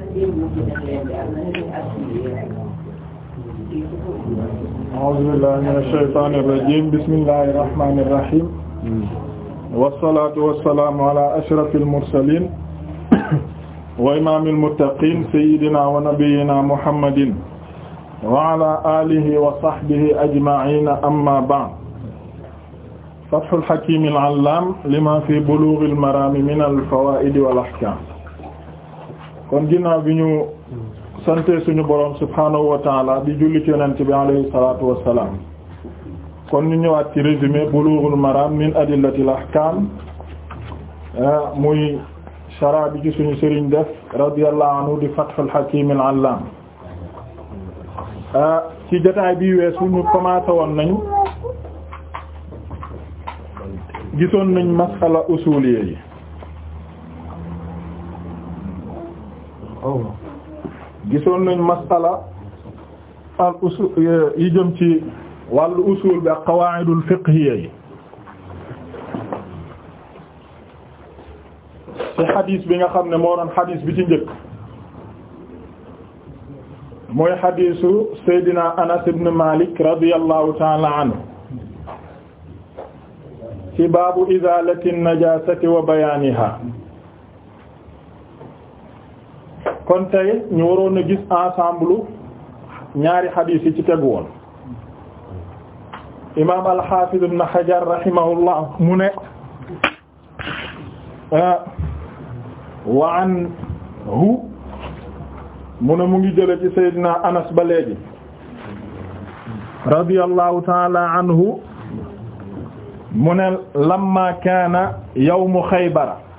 a'uuzu billaahi mina shaytaani rajiim bismillaahi rahmaani rahiim wassalaatu wassalaamu alaa ashrafil mursaliin wa imaamil muttaqiin sayyidinaa wa nabiyyinaa muhammadin wa alaa aalihi wa sahbihi ajma'iin ammaa ba'd fathul hakiimil allaam limaa fii buluughil maraam minal fawaa'idi wal ahkaam kon ginnaaw bi ñu sante suñu borom subhaanahu wa di julli ci yonent bi alayhi salaatu wa kon ñu ñëwaat ci résumé bulughul maram min adillatil ahkam ah, muy chara ci suñu sëriñ def radiyallahu anhu di fathul hakim al allam ah, ci jotaay bi weesu ñu commencé woon nañu gisoon nañ masala usuliyya yi Oh. gisoon nañ masala al usul yi jëm ci wàllu usul bi ak qawaa'idul fiqhiyya yi ci xadis bi nga xam ne moo doon xadis bi ci njëkk mooy xadisu Seydina Anas ibn Malik radiyallahu ta'ala anhu ci baabu izaalati an-najaasati wa bayaaniha kon tey ñu waroon a gis ensemble ñaari xadiis yi ci tegu woon imaam al-Hafiz ibn Hajar rahimahullah mu ne ah, wa anhu mu ne mu ngi jële ci Seydina Anas ba léegi radiyallahu ta'ala anhu mu ne lamma kaana yawmu Xaybara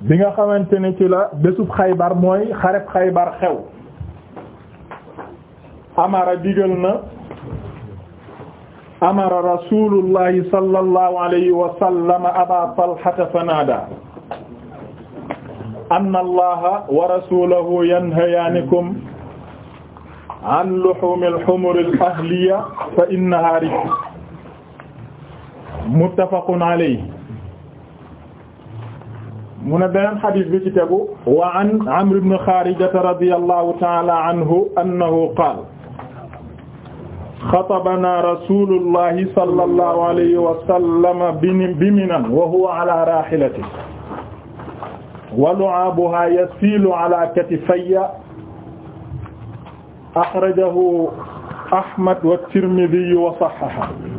bi nga xamante ne ci la bésub xaybar mooy xareb xaybar xew amara digal na amara rasulullahi sallallahu alayhi wa sallam aba talhata fanada anna allaha wa rasulahu yanhayaanikum an luhumi al-humuri al-ahliya fa innaha rijs muttafaqun alayhi mu ne beneen xadis bi ci tegu wa an amr ibn xaarijata radiyallahu taala anhu annahu qaal xatabana rasulullahi sallallahu alayhi wa sallam bi minan wa huwa ala rahilatihi wa lu'aabuha yasiilu ala katifayya axrajahu ahmad wa tirmidhi wa sahhahahu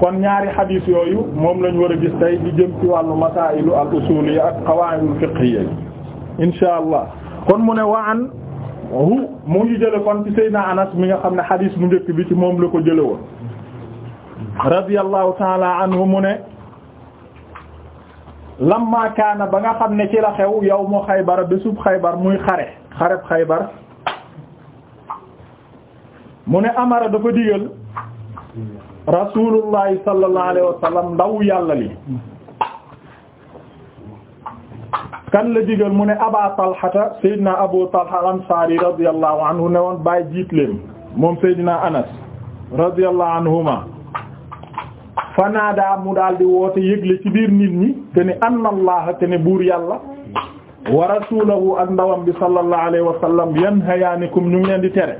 kon ñaari xadiis yooyu moom lañ war a gis tey di jëm ci wàllu masaa'ilu al usuliyya ak qawaa'idul fiqhiyya insha allah kon mu ne wa an hu mu ngi jële kon ci Seydina Anas mi nga xam ne xadiis bu njëkk bi ci moom la ko jële woon radiyallahu taala anhu mu ne lamma kaana ba nga xam ne ci la xew yawmu xaybar bésub xaybar muy xare xareb xaybar mu ne amara dafa digal rasulullahi sallallahu alayhi wa sallam ndaw yàlla li kan la digal mu ne aba talhata sayyidina abu talha al-ansari radiyallahu anhu ne woon bàyyi jiitleem moom sayyidina anas radiyallahu anhuma fanaada mu daal di woote yëgle ci biir nit ñi te ne anna te ne buur yàlla wa rasulahu ak bi sallallahu alayhi wa sallam yanhayaanikum ñu ngi leen di tere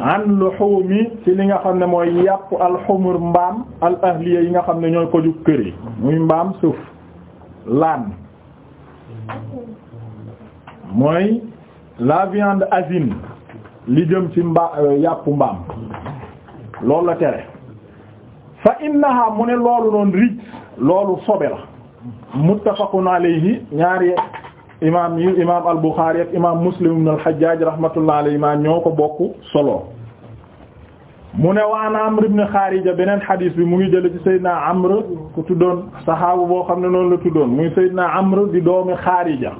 an luhumi ci li nga xam ne mooy yàpp alxumur mbaam al ahliya yi nga xam ne ñooy ko jug kër muy mbaam suuf laan mooy la viande asine li jëm ci mba euh, yàppu mbaam loolu la tere fa innaha mu ne loolu noon rij loolu sobe la alayhi ñaari imaam yi imaam al-Bukhari ak imaam Muslim ibn al-Hajjaj rahmatullahi alayhima ñoo ko bokk solo mu ne waan Amr ibn Kharija beneen xadis bi mu ngi jël ci Seydina Amr ku tuddoon saxaabu boo xam ne noonu la tuddoon muy Seydina Amr di doomi Kharija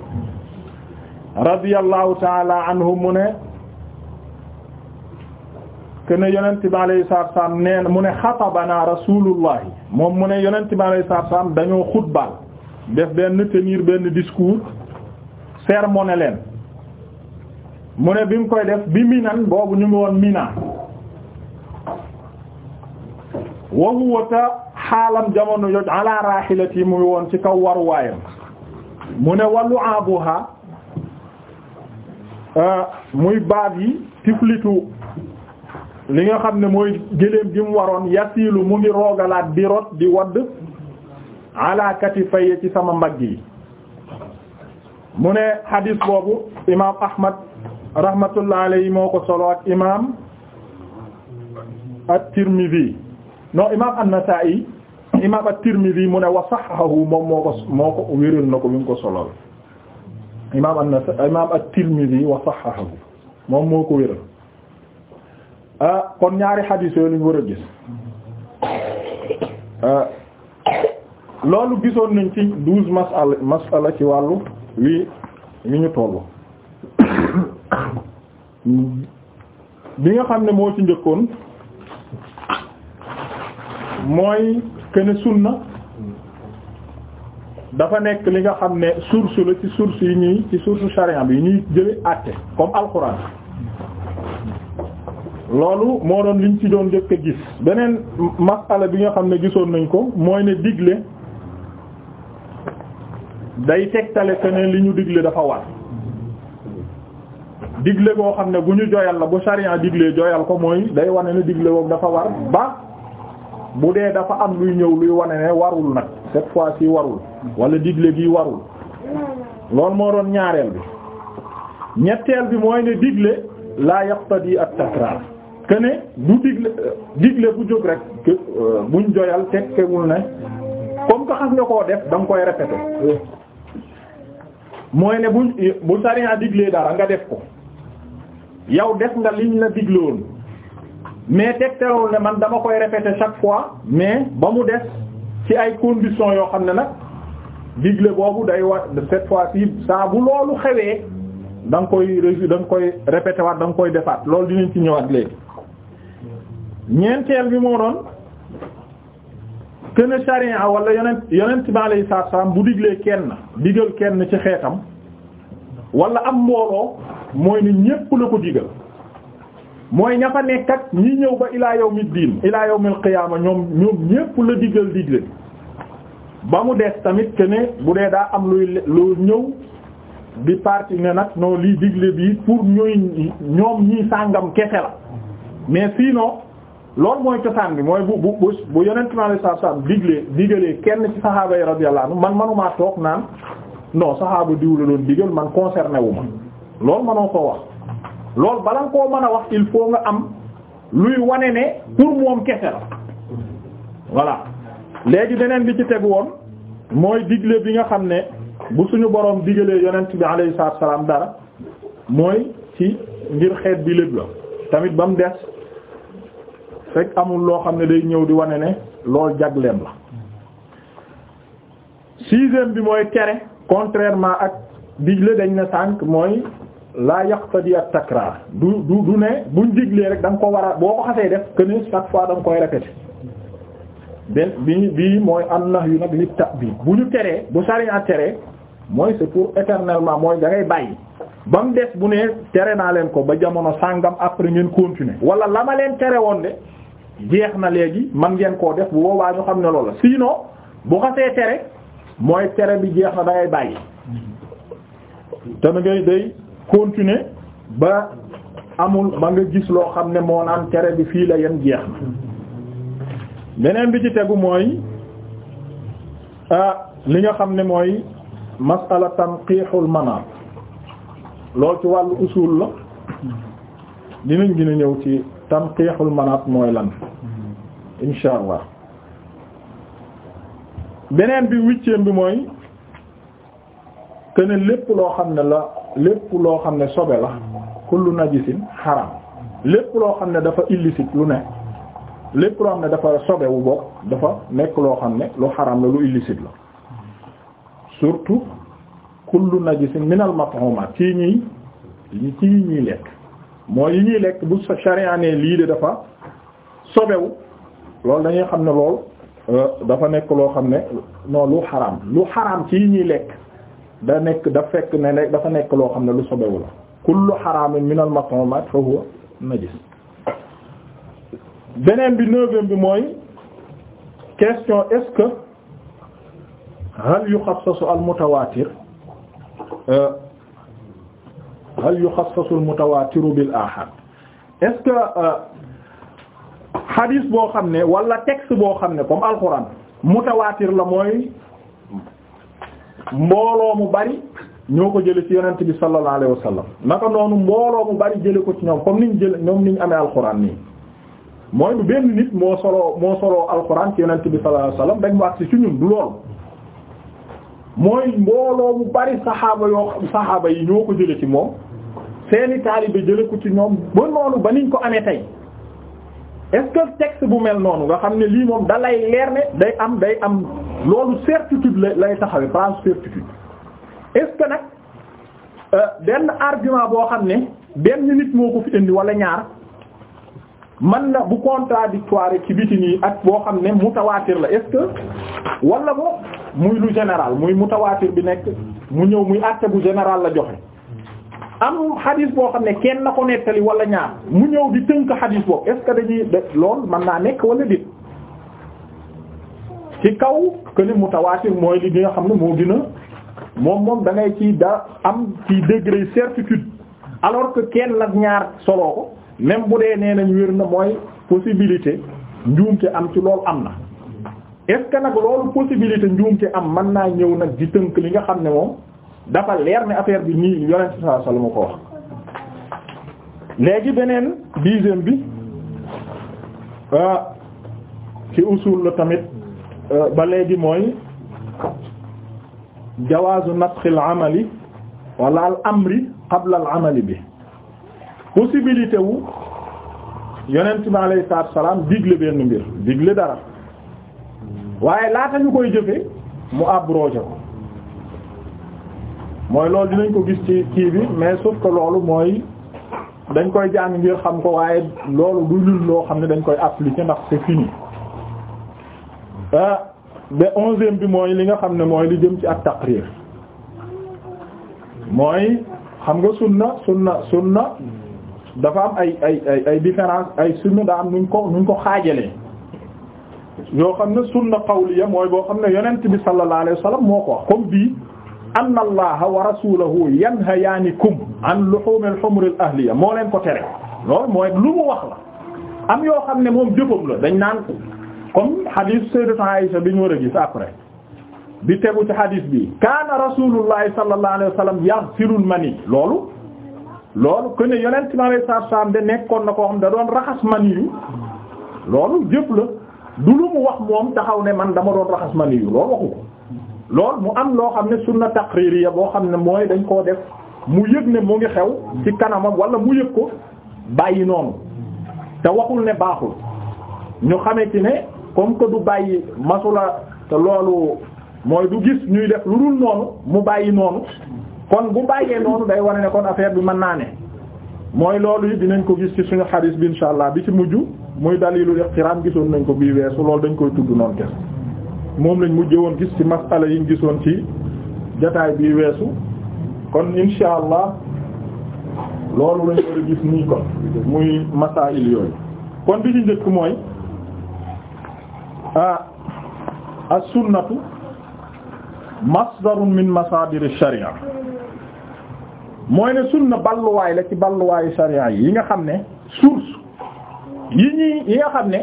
radiyallahu taala anhu mu ne kene yonent bi alayhi salaatu salaam mu ne xatabana rasulullahi moom mu ne yonent bi alayhi salaatu dañoo xutbal def benn tenir benn discours sermoné leen mu ne bi mu koy def bi minan boobu ñu ngi woon mina wa huwa xaalam jamono joj ala rahilati muy woon ci kaw waruwaayam mu ne wallu abuha euh, muy baat yi tiflitu li nga xam ne mooy gëléem gi mu waroon yasiilu mu ngi roogalaat di rot di wadd ala katifay ci sama mbagg yi mu ne hadis boobu imaam Ahmad rahmatullah alayhi moo ko solo ak imaam at-Tirmidhi non imaam an-Nasa'i imaam at-Tirmidhi mu ne wa moom moo ko moo na ko mi ngi ko solol imaam an-Nasa'i imaam at-Tirmidhi wa moom moo ko wéral ah, kon ñaari hadis yooyu lañu war a gis ah, loolu gisoon nañ ci douze masala masala ci wàllu wi mi ñu toll bi nga xam ne moo ci njëkkoon mooy kene sunna dafa nekk li nga xam ne source la ci source yi ñuy ci source charia yi ñuy jële àtte comme alxuraan loolu moo doon liñ ci doon njëkk a gis beneen masala bi nga xam ne gisoon nañ ko mooy ne digle day tegtale que li ñu digle dafa war digle goo xam ne bu ñu joyal la bu sariya diglee joyal ko mooy day wane ne digle woog dafa war ba bu dee dafa am luy ñëw luy wane ne warul nag cette fois ci warul wala digle gi warul loolu moo doon ñaareel bi ñetteel bi mooy ne digle laa yaqtadi at-takrar que ne du digle digle bu jóg rek euh, buñ joyal tekkewul ne comme que nga koo def da nga koy répéter mooy ne buñ bu sariya diglee dara nga def ko yow def nga liñ la digloon mais tegtalul ne man dama koy répéter chaque fois mais ba mu des ci ay conditions yoo xam ne nag digle boobu day wa cette fois ci saa bu loolu xewee da nga koy da nga koy répéter waat da nga koy defaat loolu dinañ ci ñëwaat léegi ñeenteel bi moo doon. kenn a wala yonent yonent bi alayhi salaatu salaam bu diglee kenn digal kenn ci xeetam wala am mbooloo mooy ni ñépp la ko digal mooy ña fa nekk ak ñi ñëw ba ilaa yawmi diin ilaa yawmil qiyaama ñoom ñoom ñépp la digal digle ba mu des tamit que ne bu dee daa am luy lu ñëw di parti ne nag non lii digle bi pour ñooy ñoom ñii sàngam kese la mais sinon loolu mooy cosaan bi mooy bu bu bu bu yonent mi alayhi salaatu salaam diglee digalee kenn ci saxaaba yi radiyallahu anhu man manumaa toog naan non saxaaba diw la doon digal man concerné wu ma loolu manoo koo wax loolu bala nga koo mën a wax il faut nga am luy wane ne pour moom kese la voilà léegi beneen bi ci tegu woon mooy digle bi nga xam ne bu suñu boroom digalee yonent bi alayhi salaatu salaam dara mooy ci ngir xeet bi lépp la tamit ba mu des rek amul loo xam ne day ñëw di wane ne lool jagleem la sixième bi mooy tere contrairement ak digle dañ ne sànk mooy la yaqtadi at takrar du du du ne buñ diglee rek da ko war a boo ko xasee def que ni chaque fois da koy répéter benn bi bii mooy am nax yu nag li bi bu ñu teree bu sariya teree mooy c'est pour éternellement mooy da ngay bàyyi ba mu des bu ne tere naa leen ko ba jamono sàngam après ngeen continuer wala la ma leen tere woon de jeex na léegi man ngeen koo def bu boobaa ñu xam ne loolu la sinon bu xasee tere mooy tere bi jeex na da ngay bàyyi te na ngay day continuer ba amul ba nga gis loo xam ne moo naan tere bi fii la yenn jeex na beneen bi ci tegu mooy ah li nga xam ne mooy masala tanqiixul manaat loolu ci wàllu usul la dinañ gën a ñëw ci tanqiixul manaat mooy lan insha allah beneen bi huitième bi mooy que ne lépp loo xam ne la lépp loo xam ne sobe la kullu najisin xaram lépp loo xam ne dafa illicite lu ne lépp loo xam ne dafa sobewu bokk dafa nekk loo xam ne lu xaram la lu illicite la surtout kullu najisin minal mat'umat ci ñuy ci ñuy lekk mooy yi ñuy lekk bu sa sharia lii de dafa sobewu loolu dañuy xam ne lool euh, dafa nekk loo xam ne non lu xaraam lu xaraam ci yi ñuy lekk da nekk da fekk ne dafa nekk loo xam ne lu sobewu la kullu xaraamin minal matamat fa huwa beneen bi neuvième bi mooy question est-ce que hal yuxassasu al mutawatir euh, hal yuxassasu al mutawatiru bil ahad est que euh, xadis boo xam ne wala texte boo xam ne comme alxuraan mutawaatir la mooy mbooloo mu bari ñoo ko jële ci yonent bi sallallahu alayhi wa sallam naka noonu mbooloo mu bari jële ko ci ñoom comme niñ jële ñoom niñ amee alxuraan nii mooy du benn nit moo soloo moo soloo alxuraan ci yonent bi sallallahu alayhi wa sallam dañ mu agsi ci du lool mooy mbooloo mu bari saxaaba yoo saxaaba yi ñoo ko jële ci moom seeni taalibe jële ko ci ñoom ba noonu ba niñ ko amee tey est-ce bu mel noonu nga xam ne lii moom da leer ne day am day am loolu certitude la lay taxawee pas certitude est nag euh, benn argument boo xam ne benn nit moo ko fi indi wala ñaar man na bu contradictoire ci biti yi ak boo xam ne mutawaatir la est walla que wala bo muy lu général muy mutawaatir bi nekk mu ñëw muy acte bu général la joxe am xadis boo xam ne kenn na ko nettali wala ñaar mu ñëw di tënk xadis boobu est-ce que dañuy def lool mën naa nekk wala déet ci kaw que ni mutawaatir mooy li nga xam ne moo gën a moom moom da ngay ci da am ci dégré certitude alors que kenn nag ñaar solo ko même bu dee nee nañ wér na mooy possibilité njuumte am ci loolu am na est-ce que nag loolu possibilité njuumte am mën naa ñëw nag di tënk li nga xam ne moom dafa leer ne affaire bi nii yonent sallallahu alayhi ko wax léegi beneen dixième bi euh, ci usul la tamit euh, ba léegi mooy jawaazu nasxil amali wala al qabla al amali bi possibilité wu yonent bi alayhi salaam digle benn mbir digle dara waaye laata ñu koy jëfe mu abrogé ko mooy loolu dinañ ko gis ci kii bi mais sauf ko loolu mooy dañ koy jàng ngir xam ko waaye loolu du lul loo xam ne dañ koy appliquer ndax c'est fini ah ba onzième bi mooy li nga xam ne mooy li jëm ci ak taqrir mooy xam nga sunna sunna sunna dafa am ay ay ay ay différence ay sunna daa nuñ ko nuñ ko xaajale yoo xam ne sunna qawliya mooy boo xam ne yonent bi sallallahu alayhi wasallam moo ko wax comme bii anna allaha wa rasulahu yanhayaanikum an luhum al-humr al moo leen ko tere loolu mooy lu mu wax la am yoo xam ne moom jëfam la dañ naan comme hadith sayyidatu Aisha bi ñu war a gis après bi tegu ci hadith bi kaana rasulullahi sallallahu alayhi wa sallam yaghsilul mani loolu loolu que ne yonent mi alayhi salaatu salaam de nekkoon na koo xam da doon raxas mani yu loolu jëf la du lu mu wax moom taxaw ne man dama doon raxas mani yu loolu waxu ko lool mu am loo xam ne na sunna taqririya boo xam ne mooy dañ koo def mu yëg ne mu ngi xew ci kanamam wala mu yëg ko bàyyi noonu te waxul ne baaxul ñu xamee ci ne comme que du bàyyi masula te loolu mooy du gis ñuy def lu dul noonu mu bàyyi noonu kon bu bàyyee noonu day wane ne kon affaire bi mën naa ne mooy loolu yi dinañ ko gis ci suñu xaris bi insha allah bi ci mujj muy dalilu iqtiram gisoon nañ ko bii weesu loolu dañ koy tudd noonu kese moom lañ mujje woon gis ci masala yi ñu gisoon ci jataay bii weesu kon insha allah loolu lañ war gis nii kon muy masail yooyu kon bi ci njëkk mooy ah as-sunnatu masdarun min masadir ash-sharia mooy ne sunna balluwaay la ci balluwaayu sharia yi yi nga xam ne source yi ñuy yi nga xam ne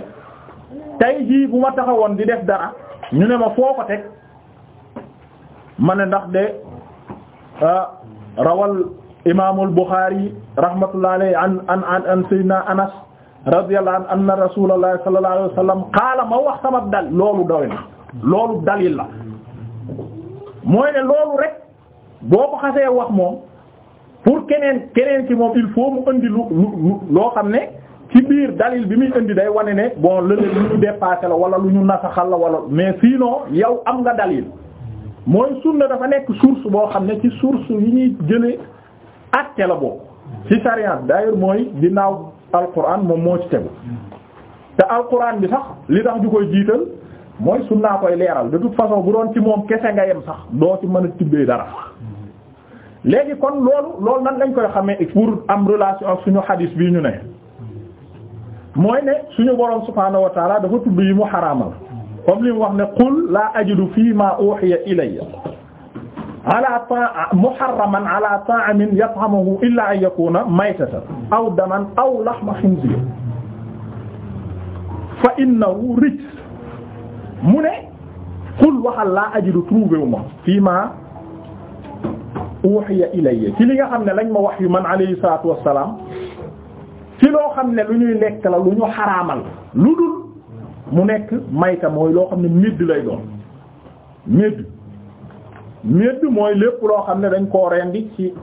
tey jii bu ma taxawoon di def dara ñu ne ma foo ko ma ne ndax de ah, rawal imaamul Buxaari rahmatullahi alayhi an an an Anas radiyallahu anhu anna rasulullahi sallallahu alayhi wa sallam ma wax sama dal loolu doy loolu dalil la mooy ne loolu rek boo ko xasee wax moom pour keneen keneen ki moom il faut mu andi lu lu loo xam ne. ci biir dalil bi muy indi day wane ne bon lële lu ñu dépassé la wala lu ñu nasaxal la wala mais sinon yow am nga dalil mooy sunna dafa nekk source boo xam ne ci source yi ñuy jëlee àtte la boobu ci sariya d'ailleurs mooy ginnaaw alquran moom moo ci tegu te al alquran bi sax li tax ñu koy jiital mooy naa koy leeral de toute façon bu doon ci moom kese nga yem sax doo ci mën a tibbee dara léegi kon loolu loolu nan lañ koy xamee pour am relation suñu hadis bii ñu ne. mooy ne suñu borom subhaanahu wa taala dafa tudd yi mu xaraamal comme li mu wax ne qul la ajidu fii ma uhiya ilayya ala ta muharraman ala ta'amin yat'amuhu illa an yakuna maytatan aw daman aw lahma khinzir fa innahu rijs mu ne qul waxal la ajidu trouvé wu ma fii ma uhiya ilayya ci li nga xam ne lañ ma wax yu man alayhi salatu wassalam ci loo xam ne lu ñuy lekk la lu ñu xaraamal lu dul mu nekk mayta mooy loo xam ne médd lay doon médd médd mooy lépp loo xam ne dañ koo rendi ci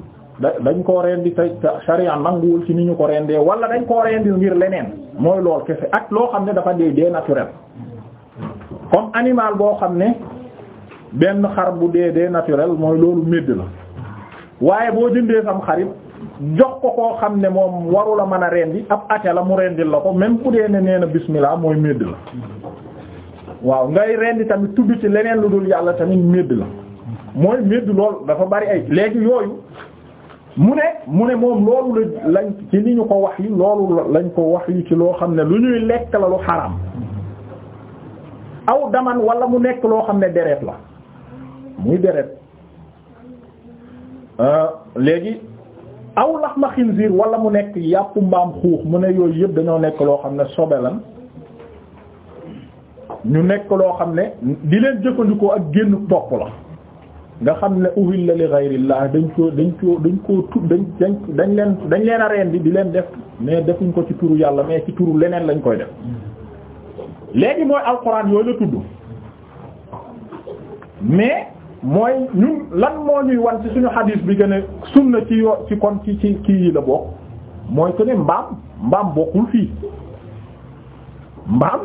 dañ koo rendi te sharia nanguwul ci ni ñu ko rendee wala dañ koo rendi ngir leneen mooy lool kese ak loo xam ne dafa dee dee naturel comme animal boo xam ne benn xar bu dee dee naturel mooy loolu médd la waaye boo jëndee sam xarit jox ko koo xam ne moom waru la mën a rendi ab ate la mu rendil la ko même bu dee ne nee na bismillah mooy médd la waaw ngay rendi tamit tudd ci leneen lu dul yàlla tamit médd la mooy médd lool dafa bari ay léegi yooyu mu ne mu ne moom loolu lañ ci li ñu ko wax yi loolu lañ ko wax yi ci loo xam ne lu ñuy lekk la lu xaraam aw daman walla mu nekk loo xam ne deret la muy deret euh, léegi aw laxma xinziir wala mu nekk yàpp mbaam xuux mu ne yooyu yëpp dañoo nekk loo xam ne sobe lan ñu nekk loo xam ne di leen jëfandikoo ak génn topp la nga xam ne la li ghayrillah dañ ko dañ ko dañ ko tu dañ dañ dañ leen dañ leen a reen di leen def mais defuñ ko ci turu yàlla mais ci turu leneen lañ koy def léegi mooy alxuraan yooyu la tudd mais mooy ñun lan moo ñuy wan ci suñu xadiis bi gën a sunna ci yo ci kon ci ci kii yi la bokk mooy que ne mbaam mbaam bokkul fii mbaam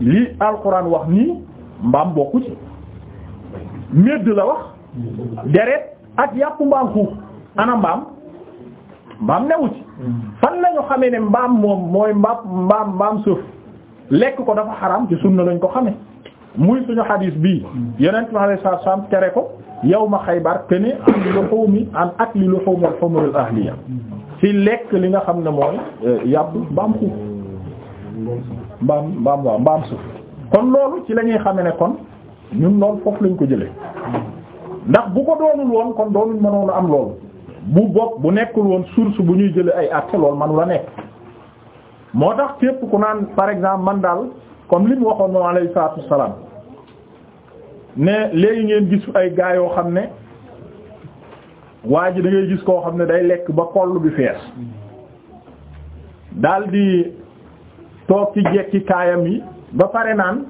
lii alxuraan wax nii mbaam bokku ci medd la wax deret ak yàpp mbaam xuux ana mbaam mbaam newu ci fan lañu xamee ne mbaam moom mooy mbaam mbaam mbaam sëf lekk ko dafa xaraam ci na lañ ko xamee muy suñu xadiis bii yeneen ma alei saatu tere ko yawma Xaybar kene an luhumi an akli luhum al-humur al-ahliya ci lekk li nga xam ne mooy euh, yàpp mbaam xuuf mbaam kon loolu ci lañuy ñuy xame ne kon ñun lool foofu lañ ko jëlee ndax bu ko doonul woon kon doonuñ mënoon a am loolu bu bokk bu nekkul woon source bu ñuy jëlee ay actes loolu manu la nekk moo tax képp ku naan par exemple man daal comme li mu waxoon moom alayhi salaatu wa salaam ne léegi ngeen gis ay gaa yoo xam ne waa ji da gis koo xam ne day lekk ba koll bi fees di toog ci jekki kaayam yi ba pare naan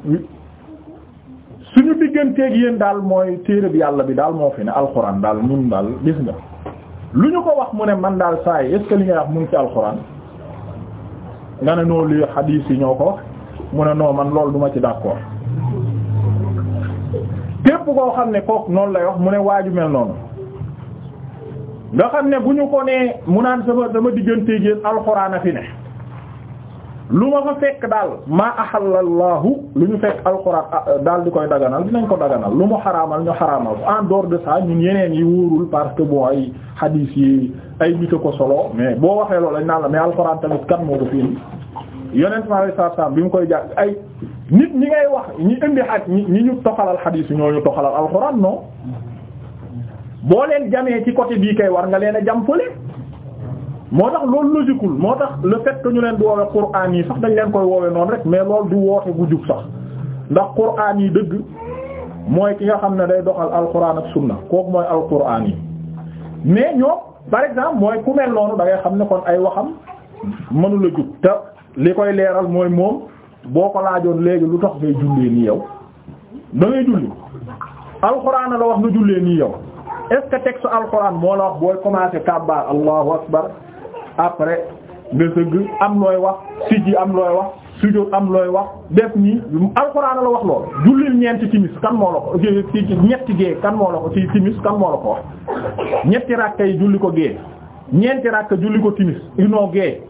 suñu digganteeg yéen daal mooy téere bi yàlla bi daal moo fi ne alxuraan daal ñun daal gis nga lu ñu ko wax mu ne man daal saa yi est li nga wax mu ci alxuraan nga ne noo lii xadiis yi ñoo ko wax mu ne noo man loolu duma ci d'accord képp koo xam ne kook noonu lay wax mu ne waaju mel noonu nga xam ne bu ñu ko nee mu naan sama sama digganteeg yéen alxuraan a fi ne lu ma fa fekk daal maa ahallallahu lu ñu fekk alxuraan ah, daal di koy daganal dinañ ko daganal lu mu xaraamal ñu xaraamal ko en dehors de ça ñun yeneen yi wóorul parce que bon ay hadith yi ay nit ko solo mais boo waxee lool lañ naan la mais alxuraan tamit kan moo ko fi indi yonent sallallahu alayhi wasallam bi mu koy jàng ay nit ñi ngay wax ñi indi xaj ñi ñu toxalal xadiis ñoo ñu toxalal alxuraan non boo leen jamee ci côté bii kay war nga leen a jam fële moo tax loolu logiqueul moo tax la fait ñu leen di woowe quraan yi sax dañ leen koy woowe noonu rek mais loolu du wooxee gu jub sax ndax quraan yi dëgg mooy ki nga xam ne day doxal alxuraan ak sunna kooku mooy alxuraan yi mais ñoo par exemple mooy ku mel noonu da ngay xam ne kon ay waxam mënula jub li koy leeral mooy moom boo ko laajoon léegi lu tox ngay jullee nii yow da ngay julli alxuraan la wax nga jullee nii yow est-ce que texte alxuraan moo la wax booy commencer kàbbaar allahu akbar après nga sëgg am looy wax sijji am looy wax sujjóot am looy def nii alxuraan la wax lool jullil ñeenti timis kan moo la ko ñetti gée kan moo la ko ci timis kan moo la ko wax ñetti ràkka yi julli ko gée ñeenti ràkka julli ko timis inoo gée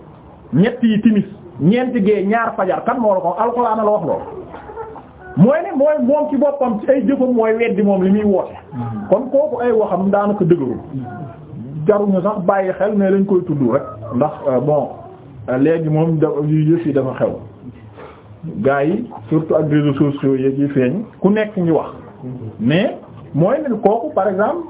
ñetti yi timis ñeenti gee ñaar fajar kan moo la ko alxuraan la wax loolu mooy ne mooy moom ci boppam ci ay jëfam mooy weddi moom li muy woote mm-hmm. kon kooku ay waxam daanaka dëgërul mm-hmm. jaruñu sax bàyyi xel ne dañ koy tudd rek ndax euh, bon euh, léegi moom da yëf yi dafa xew gaa yi surtout ak réseaux sociaux yeeg yi feeñ ku nekk ñu wax mm-hmm. mais mooy ne kooku par exemple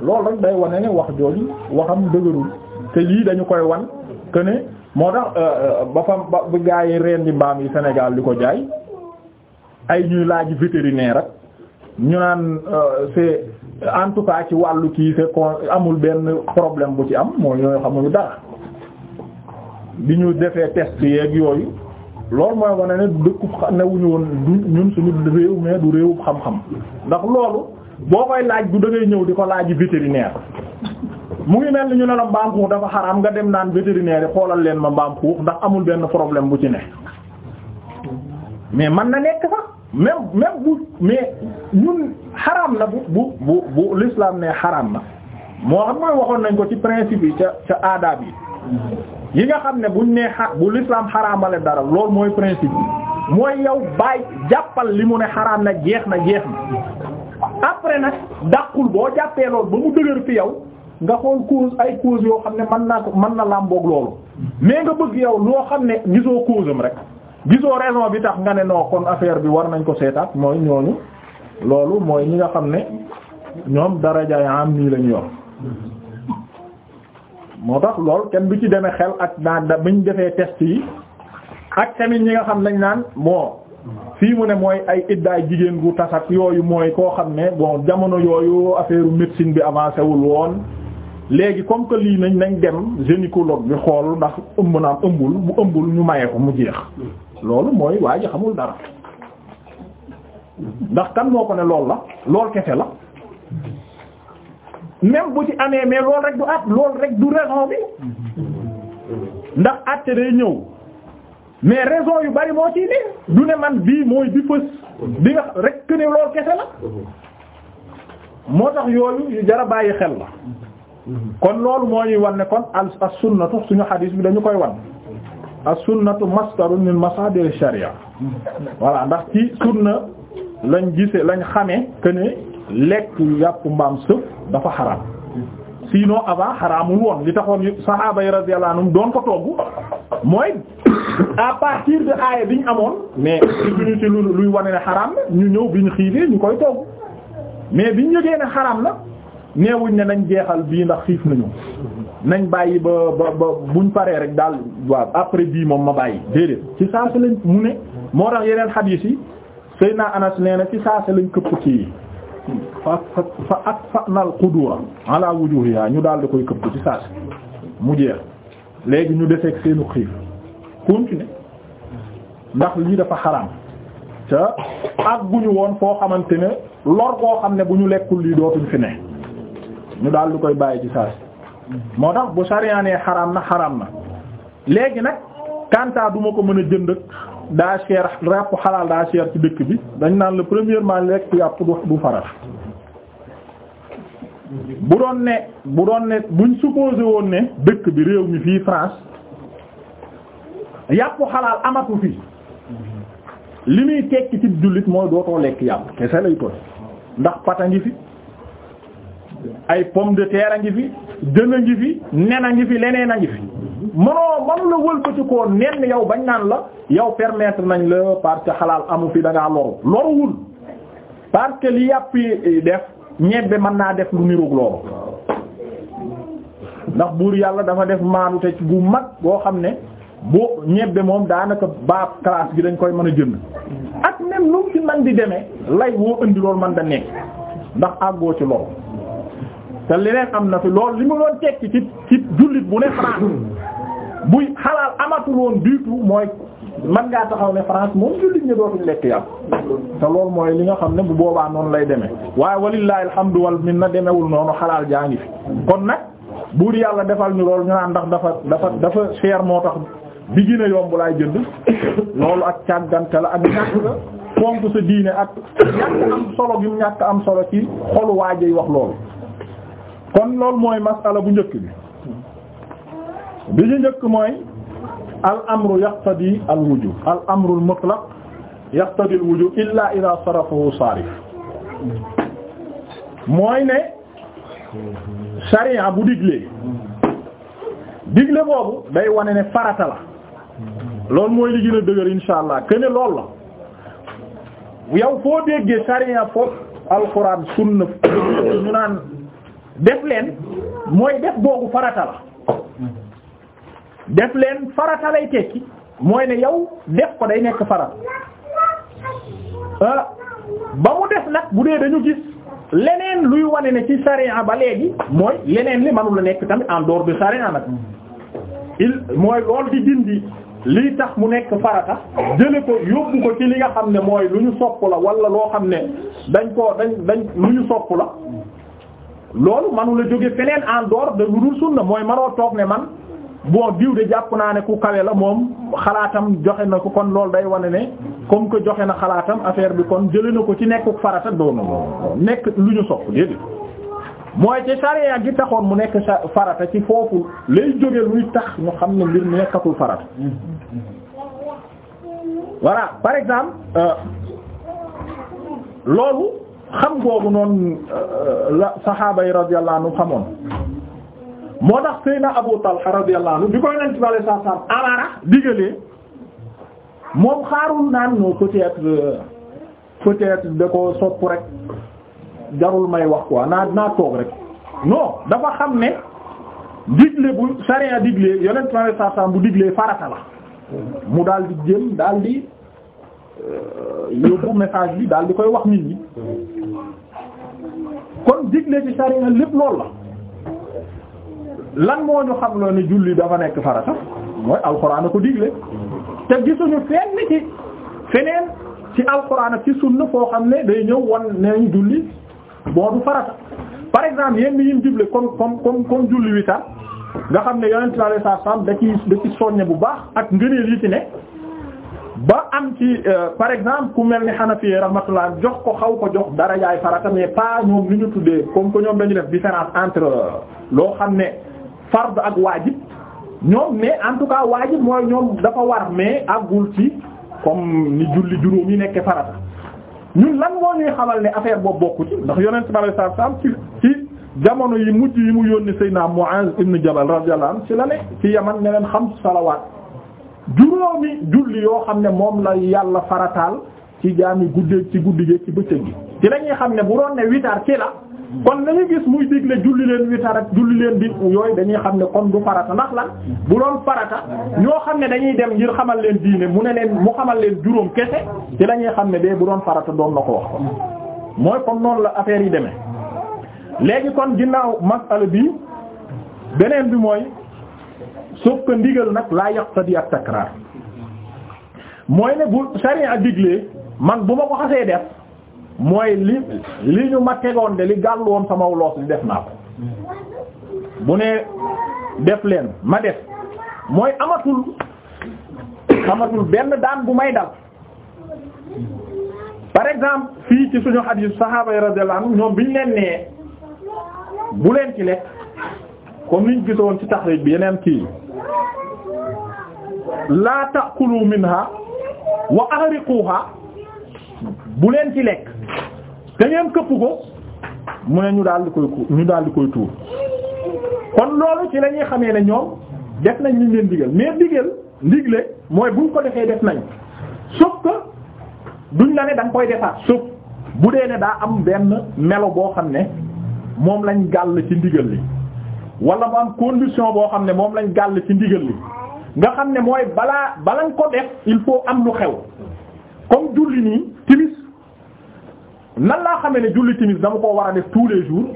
loolu rek day wane ne wax jooju waxam dëgërul te lii dañu koy wan que moo tax euh, euh, ba fa ba gaa yi reen di mbaam yi Sénégal di ko jaay ay ñuy laaj vétérinaire ak ñu naan euh, c'est en tout cas ci wàllu kii c'est con amul benn problème bu ci am mooy ñooy xamuñu dara bi ñu defee test yeeg yooyu loolu mooy wane ne dëkku newuñu woon du ñun suñu réew mais du réewu xam-xam ndax loolu boo koy laaj du da ñëw di ko laaj vétérinaire mu ngi mel ni ñu ne la mbaam xuux dafa xaraam nga dem naan vétérinaire yi xoolal leen ma mbaam xuux ndax amul benn problème bu ci ne mais man na nekk sax même même bu mais ñun xaraam na bu bu bu bu l'islam ne xaraam na moo xam mooy waxoon nañ ko ci principe yi ca ca aadaab yi yi nga xam ne buñ nee xa bu l'islam xaraamale dara loolu mooy principe bi mooy yow bàyyi jàppal li mu ne xaraam na jeex na jeex na après nag dàqul boo jàppee loolu ba mu dëgër yow nga xool cause ay cause yoo xam ne man naa ko mën na làmboog loolu mais nga bëgg yow loo xam ne gisoo cause am rek gisoo raison bi tax nga ne non kon affaire bi war nañ ko seetaat mooy ñooñu loolu mooy ñi nga xam ne ñoom darajaay am nii lañu yoon moo tax lool kenn bi ci demee xel ak naa da buñ defee test yi ak tamit ñi nga xam nañ naan moo fii mu ne mooy ay iddaay jigéen gu tas yooyu mooy koo xam ne bon jamono yooyu affaire médecine bi avancé woon léegi comme que lii nañ nañ dem gynécologue bi xool ndax ëmb naam ëmbul bu ëmbul ñu maye ko mu jeex loolu mooy waa ji xamul dara ndax kan moo ko ne lool la lool kese la même bu ci amee mais loolu rek du at lool rek du raison bi ndax atte day ñëw mais raison yu bari moo ciy ne du ne man bii mooy bi fës bi nga rek ne lool kese la moo tax yooyu yu jara bàyyi xel la kon loolu moo ñuy ne kon as sunnatu suñu xadiis bi dañu koy wan as sunnatu masdarun min masaadir sharia voilà ndax ci sunna lañ gisee lañ xamee que ne lekk yàpp mbaam sëf dafa xaraam sinon avant xaraamul woon li taxoon saxaaba yi radiyallahu anhum doon ko togg mooy à partir aaya bi ñu amoon mais suñu ci luy wane ne xaraam na ñu ñëw bi ñu xiifee ñu koy togg mais bi ñu yëgee ne xaraam na. neewuñ ne nañ jeexal bii ndax xiif nañu nañ bàyyi ba ba ba buñ paree rek daal waaw après bii moom ma bàyyi déedéet ci saasa lañ mu ne moo tax yeneen xadiis yi naa Anas nee na ci saasa lañ këpp ci fa fa fa fa nal qudura ala wujuhiha ñu daal di koy këpp ci saasa mu jeex léegi ñu defeeg seenu xiif continuer ndax lii dafa xaraam te ak bu woon foo xamante ne lor koo xam ne bu ñu lekkul lii dootuñ fi ne ñu daal di koy bàyyi ci saasi moo tax bu sariya nee xaraam na xaraam na léegi nag kanta duma ko mën a jënd daa cher ràpp xalaal daa cher ci dëkk bi dañ naan la premièrement lekk yàpp du farat bu doon ne bu doon ne buñ supposé woon ne dëkk bi réew mi fii France yàpp xalaal amatu fi li muy tekki ci jullit mooy dootoo lekk yàpp kese lay toll ndax pata fi ay pomme de terre a ngi fi gën a ngi fi nen a ngi fi leneen a ngi fi mënoo mënu la wëlbati koo nen yow bañ naan la yow permettre nañ la parce que xalaal amu fi da ngaa loru loruwul parce que li yàpp def ñebbe mën naa def lu niroog loolu ndax buur yàlla dafa def maanute gu mag boo xam ne boo ñebbe moom daanaka baab classe bi dañ koy mën a jënd ak même lu mu ci man di deme lay woo indi loolu man da nekk ndax àggoo ci loolu te leneen am na fi loolu li mu doon tekki ci ci jullit bu ne France buy xalaal amatul woon du tout mooy man ngaa taxaw ne France moom jullit ñi dootuñ lekk yàpp te loolu mooy li nga xam ne bu boobaa noonu lay demee waaye walillahi alhamdu wal minna demewul noonu xalaal jaa ngi fi kon nag buur yàlla defal ñu loolu ñu naan ndax dafa dafa dafa cher moo tax bi gën a yomb laay jënd loolu ak càggante la ak ñàkk la fonk sa diine ak ñàkk am solo gi ñàkk am solo ci xolu waajay wax loolu kon loolu mooy masala bu njëkk bi bi ñu njëkk mooy al amru yaqtadi al wujub al amru al mutlaq yaqtadi al wujub illa ida sarafahu sarif mooy ne sharia bu diglee digle boobu day wane ne farata la loolu mooy li gën a dëgër insha allah que la yow foo déggee sharia foofu alxuraan sunna ñu naan def leen mooy def boobu farata la def leen farata lay tekki mooy ne yow def ko day nekk farata euh, ba mu def nag bu dee dañu gis leneen luy wane ne ci sariya ba léegi mooy leneen li manula nekk tamit en dehors bi sarian nag il mooy lool di dindi lii tax mu nekk farata jële ko yóbbu ko ci li nga xam ne mooy lu ñu sopp la wala loo xam ne dañ koo dañ dañ lu ñu sopp la loolu manu la jóge feneen en dehors de lu dul sunna mooy manoo toog ne man bon diw de jàpp naa ne ku kawe la moom xalaatam joxe na ko kon lool day wane ne comme que joxe na xalaatam affaire bi kon jëlee na ko ci nekku farata doonu nekk lu ñu sopp déedéet mooy ci sariya gi taxoon mu nekk farata ci foofu lay jóge luy tax ñu xam ne mbir mi nekkatul farata voilà par exemple euh, loolu xam googu noonu euh, la saxaaba yi radiyallahu anhu xamoon moo tax Seyna Abu Talha radiyallahu anhu bi koy nañ ci wàllu saa saa amaara moom xaarul naan non euh, peut-être da ko sopp rek jarul may wax quoi naa naa toog rek non dafa xam ne digle bu sariya diglee yonent ci wàllu saa saa bu diglee farata la mu daal di jëm daal di. Euh, yóbbu message bi daal di koy wax nit ñi kon digle ci sariya lépp loolu la lan moo ñu xam loo ne julli dafa nekk farata mooy alxuraan a ko digle te gisuñu fenn ci feneen ci alxuraan ak ci sunna foo xam ne day ñëw wan neeñ julli boo farata par exemple yenn yi ñu digle comme comme comme comme julli witar nga xam ne yonent sallallahu alayhi wasallam da ci da ci soññe bu baax ak ngëneel yi ci ne ba am ci euh, par exemple ku mel ni Hanafi rahmatullah jox ko xaw ko jox dara jaay farata mais pas ñoom ni ñu tuddee kom que ñoom dañu def différence entre euh, loo xam ne fard ak waajib ñoom mais en tout cas waajib mooy ñoom dafa war mais àggul ci comme ni julli juróom yi nekkee farata ñun lan moo ñuy xamal ne affaire boobu bokku ndax yonent bi sallallahu alayhi ci ci jamono yi mujj yi mu yónni Seydina Muaz ibn Jabal radiyallahu anhu ci la ne ci Yaman ne leen xam salawaat juróomi julli yoo xam ne moom la yàlla farataal ci jaami guddee ci guddi gi ci bëccëg gi ci lañuy xam ne bu doon ne witar ci la kon lañu gis muy digle julli leen witar ak julli leen bi yooyu dañuy xam ne kon du farata ndax lan bu doon farata ñoo xam ne dañuy dem ngir xamal leen diine mu ne leen mu xamal leen juróom kese ci lañuy xam ne dee bu doon farata doon na ko wax mooy kon noonu la affaire yi demee léegi kon ginnaaw masala bi beneen bi mooy sauf ndigal nag laa yaqtadi ak takraar mooy ne bu sariya diglee man bu ma ko xasee def mooy li li ñu ma tegoon de li gàll woon sama loos li def naa ko bu ne def leen ma def mooy amatul amatul benn daan bu may dal par exemple fii ci suñu xadiis saxaaba yi radiyallahu anhum ñoom biñ leen nee bu leen ci lekk comme niñ woon ci taxriij bi yeneen kii laata taqulu minha wa ahriquha bu leen ci lekk te ngeen këpp ko mu ne ñu daal di koy ñu daal koy tuur kon loolu ci la ñuy xamee ne ñoom def nañ liñ leen digal mais digal ndigle mooy buñ ko defee def nañ sauf que duñ la ne da koy defaat sauf bu dee ne daa am benn melo boo xam ne moom lañ gàll ci ndigal li wala mu am condition boo xam ne moom lañ gàll ci ndigal li nga xam ne mooy balaa bala nga ko def il faut am lu xew comme julli nii timis nan laa xamee ne julli timis dama koo war a def tous les jours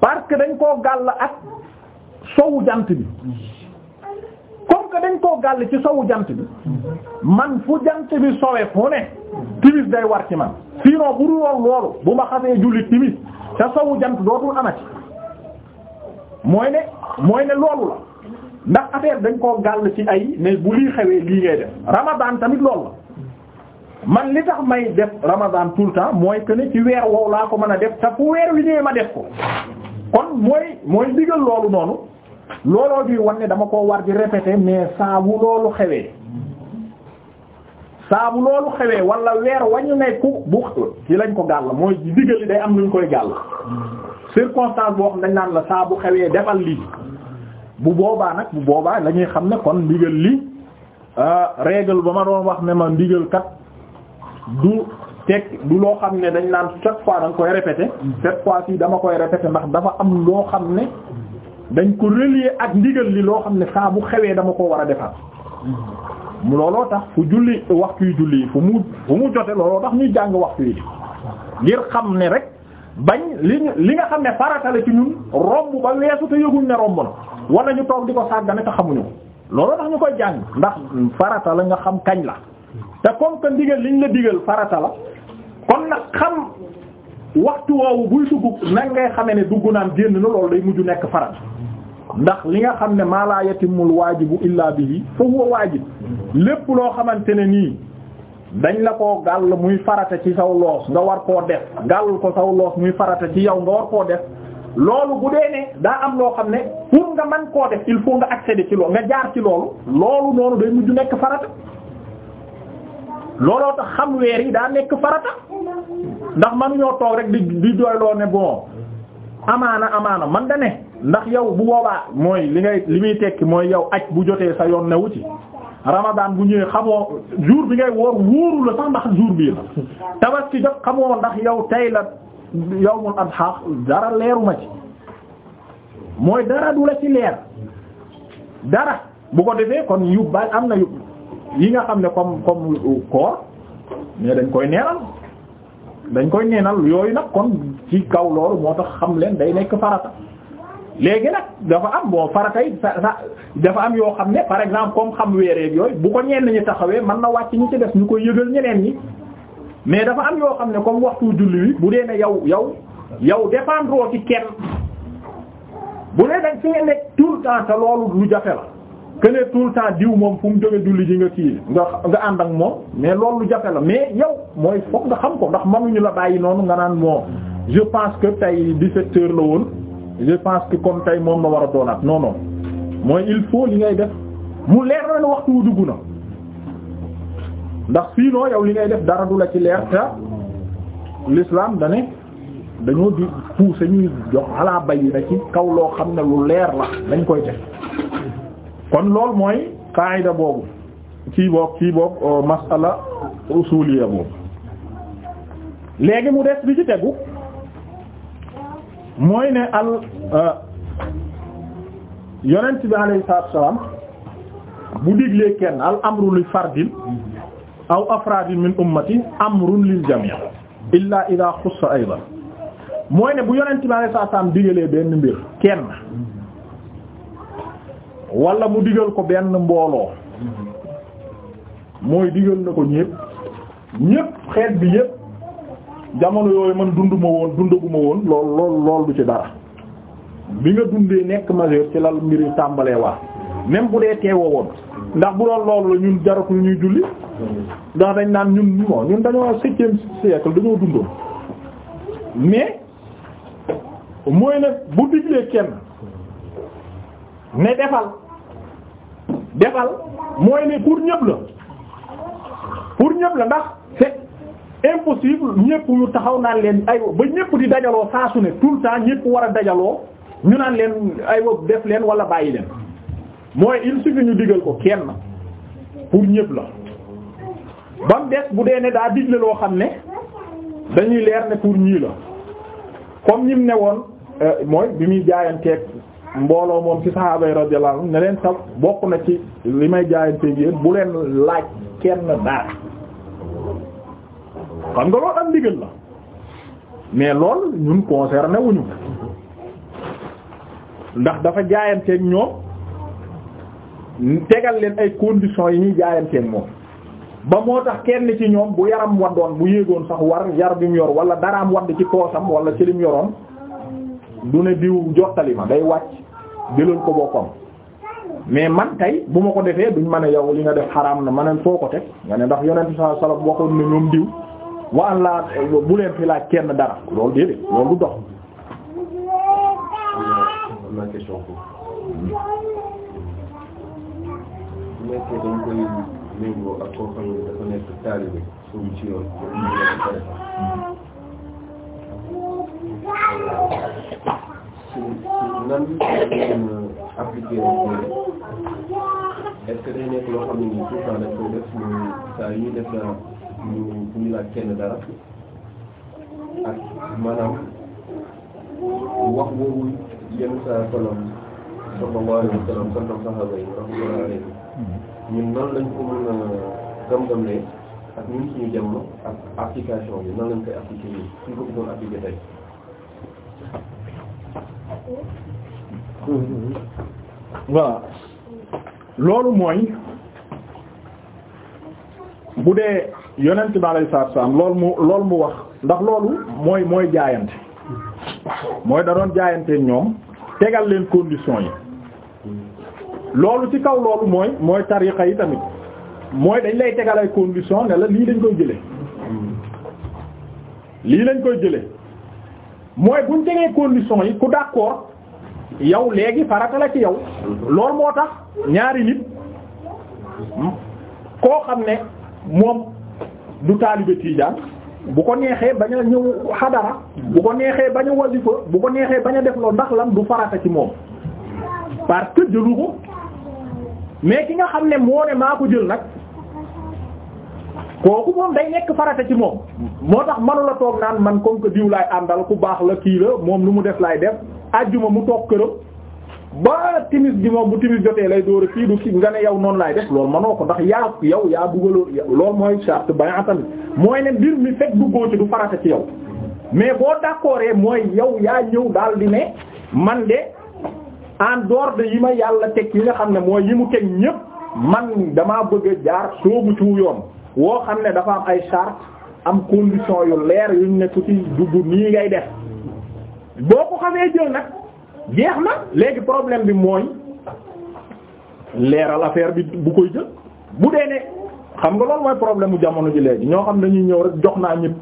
parce que dañ koo gàll ak sowu jant bi comme que dañ koo gàll ci sowu jant bi man fu jant bi sowe fu ne timis day war ci man sinon bu dul loolu bu ma xasee julli timis sa sowu jant dootul amati. mooy ne mooy ne loolu la ndax affaire dañ koo gàll ci ay ne bu lii xewee lii ngay def ramadan tamit lool la man li tax may def ramadan tout mooy que ne ci weer wow laa ko mën a def te fu weer wi ñëwee ma def ko kon mooy mooy digal loolu noonu looloo bi ne dama koo war di répéter ne saa loolu xewee saa loolu xewee walla weer wañu ne ku bu ci lañ ko gàll mooy digal li day am luñ koy gàll circonstance boo xam dañ naan la saabu bu xewee defal lii bu boobaa nag bu boobaa la xam ne kon ndigal li euh, règle ba ma doon wax ne ma ndigal kat du teg du loo xam ne dañ naan chaque fois da nga koy répéter cette fois ci dama koy répéter ndax dafa am loo xam ne dañ ko relier ak ndigal li loo xam ne saabu xewee dama ko war a defal looloo tax fu julli waxtu yu julli yi fu mu fu mu jote looloo tax ñuy jàng waxtu yi ngir xam ne rek bañ li li nga xam ne farata la ci ñun romb ba weesu te yëguñ ne romb na wala ñu toog di ko sàggane te xamuñu loolu tax ñu koy jàng ndax farata la nga xam kañ la te comme que ndigal liñ la digal farata la kon nag xam waxtu woowu buy dugg nag ngay xame ne dugg naan génn na loolu day mujj nekk farata ndax li nga xam ne maa laa yatimul waajibu illaa bi fa huwa waajib lépp loo xamante ne nii dañ la koo gàll muy farata ci saw loos nga war koo def gàll ko saw loos muy farata ci yow nga war koo def loolu bu dee ne daa am loo xam ne pour nga mën koo def il faut nga accéder ci loolu nga jaar ci loolu loolu noonu day mujj nekk farata looloo tax xam weer yi daa nekk farata ndax man mënuñoo toog rek di di doyloo ne bon amaana amaana man da ne ndax yow bu boobaa mooy li ngay li muy tekki mooy yow aj bu jotee sa yoon newu ci ramadan bu ñëwee xamoo jur bi ngay woor wóoru la sax ndax jour bii la tabaski jot xamoo ndax yow tay la yawmul adha dara leeruma ci mooy dara du la ci leer dara bu ko defee kon yu bari am na yu yi nga xam ne comme comme koor mais dañ koy neenal dañ koy neenal yooyu nag kon ci kaw loolu moo tax xam leen day nekk farata léegi nag dafa am boo faratay dafa am yoo xam ne par exemple comme xam weereeg yooyu bu ko ñenn ñi taxawee man na wàcc ñi ci des ñu koy yëgal ñeneen ñi mais dafa am yoo xam ne comme waxtu julli wi bu dee ne yow yow yow dépendre ci kenn bu dee dañ fi nga nekk tout le temps te loolu lu jafe la que tout le temps diw moom fu mu jóge julli ji nga kii nga nga ànd ak moom mais loolu lu jafe la mais yow mooy foog nga xam ko ndax mënuñu la bàyyi noonu nga naan moo je pense que tey 17 la woon je pense que moom la war a doonaat non mooy il faut li ngay def mu leer na ne waxtu wu dugg na ndax sinon yow li ngay def dara du la ci leer te l'islam da dañoo di pousser ñuy jox ala bayi na ci kaw loo xam ne lu leer la dañ koy def kon loolu mooy qaida boobu kii boobu kii boobu euh, masala usuliya boobu léegi mu des bi ci tegu mooy ne al euh, yonent bi alayhi salaatu wa salaam bu diglee kenn al amru li fardin aw afraadin min ummati amrun lil jamii illa ida xussa aydan mooy ne bu yonent bi alayhi salaatu wa salaam digalee benn mbir kenn wala mu digal ko benn mbooloo mooy digal na ko ñépp ñépp xeet bi yépp jamono yooyu man dund ma woon dundaguma woon lool lool lool du ci dara bi nga dundee nekk majeur ci lal mbir yi tàmbalee wax même bu dee teewoo woon ndax bu doon loolu la ñun jaratul ñuy julli ndax dañ naan ñun bon ñun dañoo septième siècle dañoo dundoon mais mooy nag bu diglee kenn ne defal defal mooy ne pour ñëpp la pour ñëpp la ndax c'est impossible ñëpp ñu taxaw naan leen ay ba ñëpp di dajaloo saa ne tout le temps ñëpp war a dajaloo ñu naan leen ay wob def leen wala bàyyi leen mooy il suffit ñu digal ko kenn pour ñëpp la ba mu des bu dee ne daa digle loo xam ne dañuy leer ne pour ñii la comme ñim ne woon euh, mooy bi muy jaayanteeg mbooloo moom ci sahaaba yi radiyallahu ne leen sax bokk na ci li may jaayanteeg yéen bu leen laaj kenn dara xam nga loo am digal la mais lool ñun concerné wuñu ndax dafa jaayanteeg ñoom tegal leen ay conditions yi ñuy jaayanteeg moom ba moo tax kenn ci ñoom bu yaram waddoon mu yéegoon sax war yar bi mu yor wala daraam wadd ci poosam wala ci lim yoroon du ne diw jottali ma day wàcc jëlal ko boppam mais man tey bu ma ko defee duñ mën a yow li nga def xaram na ma ne foo ko teg nga ne ndax yonent sallallahu alayhi wasallam waxoon ne ñoom diw wa an laa bu leen fi kenn dara loolu déedéet loolu dox ma question ko bu nekkee dañ koy méngoo ak koo xam ne dafa nekk taalibe suñu ci yoon nan ngeen appliqué est-ce nekk loo xam ne nii tout le temps dañ saa yu def ñu ñu laaj kenn dara ak maanaam wax boobu yenn lañ ko mën a gam-gamlee yi suñ ko bëggoon appliqué loolu mooy bu dee yonent bi alayhi salaatu wa mu loolu mu wax ndax loolu mooy mooy jaayante mooy da doon jaayante ñoom tegal leen conditions yi loolu ci kaw loolu mooy mooy tariqa yi tamit mooy dañ lay tegal ay conditions ne la lii lañ koy jële lii lañ koy jële mooy buñ tegee conditions yi ku d'accord yow léegi farata la ci yow loolu moo tax ñaari nit koo xam ne moom du taalibe tiijaan bu ko neexee bañ a ñëw xadara bu ko neexee bañ a wasifa bu ko neexee bañ a def loolu ndax lan bu farata ci moom parce que jëlu ko mais ki nga xam ne moo ne maa ko jël nag kooku moom day nekk farata ci moom moo tax manu la toog naan man comme que diw laay àndal ku baax la kii la moom lu mu def laay def ajjuma mu toog këram ba timis bi moom bu timis jotee lay door a fii du kii nga ne yow noonu laay def loolu manoo ko ndax yaa yow yaa dugaloo loolu mooy charte bañ tamit mooy ne mbir mi fekk duggoo ci du farata ci yow mais boo d'accord mooy yow yaa ñëw daal di ne man de en dehors de yi ma yàlla teg yi nga xam ne mooy yi mu teg ñépp man damaa bëgg jaar soobu ci yoon woo xam ne dafa am ay charte am condition yu leer yuñ ne ku ci dugg nii ngay def boo ko xamee jël nag. jeex na léegi problème bi mooy leeral affaire bi bu koy jël bu dee xam nga loolu moy problème mu jamono ji léegi ñoo xam dañuy ñëw rek jox naa ñëpp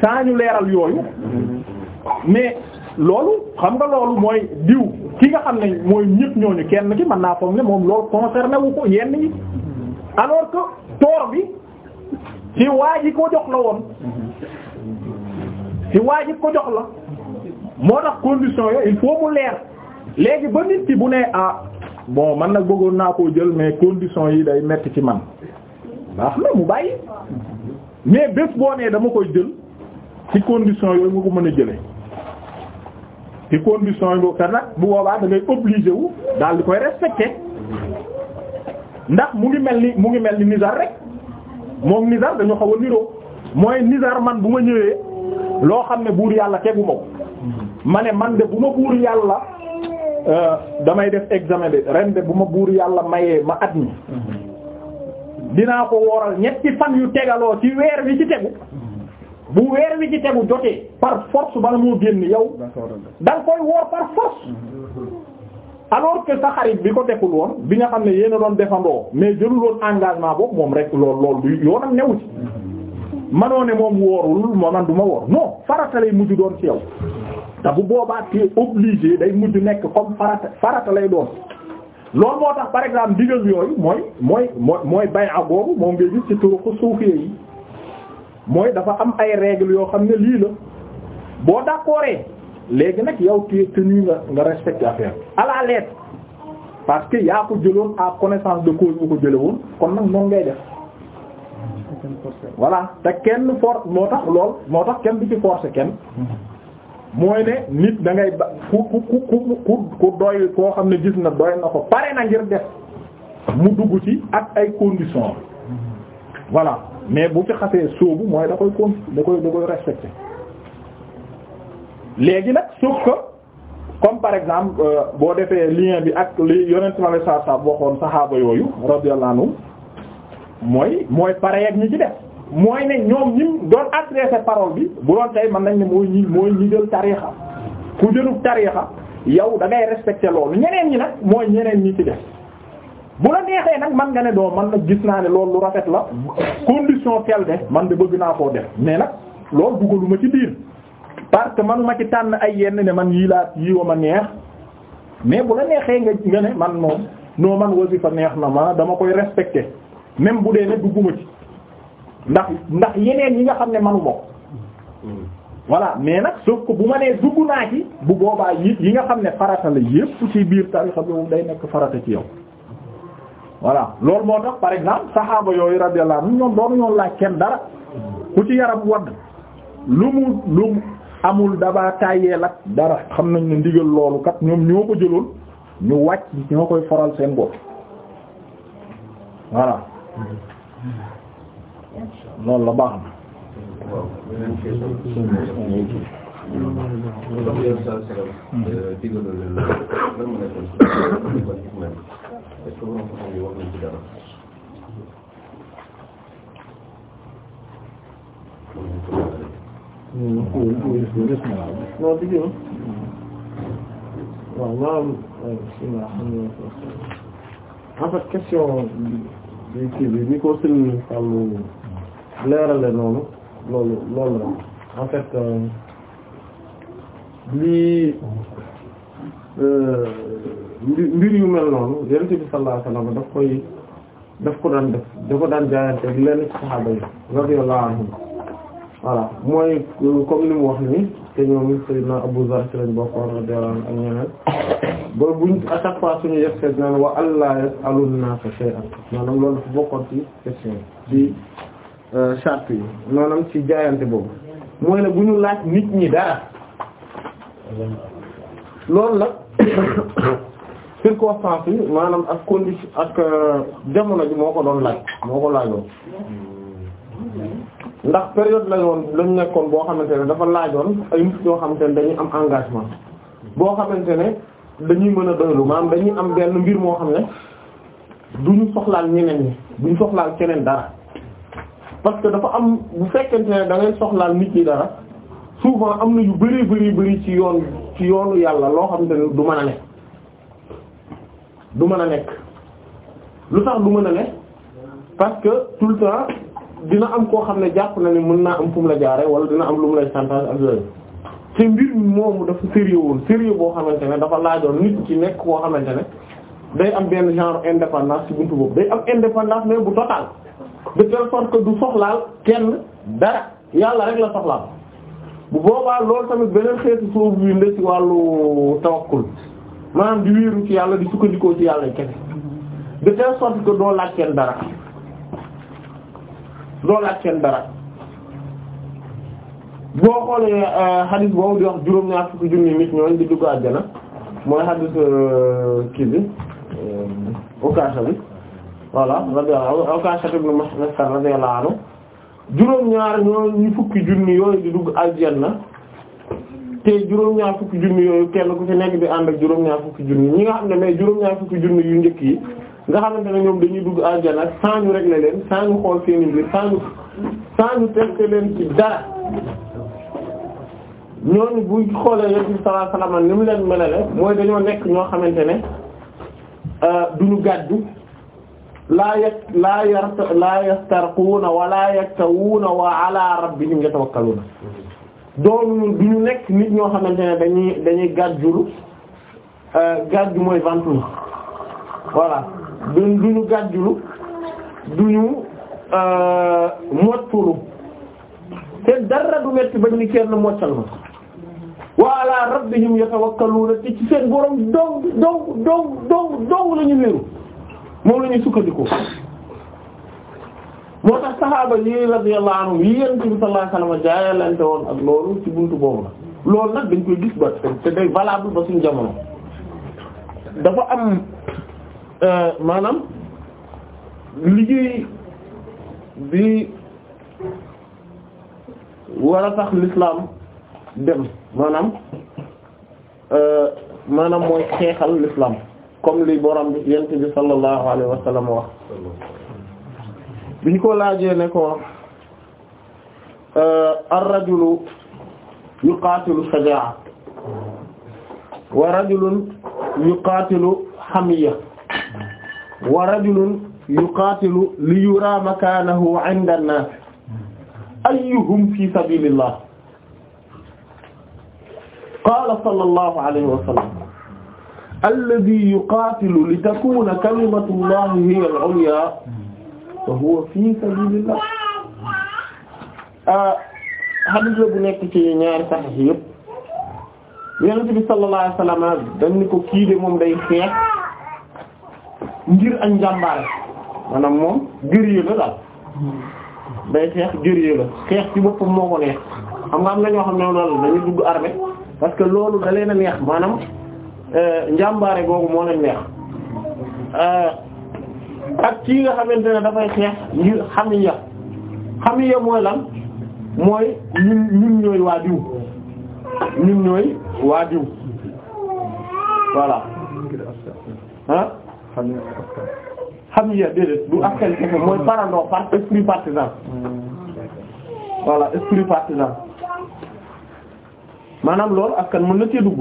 saa ñu leeral yooyu mais loolu xam nga loolu mooy diw ki nga xam ne mooy ñëpp ñooñu kenn ki mën naa foog ne moom loolu concerné wu ko yenn ñi alors que toor bi ci waa ji ko jox la woon ci waa ji ko jox la moo tax condition yooyu il faut mu leer léegi ba nit ki bu ne ah bon man nag bëggoon naa koo jël mais condition yi day metti ci man baax na mu bàyyi mais bés boo dama koy jël ci condition yooyu nga ko mën a jëlee ci condition yooyu te nag bu boobaa da ngay obligé wu daal di koy respecté ndax mu ngi mel ni mu ngi mel ni nizar rek moom nizar dañu xaw a niroo mooy nizar man bu ma ñëwee loo xam ne buur yàlla tegu ma ma ne man de bu ma buur yàlla euh, damay def examen bi ren de bu ma buur yàlla mayee ma at mi dinaa ko wooral ñetti fan yu tegaloo ci weer wi ci tegu bu weer wi ci tegu jotee par force bala moo génn yow da nga koy woor par force alors que sa xarit bi ko deful woon bi nga xam ne yéena doon defandoo mais jëlul woon engagement boobu moom rek lool lool du yoonam newu ci manoo ne moom woorul man du ma woor non farata lay mujj doon ci yow te bu boobaa te obligé day mujj nekk comme farata farata lay doon loolu moo tax par exemple digal yooyu mooy mooy mooy mooy bay a boobu moom ngay gis ci turuqu suufee yi mooy dafa am ay règles yoo xam ne lii la boo d'accordee léegi nag yow te tenu nga nga respecté affaire à la lettre parce que yaa ko jëloon à connaissance de cause bu ko jële kon nag noonu ngay def voilà te kenn force moo tax lool moo tax kenn du ci forcer kenn mooy ne nit da ngay ba ku ku ku ku ku doy koo xam ne gis na doy na ko pare na ngir def mu dugg ci ak ay conditions voilà mais bu fi suub mooy da koy con da koy da koy respecté léegi nag sauf que comme par exemple euh, boo defee lien bi ak li yonent ma la saa saa waxoon saxaaba yooyu radiyallahu anhu mooy mooy pare ak ñi ci def mooy ne ñoom ñim doon adressé parole bi bu doon tey mën nañ ne mooy ñi mooy ñi jël tariixa ku jëlub tariixa yow dangay ngay respecté loolu ñeneen ñi nag mooy ñeneen ñi ci def bu la neexee nag man nga ne doo man nag gis naa ne loolu lu rafet la condition telle de man de bëgg naa koo def mais nag loolu dugaluma ci biir parce que manuma ci tànn ay yenn ne man yii laa yii ma neex mais bu la neexee nga nga ne man moom noo man wasifa neex na ma dama koy respecté même bu dee ne dugguma ci ndax ndax yeneen yi nga xam ne manu moom voilà mais nag sauf que bu ma nee dugg naa ci bu boobaa yi yi nga xam ne farata la yépp si biir tarixa bi moom day nekk farata ci yow voilà loolu moo tax par exemple saxaaba yooyu radiyallahu anhum ñoom doonu ñoon laaj kenn dara ku ci yaram wadd lu mu lu mu amul dabaa tàyyeel ak dara xam nañ ne ndigal loolu kat ñoom ñoo ko jëloon ñu wàcc ñoo koy foral seen bopp voilà loolu la baax na non di jël waaw maanaam bismillah en fait question bi kii bi ni ko sëñ Fallou leerale noonu loolu loolu la en fait euh, lii euh, mbir yu mel noonu yonent bi sallallahu alayhi wasallam daf koy daf ko daan def da ko daan jaayante ak lenn ci saxaaba yi radiyallahu anhum voilà mooy euh, comme ni mu wax ni te ñoom Seydina Abu Zar ci lañ bokkoon radiyallahu anhu ak ñeneen ba buñ à chaque fois suñu yegg naan wa allah yas'alun naasa shay'an maanaam loolu dafa bokkoon ci question bi Euh, charte yi maanaam ci jaayante boobu mooy ne bu ñu laaj nit ñi dara loolu nag circonstance yi maanaam ak condition ak euh, jamono ji moo ko doon laaj moo ko laajoon ndax période la yoon lañ nekkoon boo xamante ne dafa laajoon ay nit yoo xamante ne dañuy am engagement boo xamante ne dañuy mën a doylu maanaam dañuy am benn mbir moo xam ne duñu soxlaal ñeneen ñi duñu soxlaal keneen dara parce que dafa am bu fekkente ne da soxlaal nit ñi dara souvent am na yu bari bari bari ci yoon ci yoonu yàlla loo xam ne du man a nekk du mën a nekk lu tax du mën a nekk parce que tout le temps dina am koo xam ne jàpp na ne mën naa am fu la jaare wala dina am lu mu lay chantage ak yooyu te mbir moomu dafa sérieux woon sérieux boo xamante ne dafa laajoon nit ci nekk koo xamante ne day am benn genre indépendance ci buntu boobu day am indépendance mais bu total de telle sorte du soxlaal kenn dara yàlla rek la soxlaal bu boobaa loolu tamit beneen xeetu soobu bi nde ci wàllu tawakkul maanaam di wéeru ci yàlla di sukkandikoo ci yàlla kese de telle sorte doo laaj kenn dara doo laaj kenn dara boo xoolee euh, hadith boobu di wax juróom-ñaar fukki junni nit ñooñu di dugg àjjana mooy hadith euh, kii bi Ukaasha bi voilà radiyallahu Ukaasha ibn Mas'ud radiyallahu anhu juróom-ñaar ñooñu fukki junni yooyu di dugg aljanna te juróom-ñaar fukki junni yooyu kenn ku ci nekk di ànd ak juróom-ñaar fukki junni ñi nga xam ne mais juróom-ñaar fukki junni yu njëkk yi nga xamante ne ñoom dañuy dugg aljanna sans ñu régler leen sans ñu xool seen mbir sans ñu sans ñu tester leen ci dara ñooñu bu xoolee yéen ci sallallahu ni mu leen melale mooy dañoo nekk ñoo xamante ne. Euh, duñu gàddu laa yag laa yar laa yastarquuna wala yaktawuuna wa ala rabbihim yatawakkaluuna doon duñu nekk nit ñoo xamante ne dañuy dañuy gàddulu euh, gàddu mooy vantulu voilà duñ duñu gàddulu duñu euh, mottulu te dara du metti bañ ni kenn moccal ma wa ala rabbihim yatawakkaluuna te ci seen borom dong dong dong dong dong la ñu wéeru moom la ñuy sukkandiku moo tax saxaaba yi radiyallahu anhum yi yonent bi sallallahu alayhi wasallam jaayalante woon ak loolu ci buntu boobu la loolu nag dañ koy gis ba te day valable ba suñu jamono dafa am euh, maanaam liggéey bi war a tax l'islam dem maanaam euh, maanaam mooy xeexal l'islam comme li borom bi yent bi sallallahu alayhi wa sallam wax biñ ko laajee ne ko euh, ar-rajulu yuqaatilu shajaa'a wa rajulun yuqaatilu hamiyya wa rajulun yuqaatilu li yuraa makaanahu 'inda an-naas ayyuhum fi sabiilillah qaala sallallahu alayhi wa sallam alladhi yuqaatilu li takuuna kalimatu llahi hiya al-ulyaa fa huwa fi sabiilillah ah, hadith la bu nekk ci ñaari saxiix yëpp yonent bi sallallahu alayhi wa sallam dañ ni ko kii de moom day xeex ngir ak njàmbaare maanaam moom guerrier la daal day xeex guerrier la xeex ci boppam moo ko neex xam nga am na ñoo xam ne loolu dañuy dugg armée parce que loolu da leen a neex maanaam euh, njàmbaare boobu moo leen neex euh, ak kii nga xamante ne dafay xeex ngir xamiya xamiya mooy lan mooy ñun ñun ñooy waa diw ñun ñooy waa diw voilà ah xamiya déedéet du askan mooy parandoo par esprit partisan voilà esprit partisan maanaam lool askan mën na cee dugg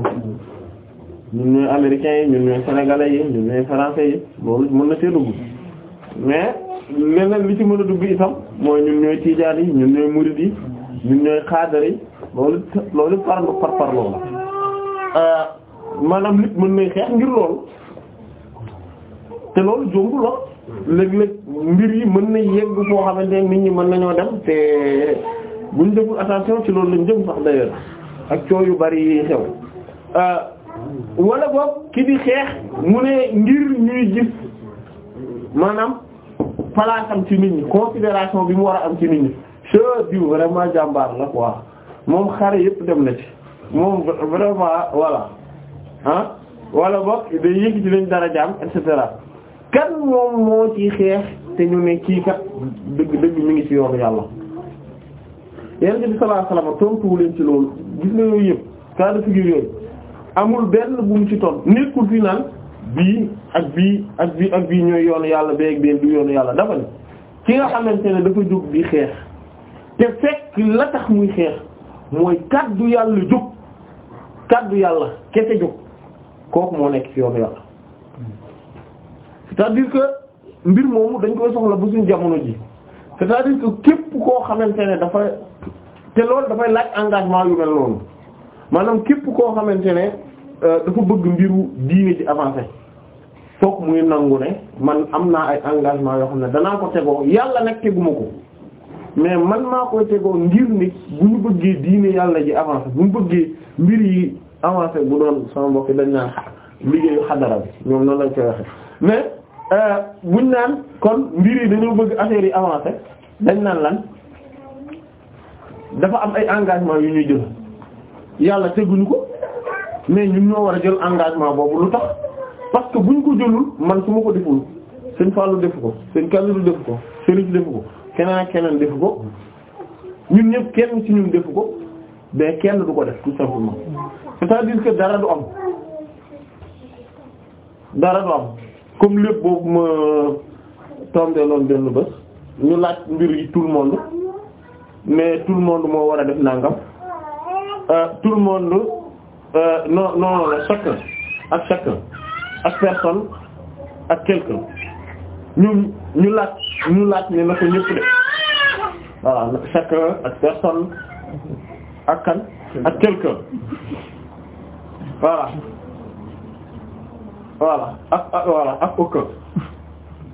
ñun ñooy américains yi ñun ñooy sénégalais yi ñun ñooy français yi loolu mën na cee dugg mais leneen li ci mën a dugg itam mooy ñun ñooy tiijaan yi ñun ñooy murid yi ñun ñooy xaadar yi loolu loolu par par par loolu euh, maanaam nit mën na xeex ngir loolu te loolu jombul la léeg-léeg mbir yi mën na yegg foo xamante nit ñi mën nañoo dem te buñ deful attention ci loolu lañ jëm sax d'ailleurs ak coow yu bari yi xew euh, wala boog ki di xeex mu ne ngir ñuy gis am palaasam ci nit ñi considération bi mu war a am ci nit ñi cheur diw vraiment jàmbaar la quoi moom xare yëpp dem na ci moom vraiment voilà walla wala boog day yëg ci lañ dara jaam et cetera kan moom moo ci xeex te ñu ne kii kat dëgg dëgg mu ngi ci yoonu yàlla Yonent bi sallallahu alayhi wasallam tontuwu leen ci loolu gis na yooyu yëpp cas de amul benn bu mu ci ton nekkul fi naan bii ak bii ak bii ak bii ñooy yoon yàlla beeg bee du yoonu yàlla dafa ne ki nga xamante ne dafa jóg di xeex te fekk la tax muy xeex mooy kaddu yàlla jóg kàddu yàlla kese jóg kooku moo nekk ci yoonu yàlla c'est-à-dire que mbir moomu dañ koy soxla bu suñ jamono ji c'est-à-dire que képp koo xamante ne dafa te loolu dafay laaj engagement yu mel noonu maanaam képp koo xamante ne euh, dafa bëgg mbiru diine ji avancé foog muy nangu ne man am naa ay engagement yoo xam ne danaa ko tegoo yàlla nag teguma ko mais man maa koy tegoo ngir ne bu ñu bëggee diine yàlla ji avancé bu ñu bëggee mbir yi avancé bu doon sama mbokk dañ naan liggéeyu xadara bi ñoom noonu lañ koy waxe mais euh, buñ naan kon mbir yi dañoo bëgg affaire yi avancé dañ naan lan dafa am ay engagement yu ñuy jël yàlla teguñu ko mais ñun ñoo war a jël engagement boobu lu tax parce que buñ ko jëlul man su ma ko deful seen Fallou defu ko seen Kalidou defu ko Serigne defu ko keneen ak keneen defu ko ñun ñëpp kenn ci ñun defu ko mais kenn du ko def tout simplement c'est-à-dire que dara du am dara du am comme lépp boobu ma tombé loolu benn ba ñu laaj mbir yi tout le monde. mais tout monde moo war a def nangam euh, tout le monde euh, non non non ak chacun ak personne ak quelqu'un ñu ñu laaj ñu laaj ne na ko ñëpp def voilà chacun ak personne ak kan ak quelqu'un voilà voilà ak ak voilà ak aucun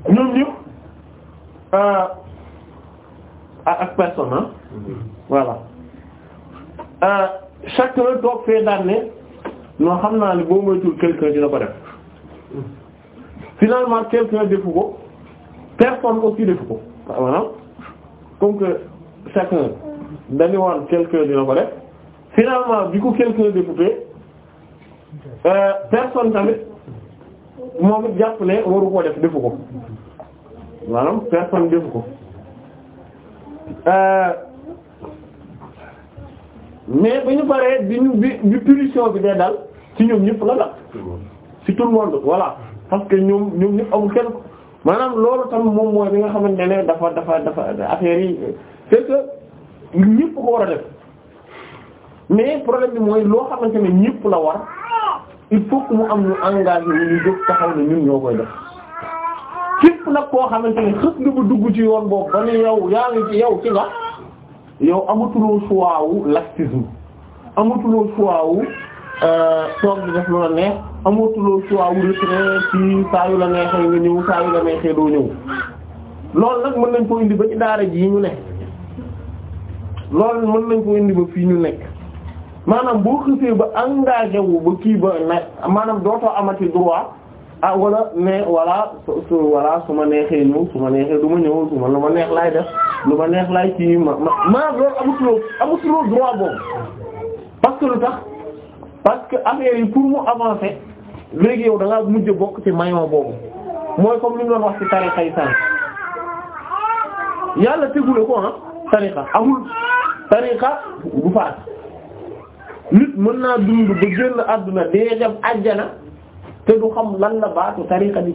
ñoom ñëpp. Euh, ak personne ah voilà euh, chacun toog fee daan ne non xam naa ne boo moytuwul quelqu'un dina ko def mm-hmm. finalement quelqu'un defu ko personne aussi defu ko maanaam comme que chacun dañu woon quelqu'un dina ko def finalement bi ko quelqu'un defutee euh, personne tamit moom it jàpp ne waru ko def defu ko maanaam personne defu ko. Euh, mais bu ñu paree bi ñu bi bi punition bi dee dal ci ñoom ñëpp la la ci tout le monde voilà parce que ñoom ñoom ñëpp amul kenn maanaam loolu tam moom mooy bi nga xamante ne dafa dafa dafa affaire yi c'est que ñëpp ko war a def mais problème bi mooy loo xamante ne ñëpp la war il faut que mu am ñu engagé ñu ñu jóg taxaw ne ñun ñoo koy def. képp nag koo xamante ne xës nga ba dugg ci yoon boobu ba ni yow yaa ngi ci yow ci nga yow amatuloo choix wu laxisme amatuloo choix wu euh, di def lu la neex amatuloo choix wu retrait ci saa la neexee nga ñëw saa yu la neexee doo ñëw loolu nag mën nañ ko indi ba ci daara ji yi ñu nekk loolu mën nañ ko indi ba fii ñu nekk maanaam boo xësee ba engagé wu ba kii ba na maanaam dootoo amati droit ah wala mais voilà su voilà su ma neexee ñëw su ma neexee du ma ñëw su ma lu ma neex laay def lu ma neex laay kii ma ma ma loolu amutuloo amutuloo droit boobu parce que lu tax parce que affaire yi pour mu avancer léegi yow da mujj bokk ci mayo boobu mooy comme li ñu doon wax ci tarixa yi sànq yàlla tegule ko ah, tarixa amul tarixa bu faat nit mën naa dund ba génn àdduna dee dem àjjana. te du xam lan la baatu tariqa du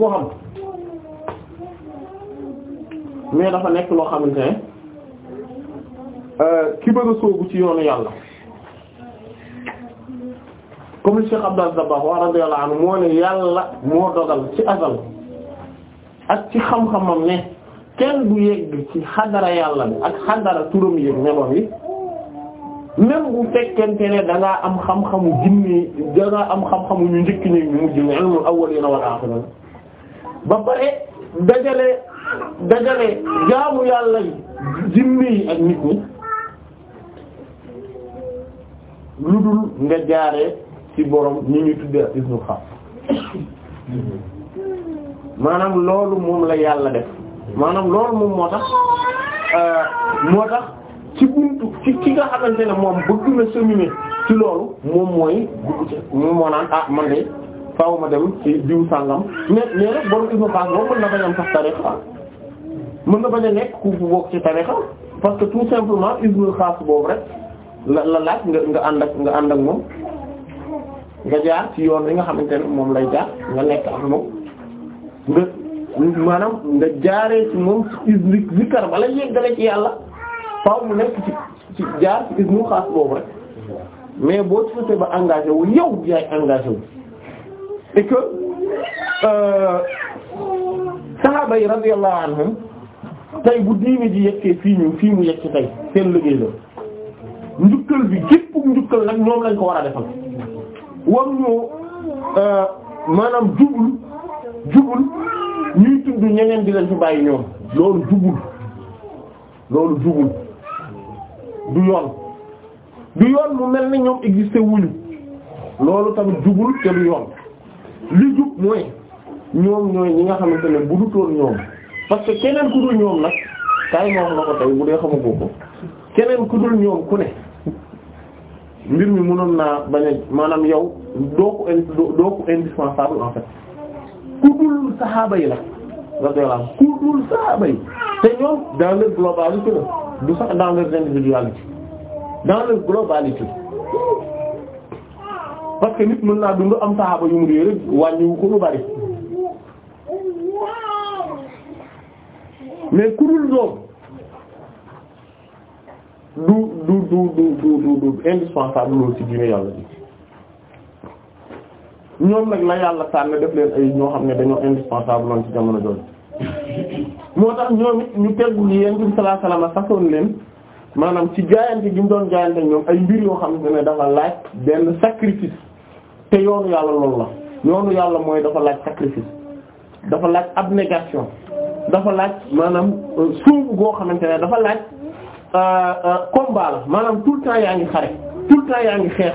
ko xam mais dafa nekk loo xamante ne euh, ki bëgg a ci yoonu yàlla comme li Cheikh Abdou Dabakh wa radiyallahu anhu moo ne yàlla moo dogal ci azal ak ci xam-xamam ne kenn du yegg ci xadara yàlla bi ak xadara turam yi meloon yi même bu fekkente ne dangaa am xam-xamu jinne da ngaa am xam-xamu ñu njëkk ñi ñu mujj ñu ilmul awwalina wal axirin ba pare dajale dajale jaamu yàlla jinne yi ak nit ñi lu dul nga jaare ci borom ñi ñu tuddee ak ismu xam maanaam loolu moom la yàlla def maanaam loolu moom moo tax euh, moo tax. ci buntu ci ki nga xamante na moom bëgg na cheminer ci loolu moom mooy dugg ci moom moo naan ah man de faaw ma dem ci diw sàngam mais mais nag borom Ibn Baaz boobu mën na bañ am sax tarixa mën na bañ a nekk ku bokk ci tarixa parce que tout simplement Ibn Baaz boobu rek la la laaj nga nga ànd ak nga ànd ak moom nga jaar ci yoon wi nga xamante ne moom lay jaar nga nekk ak moom nga maanaam nga jaaree ci moom ci zikar bala yeggale ci yàlla. faaw mu nekk ci ci jaar ci ismu xaas boobu rek mais boo ci fekkee ba engagé wu yow yaay engagé wu et que euh, saxaaba yi radiyallahu anhum tey bu diine ji yekkee fii ñu fii mu yekk tey seen liggéey la njukkal bi gépp njukkal nag ñoom lañ ko war a defal war ñu euh, maanaam jubul jubul ñuy tudd ñeneen di leen bàyyi ñoom loolu jubul loolu jubul du yoon du yoon mu mel ni ñoom existé wuñu loolu tamit jubul te du yoon li jub mooy ñoom ñooy ñi nga xamante ne bu dutoon ñoom parce que keneen ku dul ñoom nag kaay moom na ko tey bu dee xamagoo ko keneen ku dul ñoom ku ne mbir mi mënoon naa bañ maanaam yow doo ko doo ko ku dul saxaaba yi la radiyallahu ku dul saxaaba yi te ñoom dans le globalité la du sax dans leur individualité dans leur parce que nit mën naa dund am saxaaba yu mu réer wàññiwu ko lu bari mais kurul doom du du du du du du indispensable loolu ci diine yàlla ji ñoom nag la yàlla tànn def leen ay ñoo xam ne dañoo indispensable loolu ci jamono jooju moo tax ñoom ñu teggu li yéen bi sallallahu alayhi wasallam sasoon leen maanaam ci jaayante gi mu doon jaayante ñoom ay mbir yoo xam ne dafa laaj benn sacrifice te yoonu yàlla loolu la yoonu yàlla mooy dafa laaj sacrifice dafa laaj abnégation dafa laaj maanaam euh, suuf goo xamante ne dafa laaj euh, euh, combat la maanaam tout le temps yaa ngi xare tout le yaa ngi xeex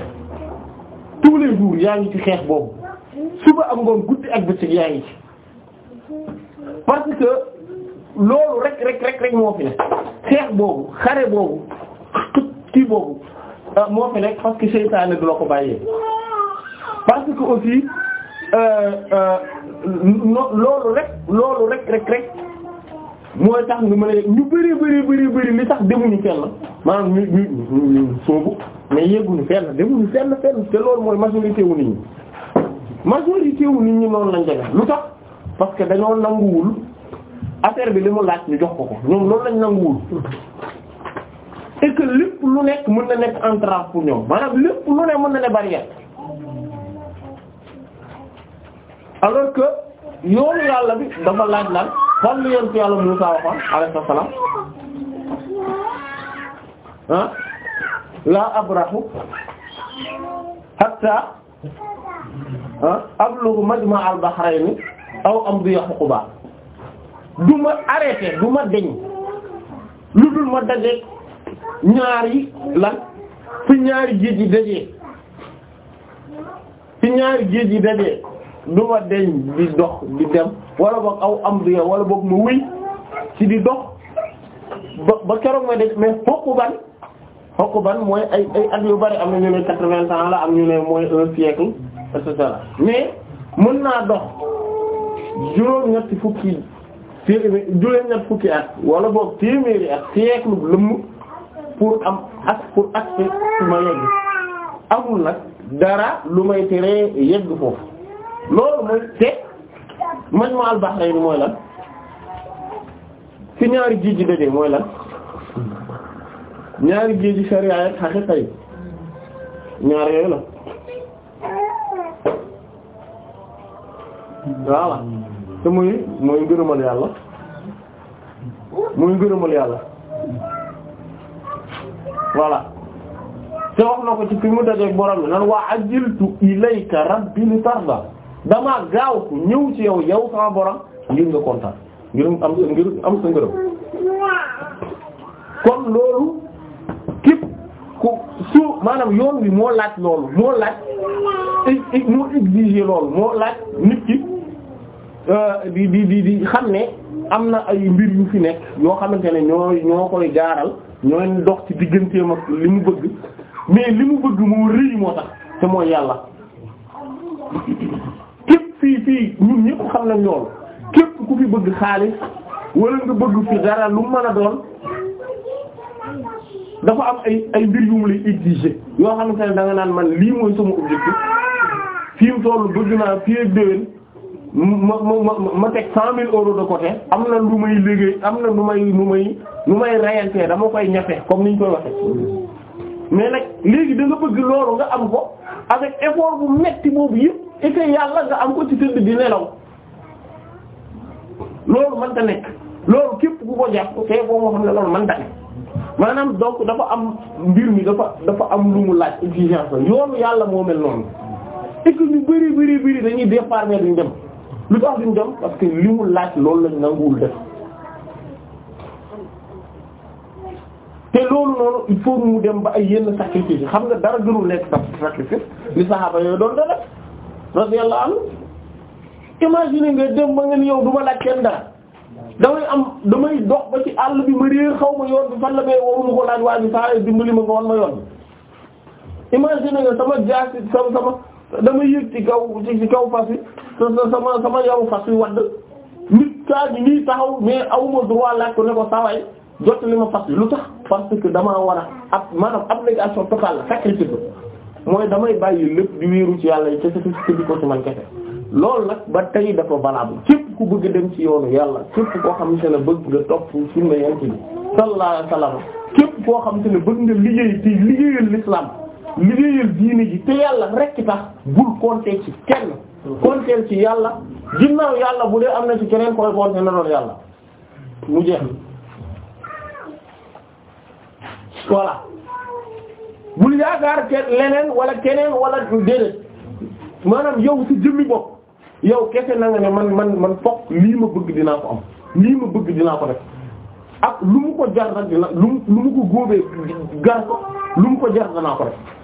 tous les jours yaa ngi ci xeex boobu suba am ngoon guddi ak bëccëg yaa ngi ci parce que loolu rek rek rek rek moo fi ne xeex boobu xare boobu kii boobu euh, moo fi nekk parce que seytaane du la ko bàyyee parce que aussi euh, euh, loolu rek loolu rek rek rek mooy tax nga mën a ñu bëri bëri bëri bëri li tax demuñu fenn maanaam ñu ñu ñu soobu mais yegguñu fenn demuñu fenn fenn te loolu mooy majorité wu nit ñi majorité wu nit ñi noonu lañ jege lu tax parce que dañoo nanguwul affaire bi li mu laaj ñu jox ko ko ñoom loolu lañ nanguwul et que lépp lu nekk mën na nekk entrave pour ñoom maanaam lépp lu ne mën na ne barrière alors que yoonu yàlla bi dafa laaj laaj xam li yonent yàlla Muusaa waxoon alayhi salaam ah laa abrahu hatta ah ablugu majma al bahrayni aw amdiya huquba du ma arrêté du deñ lu dul ma daje ñaari la fi ñaari géej yi dajee fi ñaari géej yi dajee du deñ di dox di dem wala boog aw am du wala boog ma wéy ci di dox ba ba keroog ma def mais fokk ban fokk ban mooy ay ay at yu bari am na ñu ne quatre-vingts ans la am ñu ne mooy un siècle et mais mën naa dox juróom-ñetti fukki. téeméer juleen fukki at wala boog téeméeri at siècle lëmm pour am ak pour accès su ma yegg amul nag dara lu may teree yegg foofu loolu mooy te Majma al-Bahrayn mooy lan ci ñaari géej gi daje mooy lan ñaari géej gi sariya ak haqiqa yi ñaar yooyu la waaw te muy mooy ngërëmal yàlla muy ngërëmal yàlla voilà te wax na ko ci fi mu dajeeg borom bi nan waa ajiltu ilayka rabbi li tarda damaa gaaw ko ñëw ci yow yow sama borom ngir nga kontaan ngir am sa ngir am sa ngërëm kon loolu képp ku su maanaam yoon bi moo laaj loolu moo laaj moo exiger loolu moo laaj nit ki Euh, di di di di xam ne am na ay mbir yu fi nekk yoo xamante ne ñooy ñoo koy gaaral ñooy dox ci digganteem ak li mu bëgg mais li mu bëgg moo rëy moo tax te mooy yàlla képp fii fii ñun ñëpp xam nañ loolu képp ku fi bëgg xaalis wala nga bëgg fi dara lu mën a doon dafa am ay mbir yu mu lay exiger yoo xamante ne da nga naan man lii mooy sama objectif fi mu tollu bëgg naa fii ak déwén ma ma ma teg cent mille euros de côté am na lu may liggéey am na lu may lu may lu may rayantee dama koy ñafe comme niñ koy waxe mais nag léegi da bëgg loolu nga am ko avec effort bu metti boobu yëpp et yàlla nga am ko ci tëdd di nelaw loolu mën ta nekk loolu képp ku ko jàpp te boo moo xam ne loolu mën ta nekk maanaam donc dafa am mbir mi dafa dafa am lu mu laaj exigence la yoonu yàlla moo mel noonu et nu ñu bari bari bari dañuy départ mais duñ dem lu tax duñ dem parce que li mu laaj loolu lañu nanguwul def te loolu noonu il faut mu dem ba ay yenn sacrifice xam nga dara gënul nekk sacrifice li saxaaba yooyu doon def radiyallahu anhu imagine nga dem ba ngeen yow du ma laaj kenn dara damay am damay dox ba ci àll bi ma réer xaw ma yoon bi fan la may waruma ko laaj waa ji saa dimbali ma nga wan ma yoon bi imagine nga sama jaasi sama sama dama yéeg ci kaw ci kaw fas ma sama sama yaru fas yi wadd nit kaa gi ngi taxaw mais awuma droit laaj ko ne ko saway jot li ma fas yi lu tax parce que damaa war a ab maanaam abnégation totale la sacrifice mooy damay bàyyi lépp di wéeru ci yàlla yi kese kese di ko ci man kese loolu nag ba tey dafa valable képp ku bëgg dem ci yoonu yàlla képp koo xam ne bëgg nga topp sunna yonent bi sallallahu alayhi wasallam képp koo xamante ne bëgg nga liggéey ci liggéeyal liggéeyal diine ji te yàlla rekk tax bul compter ci kenn compter ci yàlla ginnaaw yàlla bu dee am na ci keneen koy compter na loolu yàlla mu jeex voilà bul yaakaar kenn leneen wala keneen wala déedéet maanaam yow ci jëmmi bopp yow kese na nga ne man man man fokk lii ma bëgg dinaa ko am lii ma bëgg dinaa ko rek ak lu mu ko jar nag dina lu mu ko góobee gar ko lu mu ko jar danaa ko def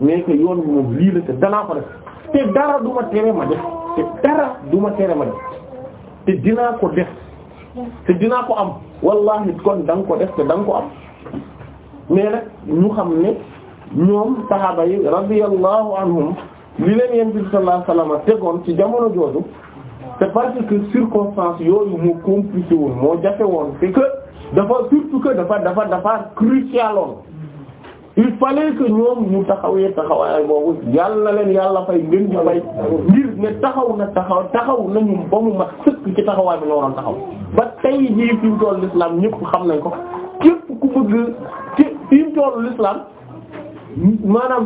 mais que yoon moom lii la te danaa ko def te dara du tere ma def te dara du tere ma def te dinaa ko def te dinaa ko am wallahi kon da nga ko def te da ko am mais nag ñu xam ne ñoom saxaaba yi radiyallahu anhum li leen yent bi sallallahu tegoon ci jamono jooju c'est parce que circonstance yooyu moo compliqué woon moo jafe woon c'est que dafa surtout que dafa dafa dafa crucial il fallait que ñoom ñu taxawee taxawaay boobu yàlla leen yàlla fay ngeen di fay ngir ne taxaw na taxaw taxaw nañu ba mu mat sëkk ci taxawaay bi nga waroon taxaw ba tey jii fi mu toll l'islam ñëpp xam nañ ko képp ku bëgg ci fi mu toll l'islam maanaam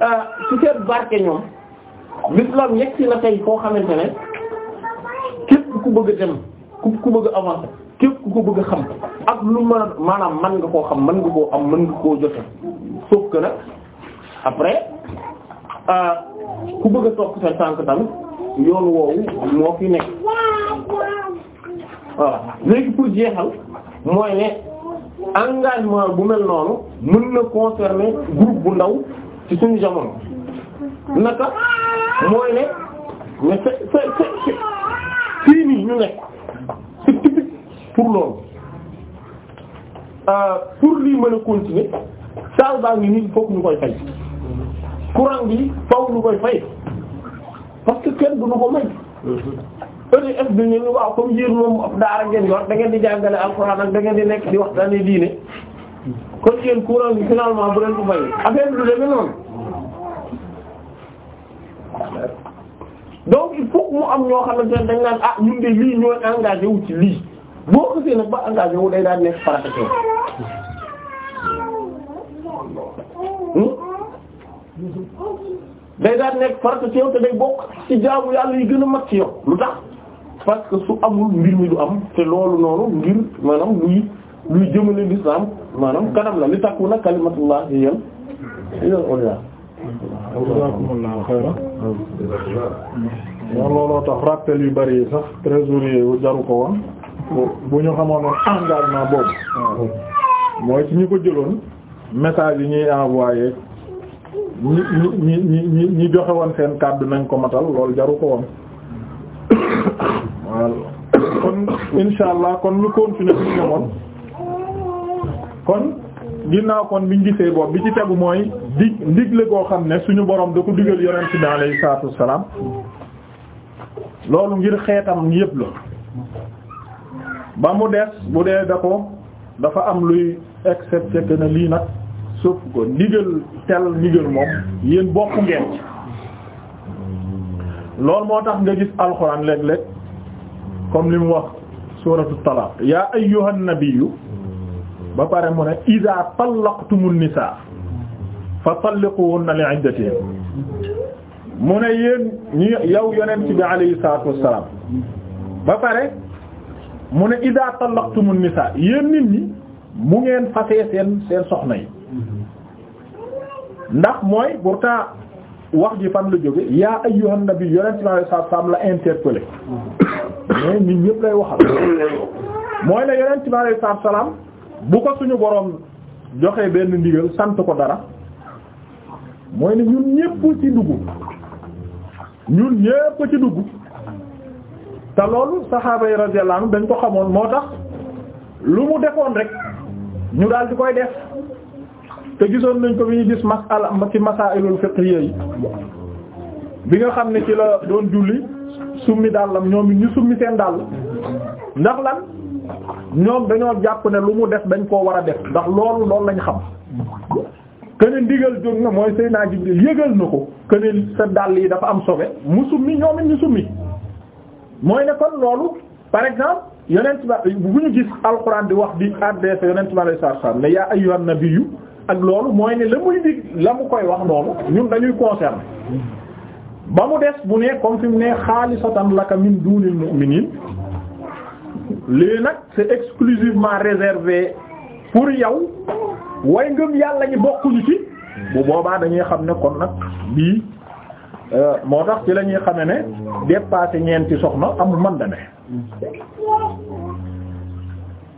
euh, ci seen barke ñoom l'islam yegg si na tey foo xamante ne képp ku bëgg dem ku ko bëgg avancer képp ku ko bëgg a xam ak lu mën a maanaam mën nga koo xam mën nga koo am mën nga koo jote sauf que après euh, ku bëgg a topp sa tànk tamit yoon woowu moo fi nekk voilà léegi pour jeexal mooy ne engagement bu mel noonu mën na concerner groupe bu ndaw ci suñu jamono naka mooy ne mais c'est c'est c'est fii ñu nekk c'est loolu euh, pour lii mën a continuer saal baa ngi nii fokk ñu koy fay courant bi fokk ñu koy fay parce que kenn du ñu ko may. EDF bi ñu ne waaw comme yéen moom daara ngeen yor da ngeen di jàngale alxuraan ak da ngeen di nekk di waxtaanee diine kon yéen courant bi finalement bu leen ko fayee affaire bi du demee noonu. donc il mu am ñoo xam ne dañ naan ah ñun de lii ñooy engagé wu lii boo xasee nag ba engagé wu day daan nekk farata Hmm? day daan nekk farata ci yow te day bokk ci jaamu yàlla yi gën a mag ci yow lu tax parce amul mbir mi du am te loolu noonu ngir maanaam luy luy jëmale l'islam maanaam kanam la li takku na kalimatullah yéen yéen ulya jazakumullahu xayran ñoo looloo tax rappel yu bari yi sax trésorier wu jaru ko woon bu ñu xamoon engagement boobu hmm. mooy ci ñu ko jëloon message yi ñuy envoyé ñi ñi ñi ñi ñi joxe woon seen kàddu nañ ko matal loolu jaru ko woon waaw kon insha allah kon ñu continuer fi ñu kon ginnaaw gisee boobu bi ci tegu mooy dig ndigle goo xam ne suñu borom da ko digal yonent bi alayhi salaatu wassalaam loolu ngir xeetam yépp la ba mu des bu dee da ko dafa am luy excepté que ne lii nag sauf ko ndigal tel ndigal moom yéen bokk ngeen ci loolu moo tax nga gis alxuraan léeg-léeg comme li mu wax suuratu talaaq yaa ayyuhan nabiyyu ba pare mu ne iza tallaqtumun nisaa fa talliquhunna li iddatihinna mu ne yéen ñi yow yonent bi alayhi salaatu wassalaam ba pare mu ne iza tallaqtumun nisaa yéen nit ñi mu ngeen fasee seen soxna yi ndax mooy pourtant wax ji fan la jóge yaa ayyuhan nabi yonent bi sallallahu alayhi wasallam la interpellé mais nit ñëpp lay waxal mooy ne yonent bi sallallahu alayhi wasallam bu ko suñu boroom joxee benn ndigal sant ko dara mooy ne ñun ñëpp ci dugg ñun ñëpp ci duggu te loolu saxaaba yi radiyallahu dañ ko xamoon moo tax lu mu defoon rek ñu daal di koy def te gisoon nañ ko bi ñu gis masala ci masaa'ilul fiqhiyya yi bi nga xam ne ci la doon julli summi dàllam ñoom ñu summi seen dàll ndax lan ñoom dañoo jàpp ne lu mu def dañ koo war a def ndax loolu loolu lañ xam kene ndigal jóg na mooy sëy naa Jibril yëgal na ko kene sa dàll yi dafa am sobe mu summi ñoom it ñu summi mooy ne loolu par exemple yonent ba bu ñu gis alxuraan di wax di adressé yonent bi sallallahu alayhi wasallam ne yaa ayyuhan nabiyyu ak loolu mooy ne la muy dig la mu koy wax noonu ñun dañuy concerné ba mu des bu ne comme fi mu ne xaalisatan laka min dunil mu'minin lii nag c'est exclusivement réservé pour yow way ngëm yàlla ñi bokkuñu ci bu boobaa dañuy xam ne kon nag bii euh, moo tax ci la ñuy xame ne dépassé ñeenti soxna amul man da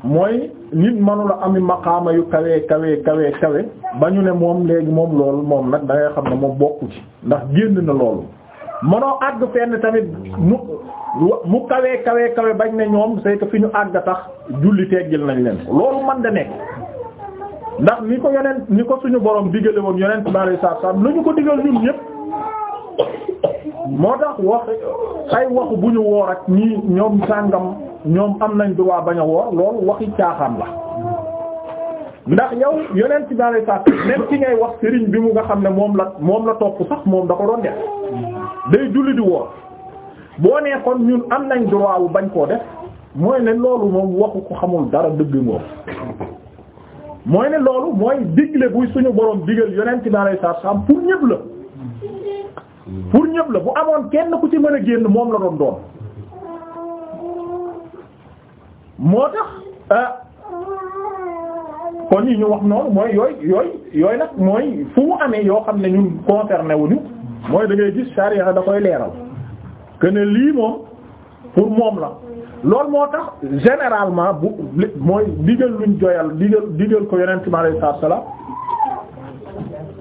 mooy nit manula ami maqaama yu kawee kawe kawe kawe ba ñu ne moom léegi moom loolu moom nag da xam ne moom bokku ci ndax génn na loolu manoo àgg fenn tamit mu mu kawee kawe kawe bañ ne ñoom c'est que fi ñu àgg tax julli teggil nañ leen loolu man da nekk ndax ni ko yonent ni ko suñu borom digale woon yonent bari saab saab lu ñu ko digal ñun ñépp moo tax wax ay waxu bu ñu woor ak ñii ñoom sàngam ñoom am nañ droit bañ a woor loolu waxi caaxaan la ndax yow yonent bi alayhi salaatu même ci ngay wax sëriñ bi mu nga xam ne moom la moom la topp sax moom da ko doon def day julli di woor boo nee kon ñun am nañ droit wu bañ koo def mooy ne loolu moom waxu ko xamul dara dëgg ngoo mooy ne loolu mooy digle buy suñu borom digal yonent bi alayhi salaatu salaam pour ñëpp la pour ñëpp la bu amoon kenn ku ci mën a génn moom la doon doon moo tax euh, kon yi ñu wax noonu mooy yooyu yooyu yooyu nag mooy fu mu amee yoo xam ne ñun concerné wuñu mooy da gis charia da koy leeral que ne lii moom pour moom la loolu moo tax généralement bu mooy digal luñ joyal digal digal ko yonent mi alayhi salaatu salaam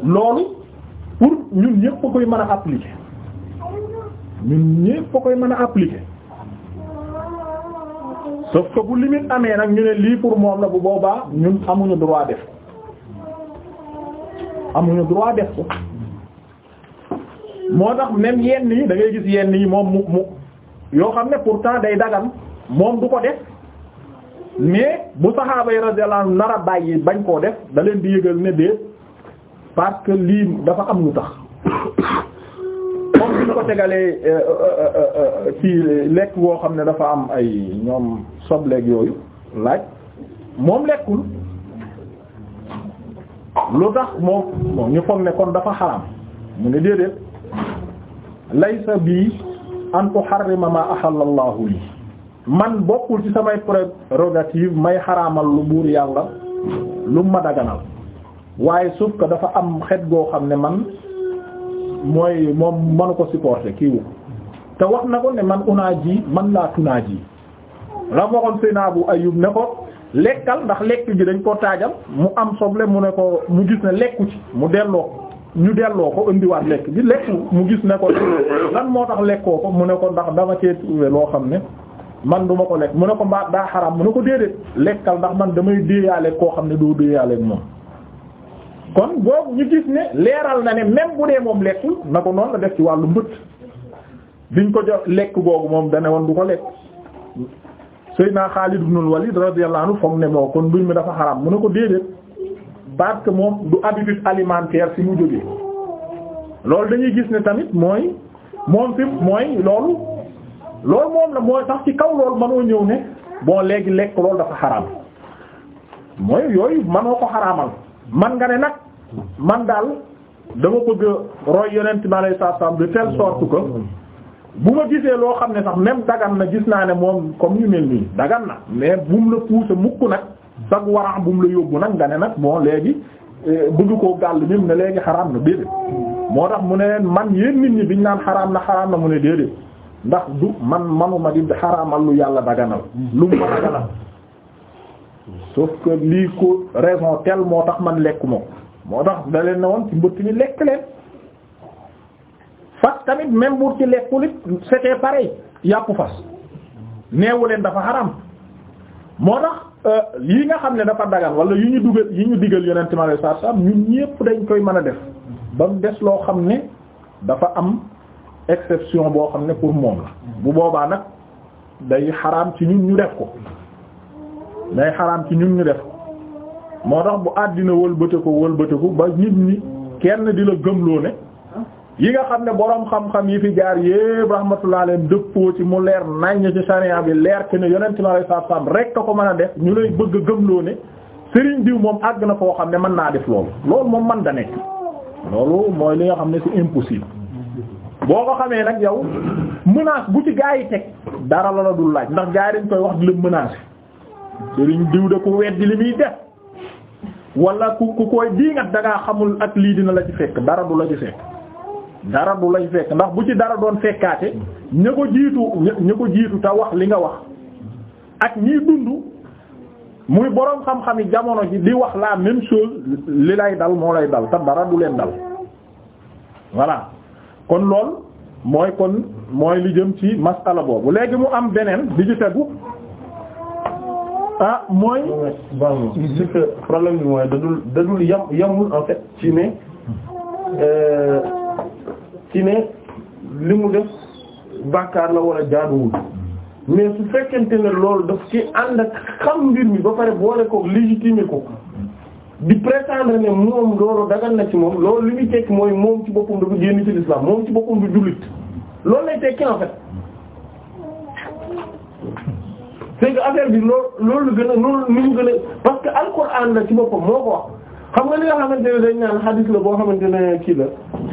loolu pour ñun ñépp a koy mën a appliquer ñun ñépp a koy mën a appliquer sauf que bu limite amee nag ñu ne lii pour moom la bu boobaa ñun amuñu droit def ko amuñu droit def ko moo tax même yenn yi da ngay gis yenn yi moom mu mu yoo xam ne pourtant day dagan moom du ko def mais bu saxaaba yi radiyallahu anhum nar bàyyi bañ koo def da leen di yëgal ne de parce que lii dafa am lu tax comme bi ñu ko tegalee euh, euh, euh, ci lekk woo xam ne dafa am ay ñoom sobleek yooyu laaj moom lekkul lu tax moom moom ñu foog ne kon dafa xaraam mu ne déedéet laysa bii an tuharrima ma ahalla Allahu man bokkul ci samay prérogative may xaramal lu buur yàlla lu ma daganal waaye suuf que dafa am xet goo xam ne man mooy moom mënu ko supporter kii wu te wax na ko ne man unaa ji man laa tunaa la waxoon Seydina Abu Ayyub ne ko lekkal ndax lekk gi dañ ko taajal mu am soble mu ne ko mu gis ne lekku ci mu delloo ñu delloo ko indiwaat lekk bi lekku mu gis ne ko lan moo tax lekkoo ko mu ne ndax dama cee trouvé loo xam ne man duma ko lekk mu ne ko mbaa daa xaraam mu ne ko déedéet lekkal ndax man damay déeyaaleeg koo xam ne doo déeyaaleeg moom kon boobu ñu gis ne leeral na ne même bu dee moom lekku na ko noonu la def ci wàllu mbëtt biñ ko jox lekk boobu moom dane woon du ko lekk Seydina Xaalid ibnul Walid radiyallahu anhu foog ne boo kon mbir mi dafa xaraam mu ne ko déedéet parce que moom du habitude alimentaire si mu jógee loolu dañuy gis ne tamit mooy moom fi mooy loolu loolu moom la mooy sax ci kaw loolu mënoo ñëw ne bon léegi lekk loolu dafa xaraam mooy yooyu mënoo ko xaraamal man nga ne nag man daal dama bëgg roy yonent bi alayhi salaam de telle sorte que bu ma gisee loo xam ne sax même dagan na gis naa ne moom comme ñu mel nii dagan na mais bu la pousser mukk nag dag waran bu mu la yóbbu nag nga ne nag moo léegi eh, bëgg koo gàll même ne léegi xaraam na déedéet moo tax mu ne leen man yéen nit ñi biñ naan xaraam na xaraam na mu ne déedéet ndax du man manuma di xaraamal lu yàlla daganal lu mu ma daganal sauf que lii ko raison telle moo tax man lekk moom moo tax da leen ne woon ci mbëtt mi lekk leen fas tamit même bu ci lekkul it c'était pareil yàpp fas neewu leen dafa xaram moo tax euh, yi nga xam ne dafa dagan wala yu ñu dugal yi ñu digal yeneen temeraire saa saa ñun ñépp dañ koy mën a def ba mu des loo xam ne dafa am exception boo xam ne pour moom la bu boobaa nag day xaram ci ñun ñu def ko day xaraam ci ñun ñu def ko moo tax bu àddina wëlbate ko wëlbate ba nit ñi kenn di la gëmloo ne. yi nga xam ne boroom xam-xam yi fi jaar yépp rahmatullah alayhim dëppoo ci mu leer naññ ci sharia bi leer ki ne yonent mi alayhi salaatu salaam rek ka ko mën a def ñu lay bëgg a gëmloo ne sëriñ diw moom àgg na foo xam ne mën naa def loolu loolu moom man da nekk loolu mooy li nga xam ne c'est impossible boo ko xamee nag yow menace bu ci gaa yi teg dara la la dul laaj ndax gaa yi dañ koy wax di la menacer sëriñ diw de ko weddi li muy def walla ku ku koy diingat da xamul ak lii dina la ci fekk la ci dara du lay fekk ndax bu ci dara doon fekkaate ña ko jiitu ña ko jiitu te wax li nga wax ak ñiy dund muy boroom xam-xam yi jamono ji di wax la même chose li lay dal moo lay dal te dara du leen dal voilà kon lool mooy kon mooy li jëm ci masala boobu léegi mu am beneen di ci tegu ah mooy. bon c'est que problème dadul dadul yam yamul en fait ci ne. Euh, ci ne li mu def bàkkaar la wala jaaduwul mais su fekkente ne lool daf ci ànd ak xam mbir mi ba pare boole ko légitimer ko di prétendre ne moom loolu dagal na ci moom loolu li muy tekki mooy moom ci boppam dafa génn ci l'islam moom ci boppam du jullit loolu lay tekki en fait c'est que affaire bi loolu loolu gën a loolu ni mu gën a parce que alquran la ci boppam moo ko wax xam nga li nga xamante ne dañ naan hadith la boo xamante ne kii la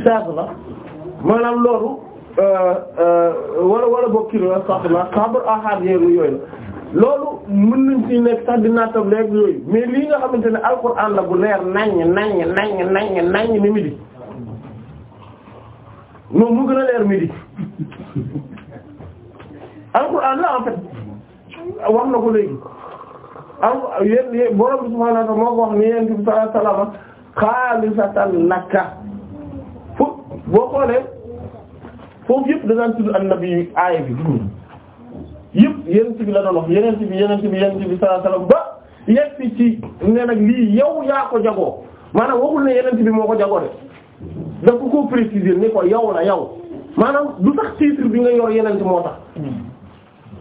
charge la maanaam loolu euh, euh, wala wala boog kii la soxna xabar axaar yeeru yooyu loolu mën nañ ci nekk sax dinaa tam leeg yooyu mais lii nga xamante ne alxuraan la bu leer naññ naññ naññ naññ naññ ni midi noonu mu gën a leer midi alxuraan la en fait wax na ko léegi al yéen borom subhaanahu wa ta'aala moo ko wax ni yéen bi sallallahu alayhi wa sallam xaalisatan laka boo xoolee foofu yëpp danaan tudd annabi aaya bi dugub yëpp yenent bi la doon wax yenent bi yenent bi yenent bi sallallahu alayhi wasallam ba yegg si ci ne nag lii yow yaa ko jagoo maanaam waxul ne yenent bi moo ko jagoo de dafa ko préciser ni ko yow la yow maanaam du tax titre bi nga yor yenent moo tax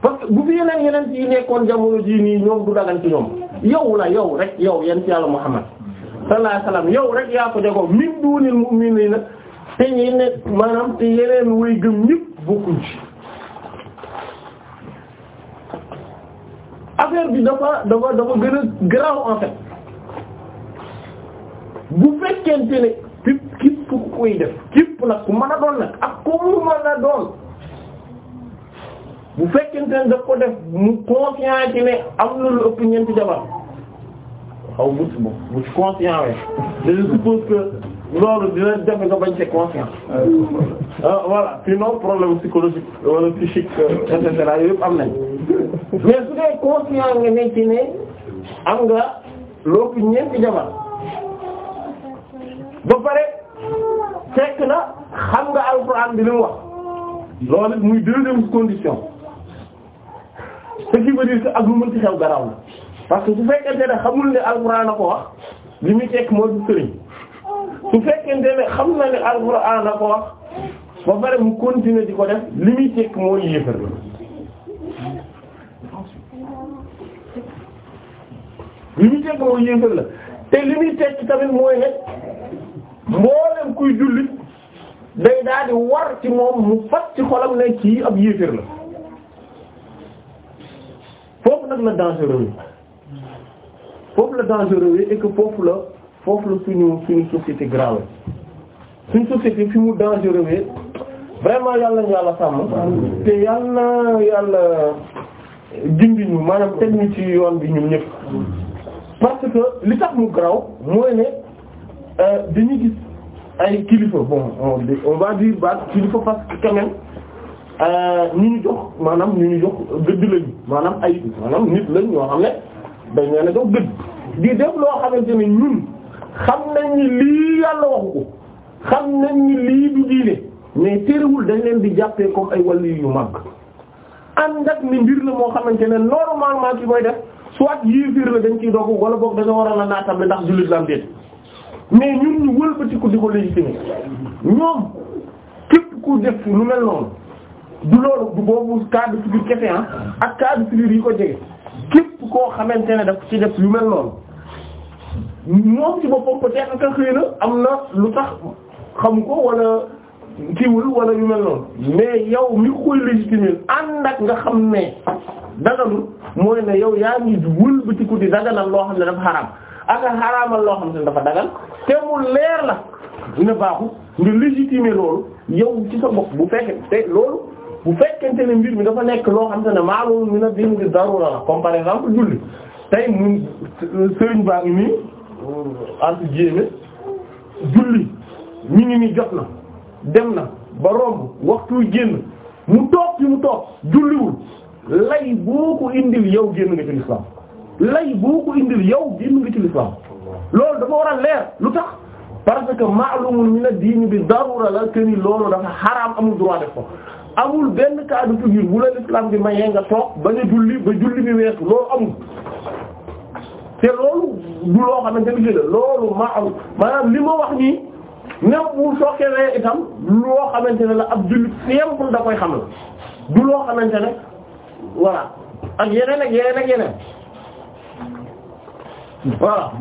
parce bu fi yeneen yeneen yi nekkoon jamono jii nii ñoom du dagan ci ñoom yow la yow rek yow yent yàlla Muhammad sallallahu alayhi wasallam yow rek yaa ko jagoo min duunil mu'minina te ñi ne maanaam te yeneen way gëm ñëpp bokkuñ ci affaire bi dafa dafa dafa gën a grave en fait bu fekkente ne képp képp ku koy def képp nag ku mën a doon nag ak ku mu a doon bu fekkente ne daf ko def mu conscient ci am na lu ëpp ñeenti jabar xaw bu ci bu ci conscient we suppose que loolu dina jafe nga bañ cee conscience ah, voilà sinon problème psychologique wala psychique euh, et cetera yooyu yëpp am nañ mais su dee conscient nga nekk ne am nga loo ko ñeenti jabar ba pare fekk na xam nga alxuraan bi li mu wax loolu muy deuxième condition ce qui veut dire que ak lu mën xew garaw na parce que su fekkente ne xamul ne alxuraan a ko wax li muy tekk mooy du sëriñ su fekkente ne xam na ne alxuraan la ko wax ba pare mu continuer di ko def li muy tekk mooy yéefar la li muy tekk mooy yéefar la te li muy tekk tamit mooy ne mboolem kuy jullit day daal war ci moom mu fat ci xolam ne kii ab yéefar la foofu nag la dangereux foofu la dangereux et que foofu la foofu la suñu suñu société grave suñu société fi mu dangereux vraiment yàlla ñu yàlla sàmm te yàlla na yàlla gindi ñu maanaam teg ñu ci yoon bi ñun ñëpp parce que li tax mu graw mooy ne euh, dañuy gis ay kilifa bon on va dire ba kilifa parce que quand euh, ñu ñu jox maanaam ñu ñu jox gëdd lañu maanaam ay maanaam nit lañ ñoo xam ne dañ leen gëdd di def loo xamante ne ñun xam nañ lii yàlla waxu ko xam nañ ni lii du diine mais téerewul dañ leen di jàppee comme ay wàllu yu mag ànd ak ni mbir la moo xamante ne normalement ki koy def soit yéeféer la dañ ciy dogu wala boog dañoo war a la naatable ndax jullit la am déet mais ñun ñu wëlbatiku di ko légitimer ñoom képp ko def lu mel noonu du loolu du boobu cas de figure kese ah, ak cas de figure yi ko jege képp koo xamante ne daf ci def lu mel noonu moom ci boppam peut-être que xëy na am na lu tax xam ko wala kiiwul wala yu mel noonu mais yow mi koy légitimer ànd ak nga xam ne daganul mooy ne yow yaa ngi wëlbatiku di daganal loo xam ne dafa xaraam ak a loo xam ne dafa dagal te mu leer la dina baaxu nga légitimer loolu yow ci sa bopp bu fekkee te loolu bu fekkente ne mbir mi dafa nekk loo xam te ne maalul mi na diin di darura la comme par exemple julli tey mun sëriñ baa nii anti jéeme julli ñu ngi ni jot na dem na ba romb waxtu génn mu toog fi mu toog julliwul lay boo ko indil yow génn nga ci lislaam lay boo indil yow génn nga ci loolu dafa war a leer lu tax parce que ma'lumun min ad-din bi darura la que ni loolu dafa xaraam amul droit def ko amul benn cas de figure bu la lislaam bi mayee nga toog ba nga julli ba julli bi weesu loolu amul te loolu du loo xamante ni la loolu maa am maanaam li ma wax nii néew bu sokkee itam loo xamante ne la ab jullit simple da koy xamal du loo xamante ne voilà ak yeneen ak yeneen ak yeneen voilà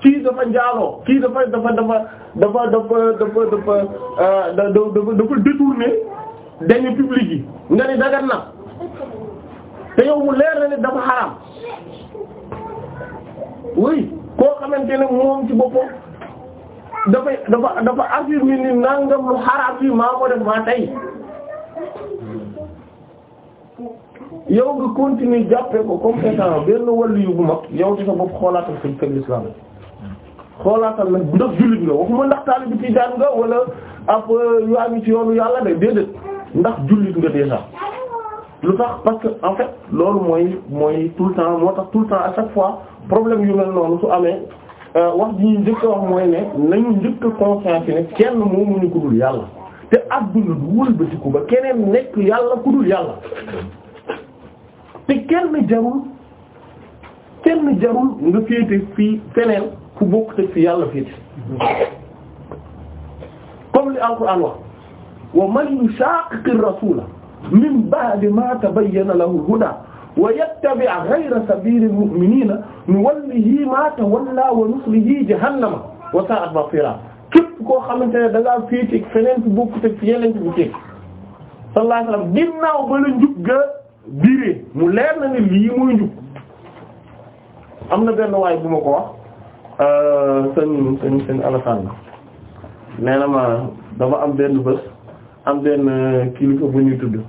kii dafa njaaloo kii dafa dafa dafa dafa dafa dafa dafa euh, dafa dafa détourné dañu public yi nga ni dagan na te yow mu leer na ne dafa oui koo xamante ne moom ci boppam dafay dafa dafa affirmer ni nangam lu xaraam bi maa ko def maa tey yow gi continuer jàppee ko comme état benn wàllu yu bu mag yow ci bopp xoolaatal fi kër islam xoolaatal nag ndax jullit nga waxuma ndax taalibu Tijaan nga wala ab euh, yu am ci yoonu yàlla de déedéet ndax jullit nga déjà lu tax parce que en fait loolu mooy mooy tout le temps moo tax tout le temps à chaque fois. problème yu mel noonu su amee euh, wax ji ñu njëkk wax mooy ne nañu njëkk a conscience ne kenn moomuñu ku dul yàlla te adduna du wëlbatiku ba keneen nekk yàlla ku dul yàlla te kenn jarul kenn jarul nga féete fii feneen ku bokk te fi yàlla féete comme li alquran wax wa man yushaqiqi rasula min ba'di ma tabayyana lahu al wa yattabi' ghayra sabilil mu'minina nuwallihi wa nuslihi jahannama wa sa'at masira képp koo xamante ne da ngaa féete bokku te yeneen ci bu ceeb sallallahu ba la njub ga biiree mu leer na ne lii muy am na benn waay bu ma ko wax euh, sëñ sëñ sëñ Alassane nee na ma dafa am benn bés am benn euh, kilifa bu ñuy tudd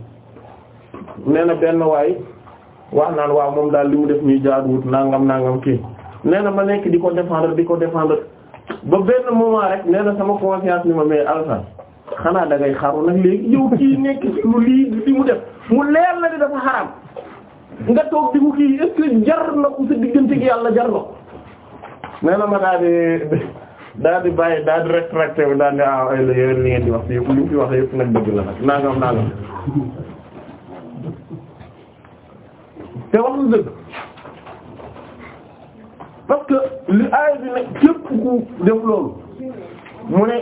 nee benn waay. wax naan waaw moom daal li mu def nii jaaduwut nangam nangam kii nee na ma nekk di ko défendre di ko défendre ba benn moment rek nee na sama conscience ni ma mais Alassane xanaa da ngay xaru nag léegi yow kii nekk lu lii di mu def mu leer la di dafa xaraam nga toog di ko kii est ce que jar na ko sa diggante gi yàlla jar na ko nee na ma daal di daal di bàyyi daal di rétracté wu daal di la ah, yeneen li ngeen di wax yëpp li mu fi wax yëpp nag dëgg la nag nangam nangam te wax na dëgg parce que li aay bi nag képp ku def loolu mu ne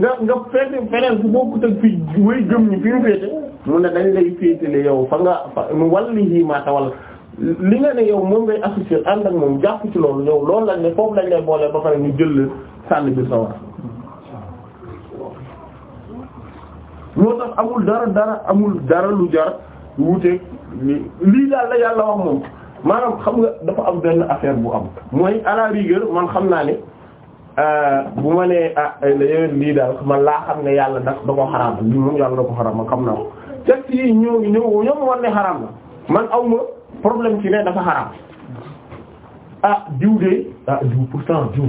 nga nga féete feneen bu bokkut ak fi way gëm ñi fi ñu féete mu ne dañ lay féetale yow fa nga fa wallihi ma tawalla li nga ne yow moom ngay associé ànd ak moom jàpp ci loolu yow loolu lañ ne foofu lañ lay boole ba pare ñu jël leen sànni bi sawar moo tax amul dara dara amul dara lu jar wuuteeg lii daal la yàlla wax moom maanaam xam nga dafa am benn affaire bu am mooy à la man xam naa ne euh, bu ma nee ah lii daal man laa xam ne yàlla da da ko xaraam moom yàlla da ko xaraam man xam naa ko test yi ñoo ñoo ma war ne xaraam la man aw ma problème ci ne dafa xaraam ah diw de ah diw pourtant diw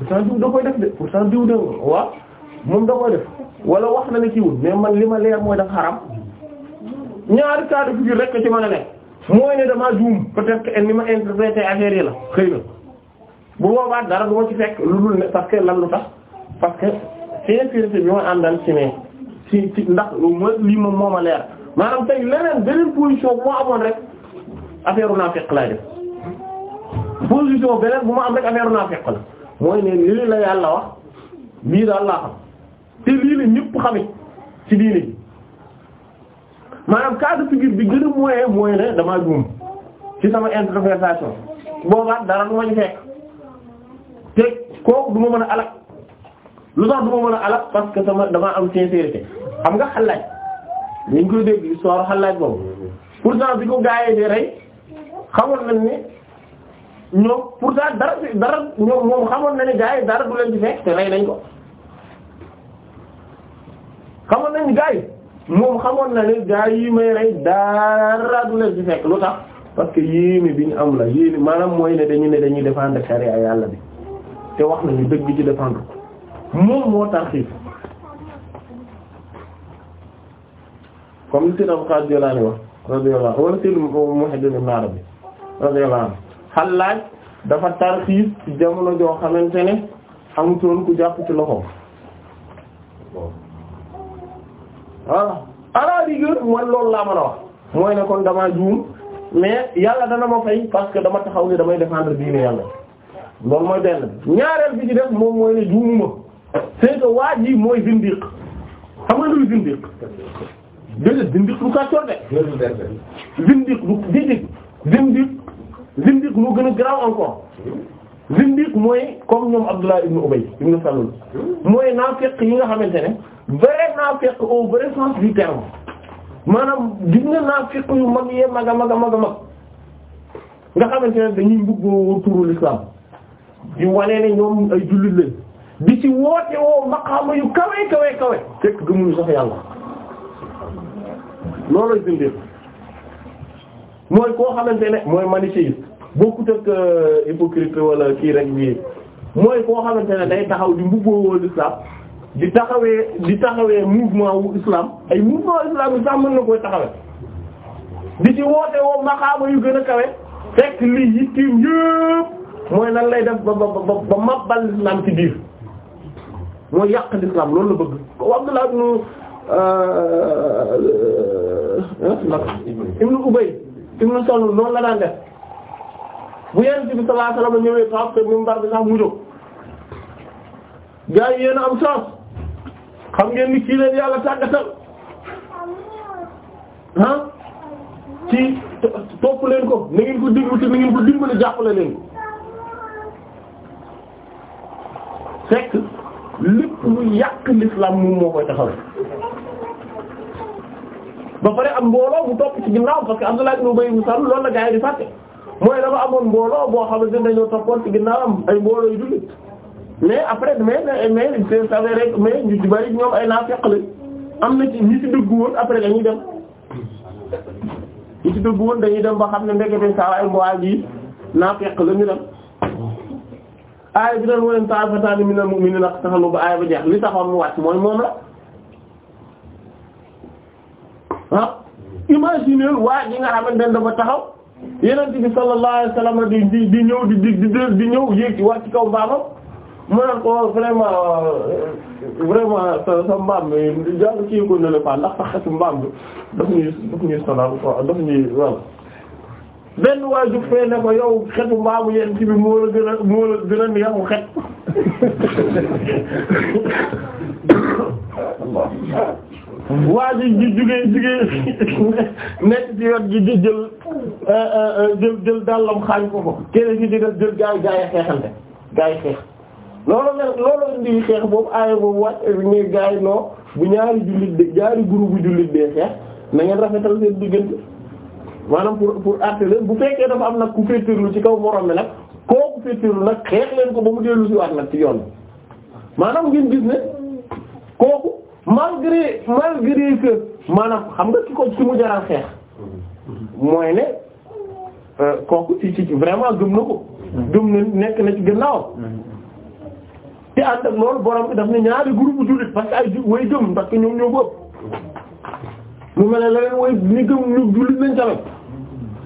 diw da koy def de pourtant diw de waaw moom da koy def wala wax na ne kiiwul mais man li ma leer mooy dafa xaraam ñaari cas de figure rek ci mën a mooy ne damaa juum peut-être ni ma interprété affaire yi la xëy na bu boobaa dara du ma ci fekk lu dul ne parce que lan lu tax parce que sincérité bi ma àndal ci ne ci ci ndax lii moom moo ma leer maanaam tey leneen beneen position bu ma amoon rek affaire naafiq laay def position beneen bu ma am rek affaire naafiq la mooy ne lii la yàlla wax lii daal laa xam te lii la ñëpp xamit ci diini maanaam cas de bi gën a moyen mooy ne damaa juum ci sama interprétation boobaa dara du ma ñu fekk te kooku du ma mën a alal lu tax du ma a alal parce que sama damaa am sincérité xam nga xalaat ñu ngi koy dégg histoire xalaat boobu pourtant bi ko gaayee di rey xamoon nañ ne ñoom pourtant dara dara ñoom moom xamoon na ne gaayee dara du leen fekk te rey nañ ko xamoon nañ gaayee moom xamoon na ne gaa yi may rey dara du leen ci fekk lu tax parce que yéene bi ñu am la yéene maanaam mooy ne dañu ne dañuy défendre charia yàlla bi te wax nañu dëgg ci défendre moom moo tarxiif comme Sina radiyallahu anhu radiyallahu wala Sina Muhammad ibn Arabi radiyallahu anhu Xallaaj dafa tarxiif ci jamono joo xamante ne amutoon ku jàpp ci loxo voilà à la rigueur mooy loolu laa mën a wax mooy ne kon damaa juum mais yàlla dana ma fay parce que dama taxaw ne damay défendre diine yàlla loolu mooy benn ñaareel bi ci def moom mooy ne juumuma c'est que waa ji mooy zindiq xam nga luy zindiq déedéet zindiq du kàccoor de zindiq du déedéet zindiq zindiq moo gën a garaaw encore zindiq mooy comme ñoom Abdullah ibn Ubay ibn Salul mooy naafeq yi nga xamante ne vrai naafeq au vrai sens du terme maanaam gis nga naafeq yu mag yee mag a mag a mag a mag nga xamante ne dañuy mbubboo turu l'islam di wanee ne ñoom ay jullit lañ di ci woote woo maqaama yu kawe kawe kawe fekk gëmuñu sax yàlla loolooy zindiq mooy koo xamante ne mooy manichéiste bokkut ak euh, hypocrite wala kii rek bii mooy koo xamante ne day taxaw di mbubboo woon islam di taxawee di taxawee mouvement wu islam ay mouvement islam yi sax mën na koy taxawee di ci woote woo maxaama yu gën a kawe fekk lii yittim yëpp mooy nan lay def ba ba ba ba mabbal l'islam ci biir mooy yàq l'islam lool la bëgg Abdullah ibn euh, euh, ibn Ubay ibn Salul noonu la daan def bu yonent bi sallallahu alayhi wasallam ñëwee taxaw te minbar bi sax mu jóg gars yi yéen am chance xam ngeen ni kii leen yàlla tàggatal ah ci topp leen ko na ngeen ko déglu te na ngeen ko dimbali jàppale leen ko fekk lépp lu yàq l'islam moom moo koy taxawal ba pare am mbooloo mu topp ci ginnaaw parce que Abdullah ibn Ubay ibn Salul loolu la gars yi di fàtte. mooy dafa amoon mbooloo boo xam ne dañoo toppoon ci ginnaawam ay mbooloo yu jullit mais après mais mais c'est avéré mais ñu ci bari ñoom ay naafeq a am na ci ñi ci dëggu woon après dañuy dem ñi ci dëggu woon dañuy dem ba xam ne ndekete saa ay mbooloo yi naafeq la ñu dem. aaya bi doon wane taifataani minal mu'miniina iqtasamu ba aaya ba jeex li taxoon mu wàcc mooy moom la a ah. imaginer waa ji nga xamante ne dafa taxaw. yeneen bi sallallahu alayhi wasallam di di di ñëw di di di ñëw yéeg ci war ci kaw mbaamam mu ne ko vraiment euh, vraiment sa sa mbaam bi jàll kii ko ne la fa ndax xetu mbaam bi daf ñuy daf ñuy sonal quoi daf ñuy voilà. benn waay ju fee ne ko yow xet. waa ji ji jugee jugee nekk ci yoon jël euh, euh, euh, jël jël dàllam xaañ ko ko keneen ki di def jël gaay gaay xeexante gaay xeex loolu mel loolu indi xeex boobu aaya boobu wàcc ni gaay noo bu ñaari jullit de ñaari groupe bu jullit dee xeex na ngeen rafetal seen diggante maanaam pour pour àtte bu fekkee dafa am nag ku féetirlu ci kaw morom mi nag kooku féetirlu nag xeex leen ko ba mu dellu ci waat nag ci yoon maanaam ngeen gis ne kooku malgré malgré que maanaam xam nga ki ko ci mu jaral xeex mooy ne euh, kooku ci ci vraiment gëm na ko gëm na nekk na ci gannaaw te ànd ak loolu borom bi daf ne ñaari groupe jullit parce que ay way gëm parce que ñoom ñoo bëpp mu mel ne leneen woy ni gëm ñu jullit lañ tamit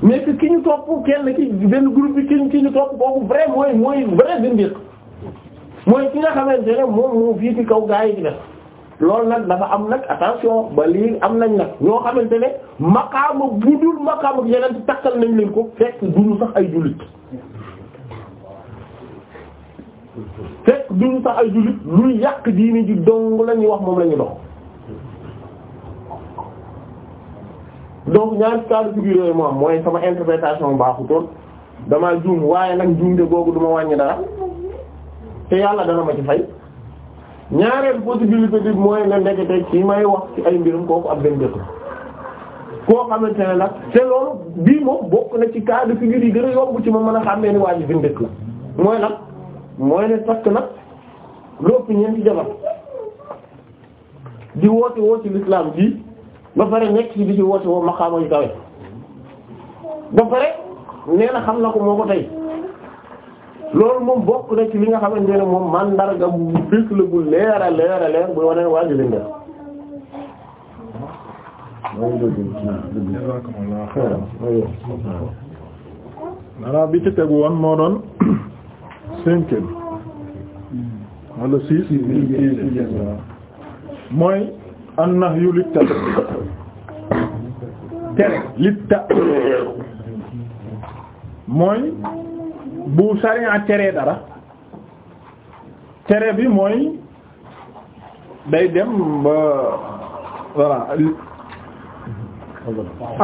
mais que ki ñu topp kenn ki benn groupe bi ki ki ñu topp kooku vrai moy mooy vrai dindiq mooy ki nga xamante ne moom moo fii ci kaw gaa yi di loolu nag dafa am nag attention ba lii am nañ nag ñoo xamante ne bu budul maqaama bi yeneen takkal nañ leen ko fekk duñu sax ay jullit fekk duñu sax ay jullit lu yàq diini ji dong la ñuy wax moom la ñuy dox donc ñaari cas de figure yooyu moom mooy sama interprétation baaxutoon damaa juum waaye nag juum de googu du wàññi dara te yàlla dana ma ci fay. ñaareel possibilité bi mooy ne ndekete ci may wax ci ay mbirum kooku ab benn dëkk koo xamante ne nag te bii moom bokk na ci cas de figure yi gën a yomb ci ma man a xàmmee ni waa ji benn la mooy nag mooy ne takk nag lépp ñeenti jabar di woote woo ci l'islam ji ba pare nekk ci di ci woote woo maqaama yu kawe ba pare nee na xam na ko moo ko tey loolu moom bokk na ci li nga xamante ne moom mandarga bu fekk la bu leer a leer a leer bu wane waa ji li bi ci tegu woon moo doon cinquième wala six mooy annahyu lit ta tere lit ta mooy bu sariya tere dara tere bi mooy day dem ba voilà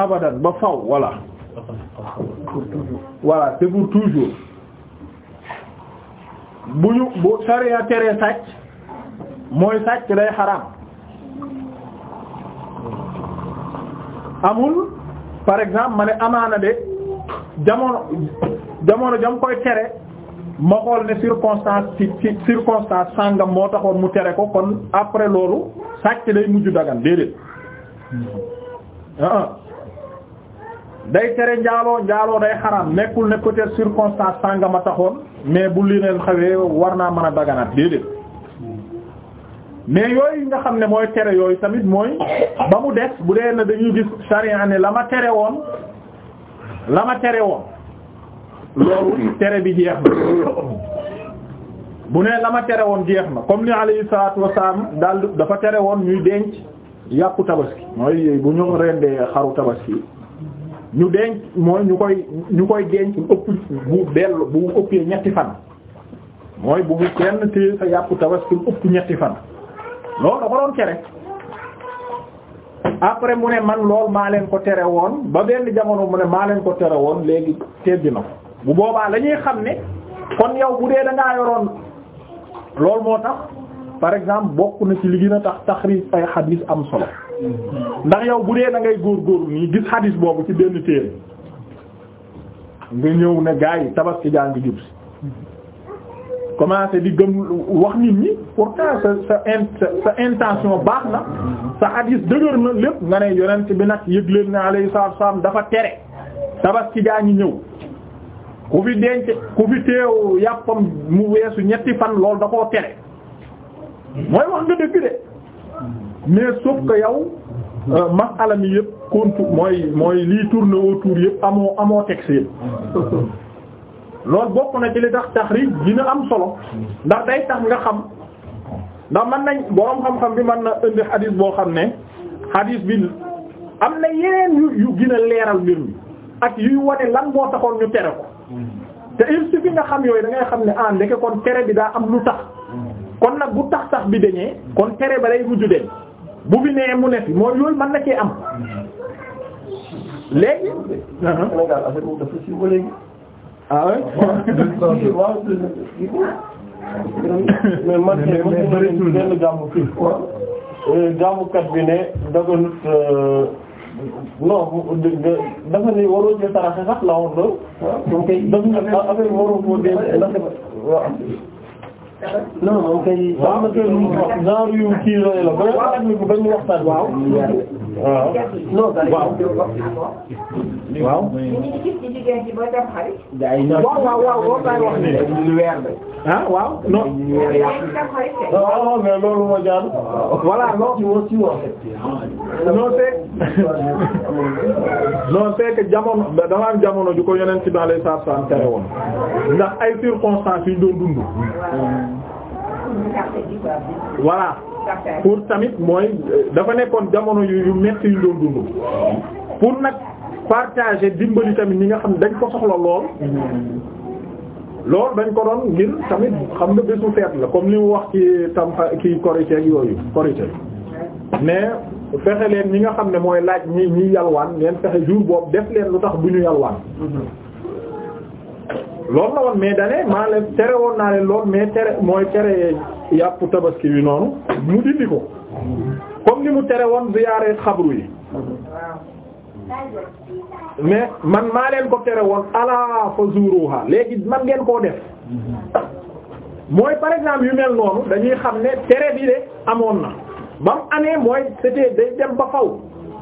abadan ba faw voilà voilà c'est pour toujours bu ñu bu sariya tere sàcc mooy sàcc day xaraam amul par exemple ma amaana de jamono jamono jam koy tere ma xool ne circonstance ci ci circonstance sàngam moo taxoon mu tere ko kon après loolu sàcc lay mujj dagan déedéet ah day tere njaaloo njaaloo day xaraam nekkul ne peut-être circonstance sàngam a taxoon mais bu lineen xawee war naa mën a daganaat déedéet mais yooyu nga xam ne mooy tere yooyu tamit mooy ba mu des bu dee na dañuy gis charia ne la ma tere woon la ma tere woon loolu tere bi jeex na bu ne la ma tere woon jeex na comme ni alayhi salaatu wasalaam daal dafa tere woon ñuy denc yàppu tabaski mooy bu ñu rendee xaru tabaski ñu denc mooy ñu koy ñu koy denc ëpp bu dellu bu ëppee ñetti fan mooy bu kenn téye sa yàppu tabaski ëpp ñetti fan loolu da ko doon tere après mu ne man lool maa leen ko tere woon ba benn jamono mu ne maa leen ko tere woon léegi teggi na ko bu boobaa la ñuy xam ne kon yow bu dee da ngaa yoroon loolu moo tax par exemple bokk na ci li gën a tax taxriij ay xadiis am solo ndax yow bu dee da ngay góorgóorlu nii gis xadiis boobu ci benn téere nga ñëw ne gars yi tabaski jaa ngi jub si di gëm wax nit ñi pourtant sa sa sa intention baax na sa xadiis dëgër na lépp nga ne yonent bi nag yëg leen ne alayhi salaatu wa salaam dafa tere tabaski jaa ngi ñëw. ku fi denc ku fi teew yàppam mu weesu ñetti fan loolu da koo tere mooy wax nga dëgg de mais sauf que yow euh, masala mi yëpp kontu mooy mooy lii tourne autour yëpp amoo amoo texte yëpp bokk na ci li tax taxriij dina am solo ndax day tax nga xam ndax mën nañ borom xam-xam bi mën na indi xadiis boo xam ne xadiis bi am na yeneen yu yu gën a leeral mbir mi ak yuy wane lan boo taxoon ñu tere ko te il suffit nga xam yooyu dangay xam ne ah ndeke kon tere bi daa am lu tax kon nag bu tax tax bi dañee kon tere ba lay mujj deñ bu fi nee mu ne fi mooy yooyu mën na cee am léegi. Sénégal uh-huh. affaire boobu dafa siiw ba léegi. ah oui. waaw euh, bi ne daganut. Euh, non dafa ne waroo ci saraxe sax la woon loolu. moom kay dafa affaire waroo ko dee ndax waaw. non moom kay. waaw kay genre yu kii la ba ñu waxtaan waaw. waaw waaw waaw. waaw waaw boo koy wax nii dañuy weer de. ah waaw non. non mais loolu moo jaar. voilà non non c'est non c'est que jamono dafa am jamono ju ko yeneen ci dans les saabsaab tere woon ndax ay circonstances yu ñu doon dund. voilà pour tamit mooy dafa nekkoon jamono yu yu metti yu doon pour nag partage dimbali tamit ñi nga xam ne dañ ko soxla lool loolu dañ ko doon ngir tamit xam nga bésu feet la comme li mu wax ci tam ki korite yooyu korite mais fexe leen ñi nga xam ne mooy laaj ñi ñi yalwaan ngeen fexe jour boobu def leen lu tax du ñu yalwaan mm-hmm. loolu la woon mais dane maa le tere woon naa leen lool mais tere mooy tere yàpp tabaski bi noonu mu dindi ko comme ni mu tere woon ziyaare xabru yi mais man maa leen ko tere woon ala fa zuruha léegi man ngeen koo def mooy par exemple yu mel noonu dañuy xam ne tere bi de amoon na ba mu amee mooy c'était day dem ba faw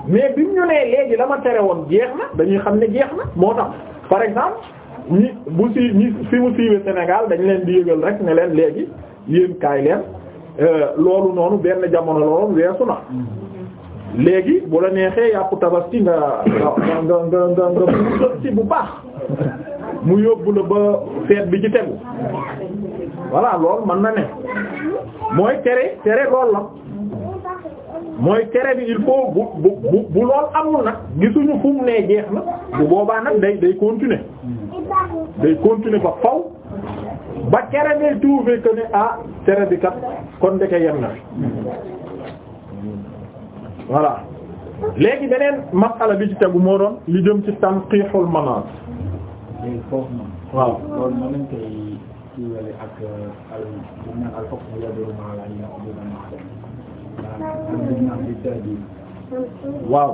mais bi ñu nee léegi la ma tere woon jeex na dañuy xam ne jeex na moo tax par exemple ñi bu si ñi fi mu siiwee Sénégal dañ leen di yëgal rek ne leen léegi yéen kaay leen euh, loolu noonu benn jamono loolu weesu na léegi bu la neexee yàpp tabaski nga nga nga nga nga ci bu baax mu yóbbu la ba feet bi ci tegu voilà loolu mën na ne mooy tere tere lool la mooy tere bi il faut bu bu bu lool amul na gisuñu fu mu nee jeex na bu boobaa nag day day continuer day continuer ba faw ba kere ngay trouver ne ah tere bi kat kon ndeke yem na voilà léegi beneen masala bi ci tegu moo li jëm ci tanqiixul manaat waaw waaw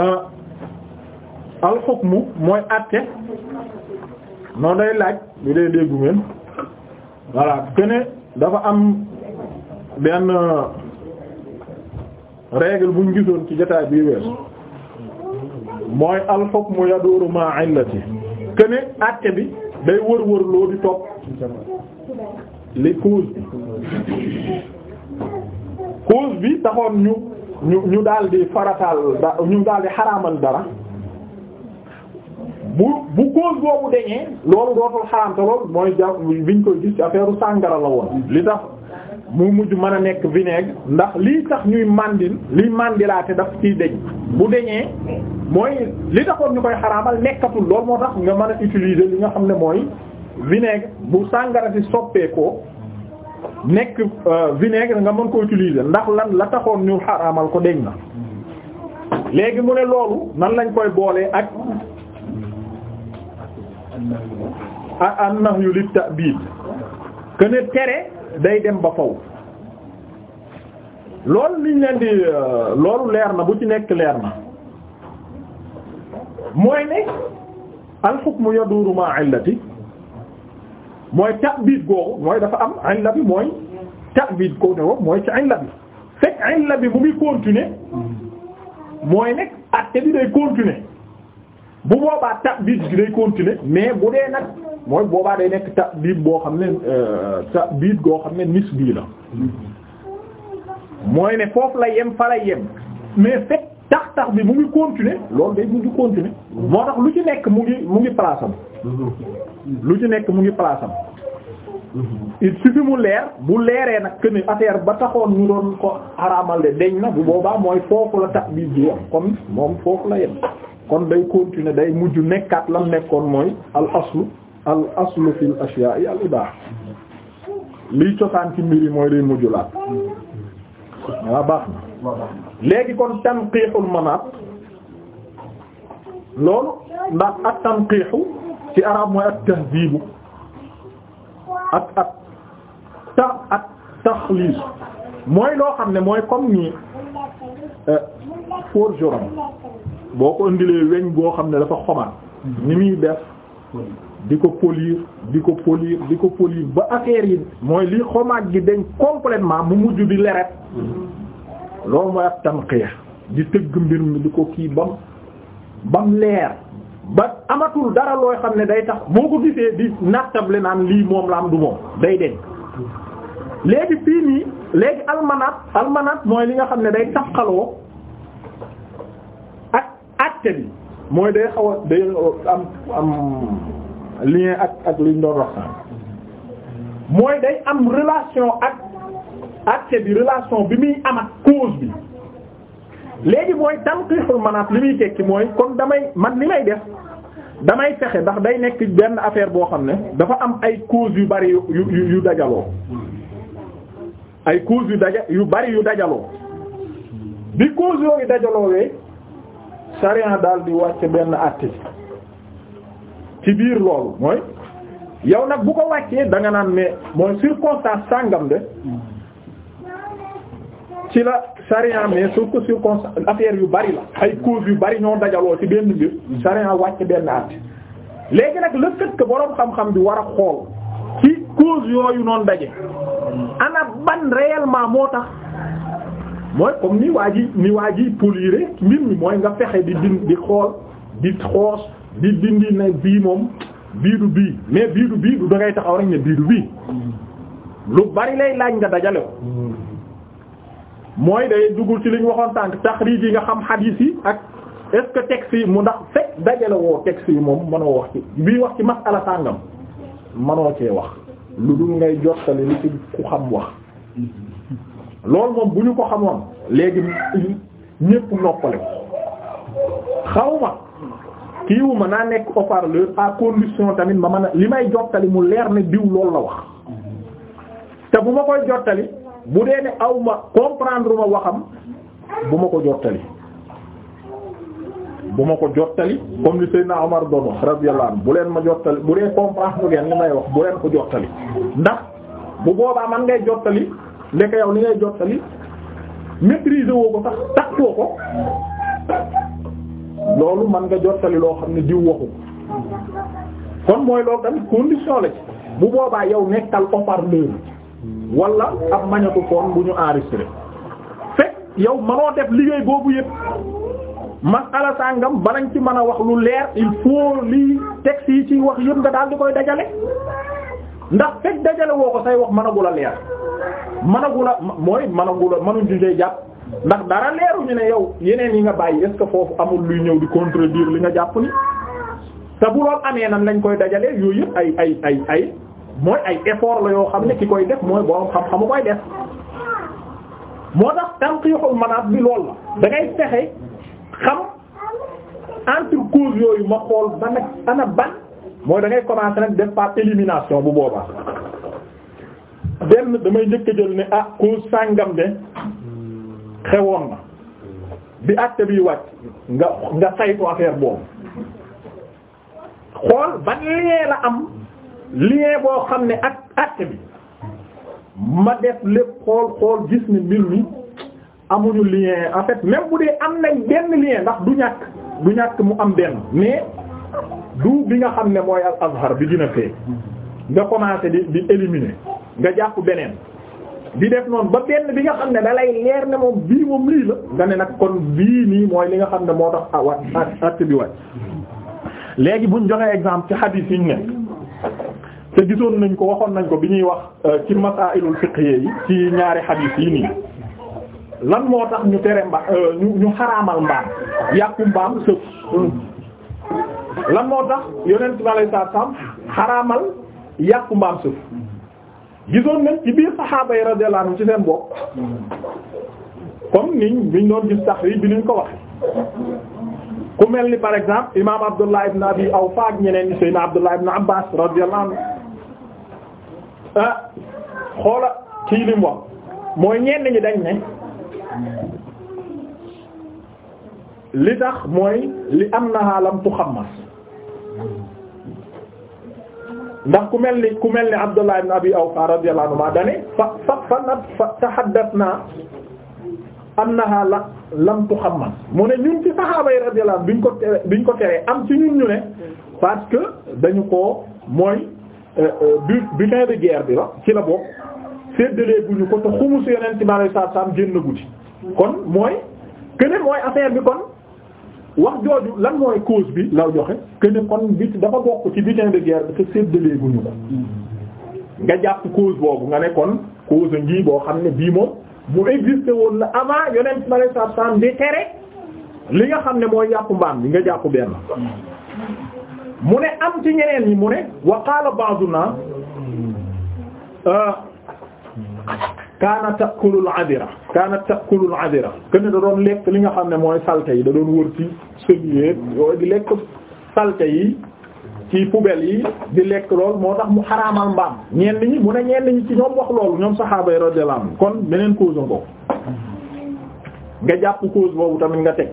euh, alxukmu mooy àtte noonu day laaj bi dee déggu ngeen voilà dafa am benn règle buñ gisoon ci jotaay bii weesu mooy alxukmu yaduru ma illati kene àtte bi day wër wër loo di topp li cause bi cause bi taxoon ñu ñu ñu daal di farataal da ñu daal di dara bu bu góos boobu deñee loolu dootul xaraam te loolu mooy ja biñ koy gis ci affaire sàngara la woon li tax mu mujj mën a nekk vinaigre ndax lii tax ñuy mandil liy mandilaate daf ciy deñ bu deñee mooy li taxoon ñu koy xaraamal nekkatul lool moo tax nga mën a utiliser li nga xam ne mooy vinaigre bu sàngara si soppeekoo nekk euh, vinaigre nga mën ko utiliser ndax lan la taxoon ñu xaraamal ko deñ na léegi mu ne loolu nan lañ koy boolee ak an-nahyu lit-ta'bid ne tere day dem ba faw loolu liñ leen euh, loolu leer na bu ci nekk leer na mooy ne al-hukmu yaduru ma'a illati mooy ta'bid googu mooy dafa am illa bi mooy ta'bid ko mooy ci illa bi fekk illa bi mu nekk acte bi day continuer bu boobaa biit gi day continuer mais bu dee nag mooy boobaa day nekk ta'bid boo xam ne euh, ta'bid goo xam ne nisbi la mooy ne foofu la yem fa la yem mais fekk tax tax bi mu ngi continuer loolu day mu ngi continuer moo tax lu ci nekk mu ngi mu ngi place lu ci nekk mu ngi place am il suffit mu leer bu leeree nag que ni affaire ba taxoon ñu doon ko xaraamal de deñ na bu boobaa mooy foofu la ta'bid bi wax comme moom foofu la yem kon day continuer day mujj nekkaat lam nekkoon mooy al aslu al aslu fil ashyaa'i al ibaah liy cosaan ci mbir yi mooy day mujj laat waa baax na léegi kon tanqiixul manaat loolu ndax ak tanqiixu ci arab mooy ak tahdiibu ak ak tax ak taxliis mooy loo xam ne mooy kom ni euh, forgeron boo ko indilee weñ boo xam ne dafa xomaan ni muy def di ko polir di ko polir di ko polir ba affaire yi mooy lii xomaat gi dañ complètement mu mujj di leret loolu mooy ak tanqiya di tëgg mbir mi di ko kii bam bam leer ba amatul dara looy xam ne day tax boo ko gisee di nattable naan lii moom la am du moom day deñ léegi fii nii léegi almanat almanat mooy li nga xam ne day tafxaloo atte bi mooy day xaw a day am am lien ak ak liñ doon wax mooy day am relation ak atte bi relation bi muy am ak cause bi léegi mooy tanqixul manaat li muy tekki mooy kon damay man li may def damay fexe ndax day nekk benn affaire boo xam ne dafa am ay cause yu bari yu yu yu dajaloo ay cause yu daja yu bari yu dajaloo bi cause yooyu dajaloowee sariya daal di wàcce benn àtte ci biir loolu mooy yow nag bu ko wàccee danga naan mais mooy circonstance sàngam de ci la sariya mais sauf que circonstance affaire yu bari la ay cause yu bari ñoo dajaloo ci benn mbir sariya wàcce benn àtte léegi nag le ko boroom xam-xam bi war a xool ci cause yooyu noonu daje ana ban réellement moo tax mooy comme ni waa ji ni waa ji polire mbir mi mooy nga fexe di din di xool di xoos di dindi na bii moom bii du bii mais bii du bii du dangay taxaw rek ne bii bii lu bari lay laaj nga dajale mooy day dugul ci li ñu waxoon tànk taxriij yi nga xam hadith yi ak est-ce que yi mu ndax fekk dajale woo yi moom mënoo wax ci bii wax ci masala sàngam mënoo cee wax lu dul ngay jottali li ci ku xam wax loolu moom bu ñu ko xamoon léegi ñépp noppale xawma kiiwuma naa nekk haut à condition tamit ma man a li may jottali mu leer ne diw loolu la wax te bu ma koy jottali bu dee ne aw ma comprendre ma waxam bu ma ko jottali bu ma ko jottali comme li na Omar doon wax radiyallahu anhu bu leen ma jottali bu dee comprendre ngeen li may wax bu leen ko jottali ndax bu boobaa man ngay jottali nekk yow li ngay jottali maîtriser woo ko sax taxtoo ko loolu man nga jottali loo xam ne diw waxu kon mooy loolu tamit condition la ci bu boobaa yow nekkal haut-parleur wala ab magnétophone bu ñu enregistré fekk yow manoo def liggéey boobu yëpp masala sàngam balañ ci mën a wax lu leer il faut lii texte yi ci wax yëpp nga daal di koy dajale ndax fekk dajale woo ko say wax managul a leer managul a mooy mënagul a mënuñ jugee jàpp ndax dara leeruñu ne yow yeneen yi nga bàyyi est-ce foofu amul luy ñëw di contredire li nga jàpp ni te bu loolu amee nan lañ koy dajale yooyu yëpp ay ay ay ay mooy ay effort la yoo xam ne ki koy def mooy borom xam-xamu koy def moo tax tanqiixul manaat bi lool la da ngay fexe xam entre cause yooyu ma xool ba nag ana ban. moo da ngay commencer nag def par élimination bu boobaa benn damay njëkk a jël ne ah ku sàngam de xewoon na bi acte bi wàcc nga nga saytu affaire boobu xool ban lien la am lien boo xam ne ak acte bi ma def lépp xool xool gis ni mbir mi amuñu lien en fait même bu dee am nañ benn lien ndax du ñàkk du ñàkk mu am benn mais. du bi nga xam ne mooy al azhar bi dina fee nga commencé di di éliminer nga jàpp beneen di def noonu ba benn bi nga xam ne da lay leer ne moom bii moom lii la nga ne nag kon bii nii mooy li nga xam ne moo tax awa att bi waaj léegi buñ joxee exemple ci hadith yi ñu ne te gisoon nañ ko waxoon nañ ko bi ñuy wax euh, ci masaa'ilul fiqhiyya yi ci ñaari hadith yi nii lan moo tax ñu tere mba euh, ñu ñu xaraamal mbaam yàqu mbaam sëf lan moo tax yonent bi alayhi salaam xaraamal yàqu mbaam suuf gisoon nañ ci biir saxaaba yi radiyallahu anhum ci seen bopp comme niñ biñ doon gis tax yi bi nuñ ko waxe ku mel ni par exemple imaam Abdullah ibn Abi Awfa ak ñeneen ñi Seydina Abdullah ibn Abbas radiyallahu anhu ah xoola kii lim wax mooy ñenn ñi dañ ne li tax mooy li am na lam tu xammas ndax ku mel ni ku mel ni Abdullah ibn Abi Awfa radiyallahu anhu dane fa fa fa tahaddathna annaha la lam tuxamman mu ne ñun ci saxaaba yi radiyallahu biñ ko tere biñ ko teree am ci ñun ñu ne parce que dañu ko mooy euh, euh, bu butin ne guerre bi la ci la bokk séddalee guñu ko te xumus yeneen ci saab saab génn guddi kon mooy que ne mooy affaire bi kon. wax jooju lan mooy cause bi law joxe que ne kon bit dafa bokk ci butin de guerre bi te séddalee bu ñu nga jàpp cause boobu nga ne kon cause ngi boo xam ne bii moom mu existé woon la avant yonent bi sallallahu alayhi wasallam tere li nga xam ne mooy yàpp mbaam bi nga jàpp benn mu ne am ci ñeneen ñi mu ne wa qala ba'duna euh, kaana takulul adira kaana takulul adira kenn da doon lekk li nga xam ne mooy salte yi da doon wër ci sëñyéeg yooyu di lekk salte yi ci poubelle yi di lekk lool moo tax mu xaraamal mbaam ñenn ñi mu ne ñenn ñi ci ñoom wax loolu ñoom saxaaba yi radiyallahu kon beneen cause a nga jàpp cause boobu tamit nga teg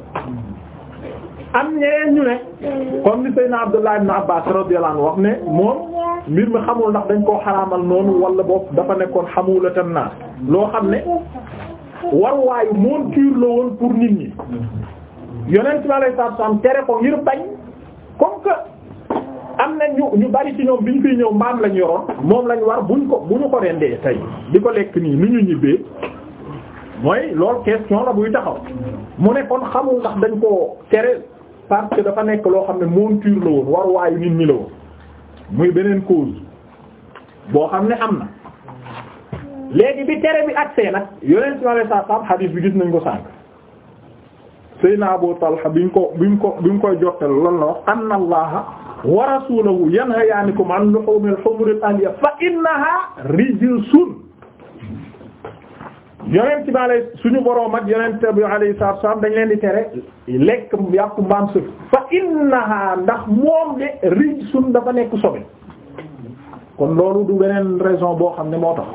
am ñeneen ñu ne comme li Seydina Abdullah ibn Abbas radiyallahu anhu wax ne moom mbir mi xamul ndax dañ koo xaraamal noonu wala bopp dafa nekkoon xamulatan naas loo xam ne warwaayu moom kiir la woon pour nit ñi yonent bi alayhi salaatu salaam tere ko ngir bañ comme que am na ñu ñu bari ci ñoom bi ñu ñëw mbaam lañ yoroon moom lañ war buñ ko bu ko rendee tey di ko lekk nii nu ñu ñibbee mooy loolu question la buy taxaw mu ne kon xamul ndax dañ ko tere parce que dafa nekk loo xam ne monture la woon war waayu nit ñi la muy beneen cause boo xam ne am na léegi bi tere bi agsee nag yonent bi alayhi salaam xadiis bi gis nañ ko sànk Seydina Abu Talha bi ñu ko bi ñu ko bi ñu koy jottal loolu la wax anna Allaha wa rasulahu yanhayaanikum an luhumil humuril anbiya fa innaha rijsun yonent bi alay suñu boroom ak yonent bi alayhi salaatu salaam dañ leen di tere lekk yàpp mbaam sëf fa innaha ndax moom de rijsun dafa nekk sobe kon loolu du beneen raison boo xam ne moo tax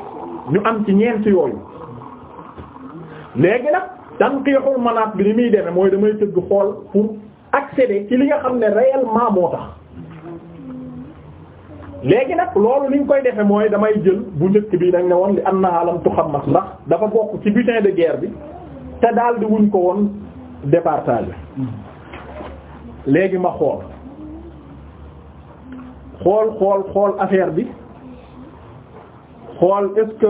ñu am ci ñeent yooyu léegi nag tanqiixul manaat bi ni muy demee mooy damay tëgg xool pour accéder ci li nga xam ne réellement moo tax léegi nag loolu liñ koy defe mooy damay jël bu njëkk bi dañ ne woon li annaha lam tuxammas ndax dafa bokk ci butin de guerre bi te daal wuñ ko woon départager léegi ma xool xool xool xool affaire bi xool est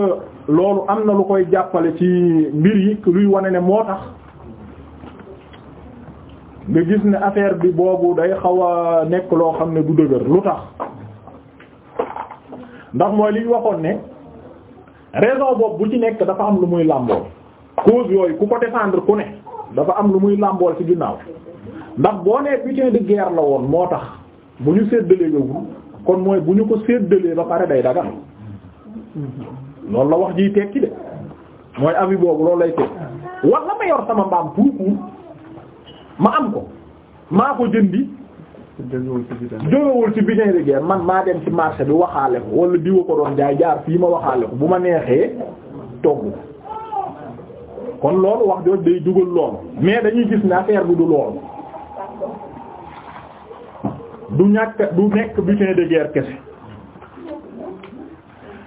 loolu am na lu koy jàppale ci mbir yi luy wane ne moo tax nga gis ne affaire bi boobu day xaw a nekk loo xam ne du dëgër lu tax ndax mooy li waxoon ne raison boobu bu ci nekk dafa am lu muy làmbool cause yooyu ku ko défendre ku ne dafa am lu muy làmbool ci ginnaaw ndax boo nee butin de guerre la woon moo tax bu ñu séddaleegawul kon mooy bu ñu ko séddalee ba pare day dagal loolu la wax jiy tekki de mooy avis boobu loolu lay tekki walla ma yor sama mbaam tuuku ma am ko maa ko jëndi jógewul ci butin de guerre man maa dem ci marché bi waxaale ko wala diwa ko doon jaay jaar fii ma waxaale ko bu ma neexee togg kon loolu wax jooju day dugal loolu mais dañuy gis ne affaire bi du loolu du ñàkk du nekk butin de guerre kese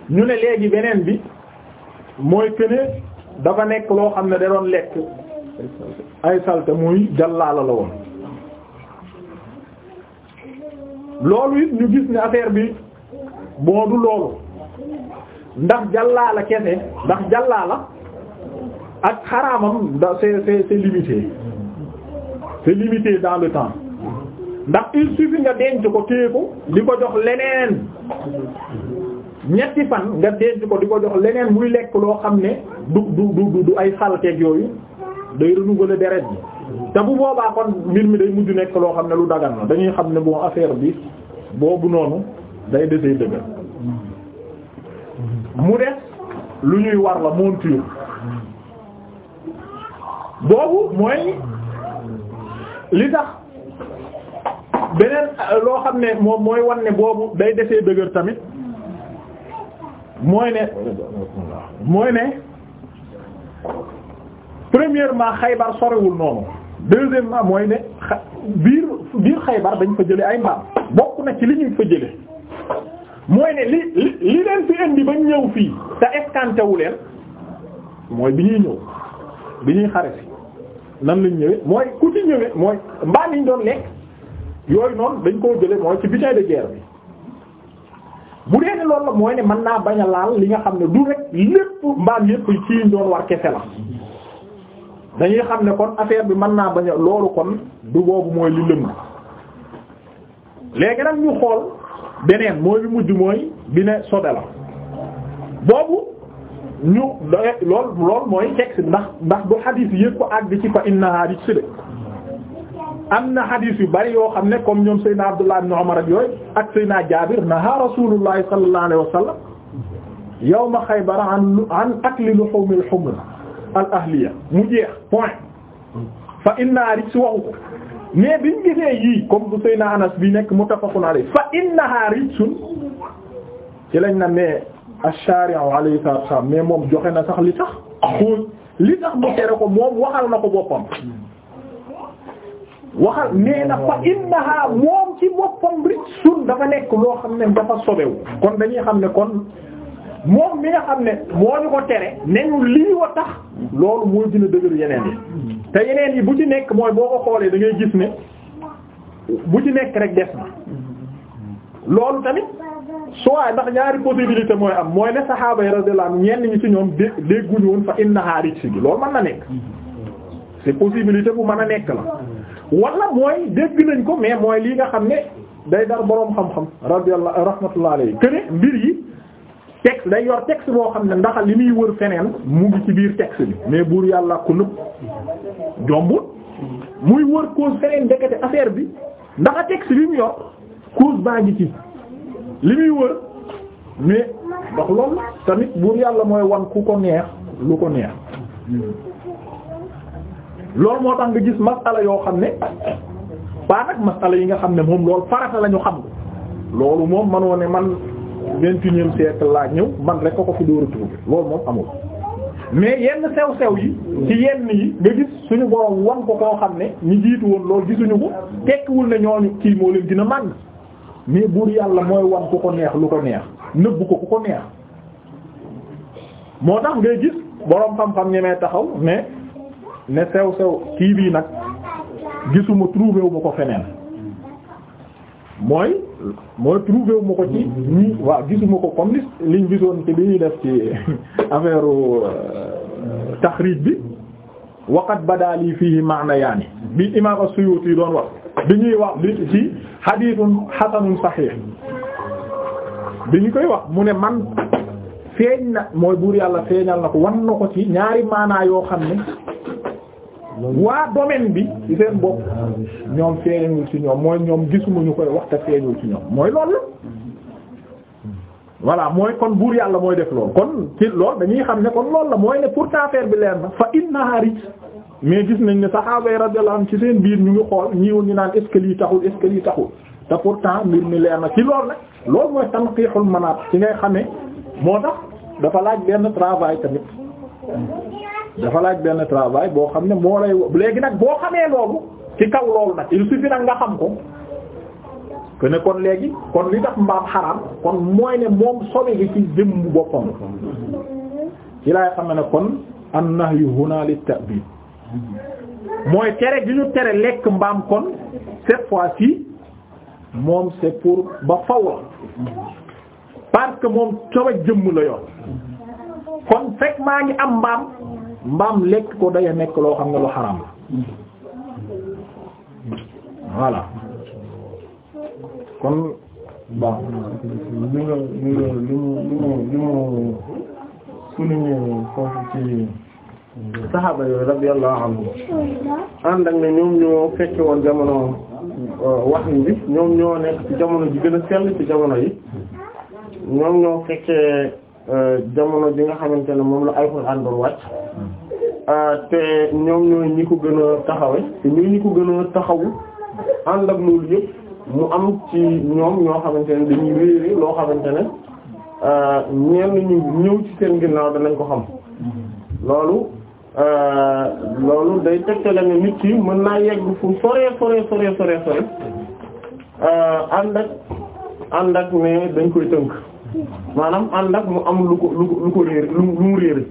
ñu ne léegi beneen bi mooy këne dafa nekk loo xam ne da doon lekk ay salte muy jàllaala la woon loolu it ñu gis ne affaire bi boo du loolu ndax jàllaala kese ndax la ak xaraamam da c'est c'est c'est limité c'est limité dans le temps ndax il suffit nga denc ko téye ko di ko jox leneen ñetti fan nga denc ko di ko jox leneen muy lekk loo xam ne du du du du ay xalkeeg yooyu day renouveler deret bi te bu boobaa kon mbir mi day mujj nekk loo xam ne lu dagan na dañuy xam ne bon affaire bi boobu noonu day desee dëgër mu des lu ñuy war la monture boobu mooy li tax beneen euh, loo xam ne moom mooy wan ne boobu day desee dëgër tamit mooy ne mooy ne premièrement Xaybar sorewul noonu deuxièmement mooy ne xa biir biir Xaybar dañ fa jële ay mbaam bokk na ci li ñuy fa jële mooy ne li li li leen fi indi ba ñëw fii te escanté wu leen mooy bi ñuy ñëw bi ñuy xare nan lañ ñëwee mooy ku ci ñëwee mooy mbaam yi ñu doon lekk yooyu noonu dañ koo jële mooy ci butin de guerre bi bu dee ne loolu la mooy ne mën naa bañ a laal li nga xam ne du rek lépp mbaam yépp ci ñu doon war kese la dañuy xam ne kon affaire bi mën naa bañ a loolu kon du boobu mooy li lëmm léegi nag ñu xool beneen mooy bi mujj mooy bi ne sobe la boobu ñu d lool lool mooy texte ndax ndax du xadiis yëpp ko àgg ci fa innahaa rijs de am na xadiis yu bari yoo xam ne comme ñoom Seydina Abdullah ibn Umar ak yooyu ak Seydina Jaabir naha Rasuulullahi sallallahu alayhi wa sallam yawma Xaybar an an akli luhumil humr al ahliya mu jeex point fa inna rijs waxu ko mais biñ gisee yii comme bu Seyna Anas bi nekk muttafaqun alayhi fa innaha rijsun ci lañ na ne ash-shari'u alayhi salaatu wa salaam moom joxe na sax li tax xuus li tax mu tere ko moom waxal na ko boppam waxal nee na fa innaha moom ci boppam rijsun dafa nekk loo xam ne dafa sobewu kon dañuy xam ne kon moom mi nga xam ne moo ñu ko tere nañu lii wa tax loolu mooy dina dëgër yeneen yi te yeneen yi bu ci nekk mooy boo ko xoolee dangay ngay gis ne bu ci nekk rek des na loolu tamit soit ndax ñaari possibilité mooy am mooy ne saxaaba yi radiyallahu anhum ñenn ñi ci ñoom dé dégguñu woon fa innaha rijsi gi loolu mën na nekk c'est possibilité bu man a nekk la wala mooy dégg nañ ko mais mooy lii nga xam ne day dar boroom xam-xam radiyallahu rahmatullahi alayhi que yi texte day yor texte boo xam ne ndax li muy wër feneen mu ngi ci biir texte bi mais buur yàlla ko nëb jombul muy wër cause feneen ndekete affaire bi ndax texte bi mu yor cause baa ngi ci li muy wër mais ndax loolu tamit buur yàlla mooy wan ku ko neex lu ko neex loolu moo tax nga gis masala yoo xam ne pas yi nga xam ne moom loolu farata la ñu xam loolu moom manoo ne man vingt-et-unième siècle laa ñëw man rek ko ko fi door a trouvé loolu moom amul mais yenn sew-sew yi ci yenn yi nga gis suñu borom wan ko koo xam ne ñu jiitu woon loolu gisuñu ko tekkiwul ne ñooñu kii moo leen dina a màgg mais buur yàlla mooy wan ku ko neex lu ko neex nëbb ko ku ko neex moo tax ngay gis boroom xam-xam ñemee taxaw mais ne sew-sew kii bii nag gisuma trouvé wu ma ko feneen mooy mooy trouvé wu ma ko ci ñi mm-hmm. waaw gisuma ko comme liñ gisoon ci bi ñuy def ci euh, affaire euh, taxrij bi waqat badaali fii maana yaani bi imaam as-Suyuti doon wax bi ñuy wax bi ci hadithun hasanun sahih bi ñu koy wax mu ne man feeñ na mooy buur yàlla feeñal na ko wan na ko ci ñaari maanaa yoo xam ne waa domaine bi ci seen bopp ñoom feeñul ci ñoom mooy ñoom gisuma ñu koy waxta feeñul ci ñoom mooy loolu voilà mooy kon buur yàlla mooy def loolu kon ci loolu dañuy xam ne kon loolu la mooy ne pourtant affaire bi leer na fa innaha rijs mais gis nañ ne saxaaba yi radiyallahu anhum ci seen biir ñu ngi xool ñiwoon ñu naan est-ce que lii taxul est-ce que lii taxul te pourtant mbir mi leer na ci lool nag loolu mooy tanqiixul manaat ci ngay xamee moo tax dafa laaj benn travail tamit dafa laaj benn travail boo xam ne moo lay léegi nag boo xamee loolu ci kaw loolu nag il suffit nag nga xam ko que ne kon léegi kon li tax mbaam xaraam kon mooy ne moom sobe gi ci jëmm boppam ci laay xam ne kon an yu huna lit ta'bid mooy tere gi ñu tere lekk mbaam kon cette fois-ci moom c'est pour ba faw parce que moom sobe jëmm la yoon kon fekk maa ngi am mbaam mbaam lekk ko day nekk loo xam ne lu xaram la kon bon li nga li nga li mu li mu souligné foofu ci saxaaba yooyu radiyallahu anhum ànd ak ne ñoom ñoo fekke woon jamono euh, wax bi ñoom ñoo nekk ci jamono ji sell ci jamono yi ñoom ñoo fekkee Euh, jamono ji nga xamante ne moom la alxuraan doon wàcc euh, te ñoom ñooy ñi ko gën a taxawe te ñooy ñi ko gën a taxawu ànd ak loolu yëpp mu am ci ñoom ñoo xamante ne dañuy wéere loo xamante ne euh, ñenn ñu ñëw ci seen ginnaaw danañ ko xam loolu loolu day tegtale ne nit ki mën naa yegg fu sore sore sore sore sore ànd ak ànd ak ne dañ koy tënk maanaam ànd ak mu am lu ko lu ko lu ko réer lu mu réere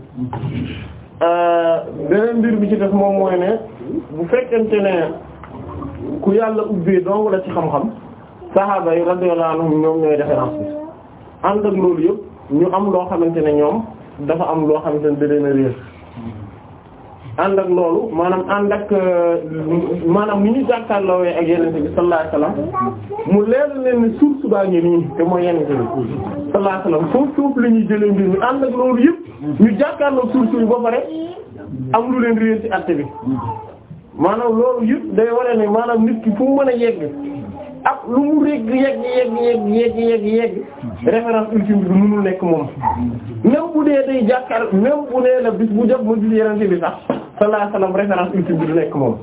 euh, beneen mbir bi ci def moom mooy ne bu fekkente ne ku yàlla ubbee dong la ci xam-xam saxaaba yi radiyallahu anhum ñoom ñooy référence bi ànd ak loolu yëpp ñu am loo xamante ne ñoom dafa am loo xamante ne da leen réer ànd ak loolu maanaam ànd ak euh, maanaam ni ñu jàkkaarloowee ak yenente bi sallallahu mu leer leen ni source baa ngi nii te mooy yenente bi sallallahu alayhi wasallam foofu foofu la ñuy jëlee mbir mi ànd ak loolu yëpp ñu jàkkaarloo source bi ba pare am lu leen réer ci bi maanaam loolu yëpp day waree ne maanaam nit ki fu mu mën a yegg ak lu mu rég yegg yegg yegg yegg yegg yegg référence ultime bi mënul nekk moom même bu dee day jàkkar même bu dee la bis bu jot ma bi sax sallallahu alayhi wasallam référence ultime du nekk moom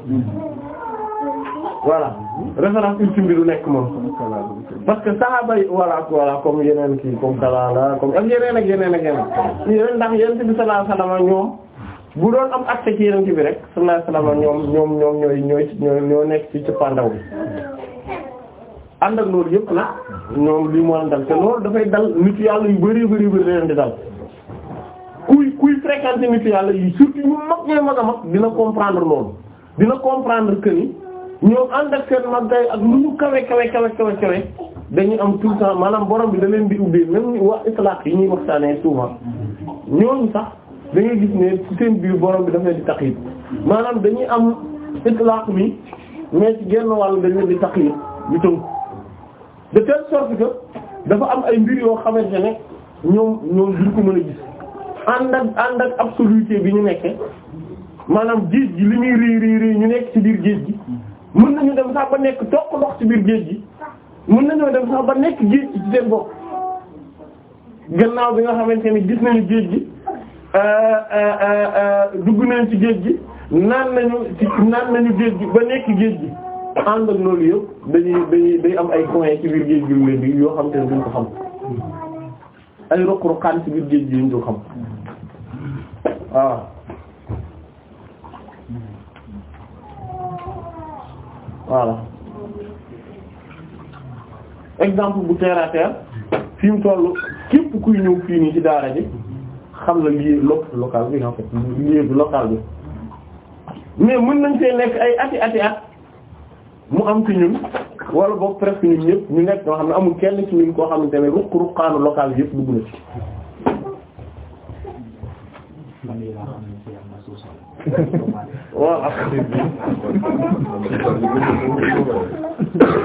voilà référence ultime bi du nekk moom parce que saxaaba yi voilà voilà comme yeneen kii comme kalaala ak yeneen ak yeneen ak yeneen yeneen ndax yeneen bi sallallahu alayhi wasallam ñoom bu doon am accès ci yeneen bi rek sallallahu alayhi wasallam ñoom ñoom ñoom ñooy ñooy ñoo nekk ci ci pandaw bi ànd ak loolu yëpp nag ñoom lii moo leen dal te loolu dafay dal nit yàlla yu bari bari bari leen di dal kuy kuy fréquenter nit yàlla yi surtout ñu mag ñooy mag a mag dina comprendre loolu dina comprendre que ni ñoom ànd ak seen màggay ak lu ñu kawe kawe kawe kawe kawe dañuy am tout temps maanaam borom bi da leen di ubbee même waa islaq yi ñuy waxtaanee souvent ñooñu sax da ngay gis ne ci seen biir borom bi dafay di taqlid maanaam dañuy am islaq mi mais ci genn wàll dañu di taqlid ñu tënk. de telle sorte que dafa am ay mbir yoo xamante ne ñoom ñoom duñ ko mën a gis ànd ak ànd ak bi ñu nekkee maanaam géej gi li ñuy rii rii rii ñu nekk ci biir géej gi mën nañu dem sax ba nekk toq ndox ci biir géej gi mën nañoo dem sax ba nekk géej gi ci seen bopp gannaaw bi nga xamante ne gis nañu géej gi euh, euh, euh, dugg nañu ci géej gi naan nañu ci naan nañu géej gi ba nekk géej gi ànd ak loolu yëpp dañuy dañuy day am ay coins ci biir géej gi leen bi yoo xam ne duñ ko xam ay roq-roqaan ci biir géej gi duñ ko xam waaw voilà exemple bu terre à terre fi képp kuy ñëw fii nii ci daara ji xam na lii lo local bi local bi mais mën nañ fee nekk ay ati ati at mu am ci ñun wala boog presque ñun ñëpp ñu nekk ñoo xam ne amul kenn ci ñun koo xamante ne ruq ruqaanu local yëpp dugg na ci.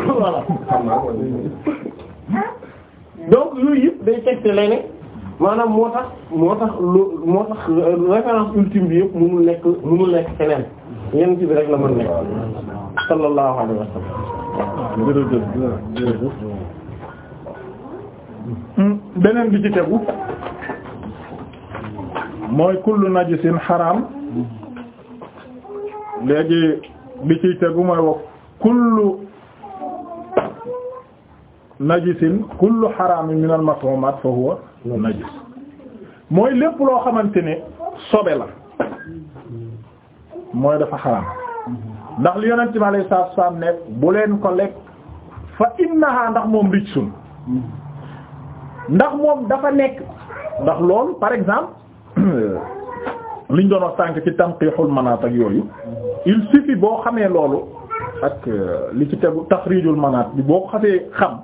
voilà donc yooyu yëpp day tegte lay ne maanaam moo tax moo tax lu moo tax référence ultime bi yëpp mënul nekk mu nekk feneen yéen ci bi la mën nekk sallallahu alayhi wa sallam jërëjëf hmm, jërëjëf beneen bi ci tegu mooy kullu najisin xaraam léegi bi ciy tegu mooy wax kullu najisin kullu xaraam min al matumaat fa huwa najis mooy lépp loo xamante ne sobe la mooy dafa xaraam ndax li yonent bi alayhi salaatu wasallam ne bu leen ko lekk fa innaha ndax moom rijsun ndax moom dafa nekk ndax loolu par exemple liñ doon wax tànk ci tanqiixul manaat ak yooyu il suffit boo xamee loolu ak euh, li ci tegu taxriijul manaat bi boo ko xasee xam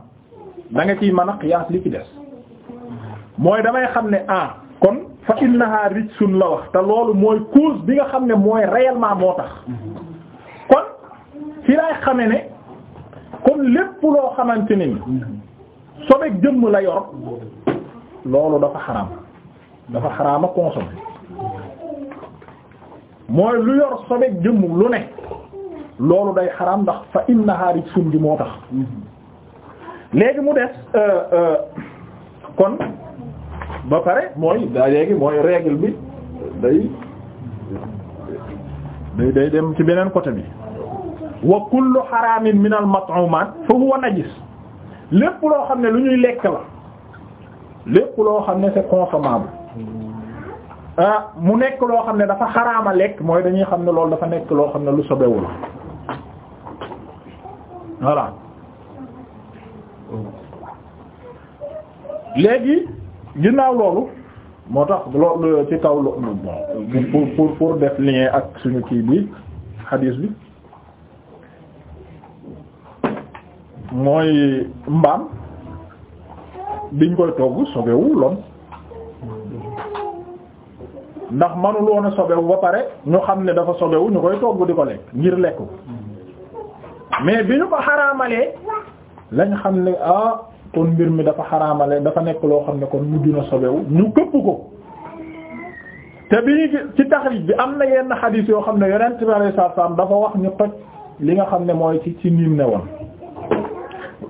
da nga ciy mën a qiyaas li ci des mooy damay xam ne ah kon fa innaha rijsun la wax te loolu mooy cause bi nga xam ne mooy réellement moo tax kon fi laay xame ne kon lépp loo xamante ne ni sobeek jëmm la yor loolu dafa xaraam dafa xaraama consommer mooy lu yor sobeek jëmm lu ne loolu day xaraam ndax fa innaha rijsun gi moo tax léegi mu des euh, euh, kon ba pare mooy daa léegi mooy règle bi day day dem ci beneen côté bi wa kullu xaraamin min al mat'umat fa huwa najis lépp loo xam ne lu ñuy lekk la lépp loo xam ne c'est consommable ah mu nekk loo xam ne dafa xaraama lekk mooy dañuy xam ne loolu dafa nekk loo xam ne lu sobewu la voilà léegi ginnaaw loolu moo tax loolu ci kaw lo pour pour pour def lien ak suñu kii bi xadiis bi mooy mbaam biñ koy togg sobewu lon ndax manul woon a sobewu ba pare ñu xam ne dafa sobewu ñu koy togg di ko lekk ngir lekk mais bi ñu ko xaraamalee lañ xam ne ah kon mbir mi dafa xaraamale dafa nekk loo xam ne kon mujj na sobewu ñu këpp ko te bi ci taxriij bi am na yenn xadiis yoo xam ne yonent bi sallallahu alayhi wasallam dafa wax ñu toj li nga xam ne mooy ci ci niim ne woon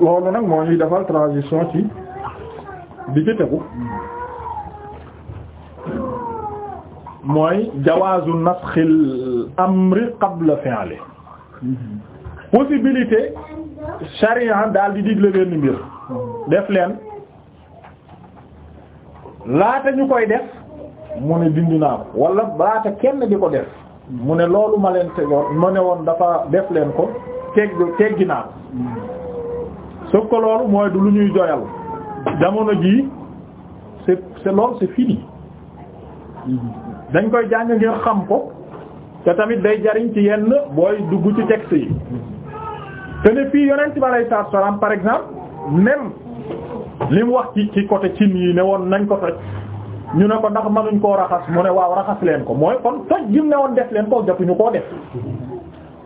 loolu nag moo ñuy defal transition ci bi ci tegu mooy jawaazu nasxil amri qabla fi'li mm-hmm. possibilité sharia daal di digle leen mbir def leen laata ñu koy def mu ne dindi naa ko wala laata kenn di ko def mu ne loolu ma leen tegoon ma ne woon dafa def leen ko teg teggi naa ko sauf que loolu mooy du lu ñuy joyal jamono jii c'est c'est loolu c'est fini dañ koy jàng ngir xam ko te tamit day jariñ ci yenn booy dugg ci texte yi te ne fii yonent bi alayhi salaatu salaam par exemple même li mu wax ci ci côté cin yi ne woon nañ ko toj ñu ne ko ndax mënuñ koo raxas mu ne waaw raxas leen ko mooy kon toj gi mu ne woon def leen ko jotuñu koo def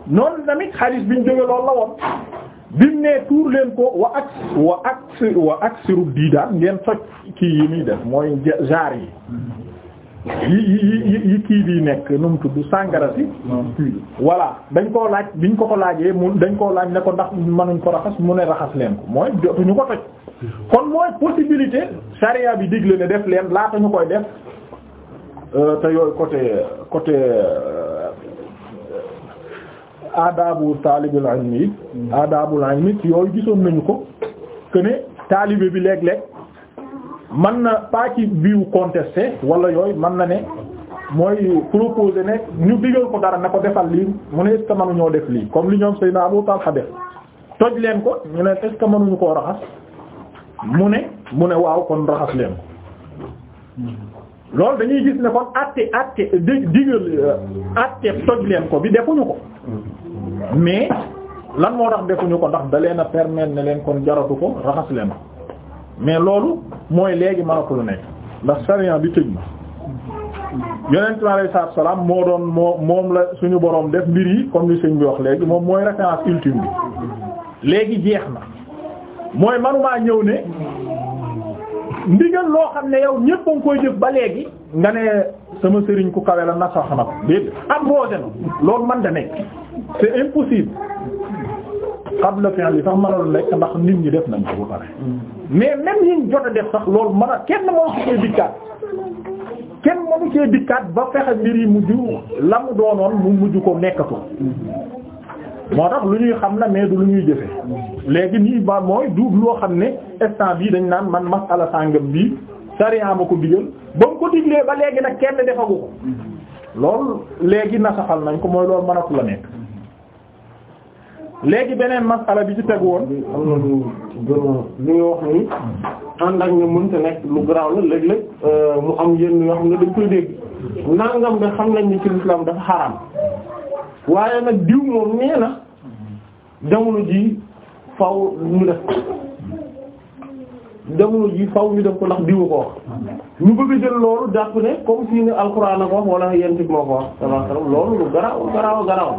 noonu tamit xaalis biñ jóge loolu la woon bimu ne tuur leen ko wa ak wa ak wa ak siru diidaan ngeen toj kii yi muy def mooy jaar yi yi yi yi kii bi nekk nu mu tudd sàngara si voilà dañ koo laaj biñ ko ko laajee mu dañ koo laaj ne ko ndax mënuñ ko raxas mu ne raxas leen ko mooy ñu ko toj kon mooy possibilité charia bi digle ne def leen laata ñu koy def euh, te yooyu côté côté euh, adabu taalibul ilmi mm. adabul ilmi yooyu gisoon nañu ko que ne bi léeg-léeg man na pas ci biu contesté wala yooyu man na ne mooy proposé ne ñu digal ko dara na ko defal lii mu ne est-ce que mënuñoo def lii comme li ñoom Seydina Abu Talha def toj leen ko ñu ne est-ce que mënuñu koo raxas mu ne mu ne waaw kon raxas leen ko loolu dañuy gis ne kon àtte àtte di digal euh, àtte toj leen ko bi defuñu ko mais lan moo tax defuñu ko ndax da leen a permettre ne leen kon jaratu ko raxas leen ko mais loolu mooy léegi mënatul nekk ndax sariya bi tëj na yonent bi alayhi salaatu salaam moo doon moo moom la suñu borom def mbir yi comme li sëñ bi wax léegi moom mooy référence ultime bi léegi jeex na mooy manumaa ñëw ne ndigal loo xam ne yow ñépp koy jëf ba léegi nga ne sama sëriñ ku kawe la nasax na ko déedéet abrogé na loolu man da nekk c'est impossible qabla fi'li sax mënul nekk ndax nit ñi def nañ ko ba pare mais même yiñ jot a def sax loolu mën kenn moo ci koy dikkaat kenn mënu cee dikkaat ba fexe mbir yi mujj la mu doonoon mu mujj ko nekkatu moo tax lu ñuy xam la mais du lu ñuy jëfe léegi nii ba mooy du loo xam ne instant bii dañ naan man masala sàngam bii sariya ma ko digal ba mu ko diglee ba léegi nag kenn defagu ko loolu léegi nasaxal nañ ko mooy loolu mënatu la nekk léegi beneen masala bi ci tegu woon. am na lu lu ñu wax ni ànd ak ñu mënta nekk lu garaaw la léeg-léeg euh, mu am yenn yoo xam ne dañ koy dégg nangam de xam nañ ni ci lislaam dafa xaraam waaye nag diw moom nee na jamono jii faw ñu def ko jamono ji faw ñu def ko ndax diwu ko wax ñu bëgg jël loolu jàpp ne comme si ne alxuraan a ko wax wala yéen moo ko wax sallallahu alayhi wasallam loolu lu garaaw garaaw garaaw.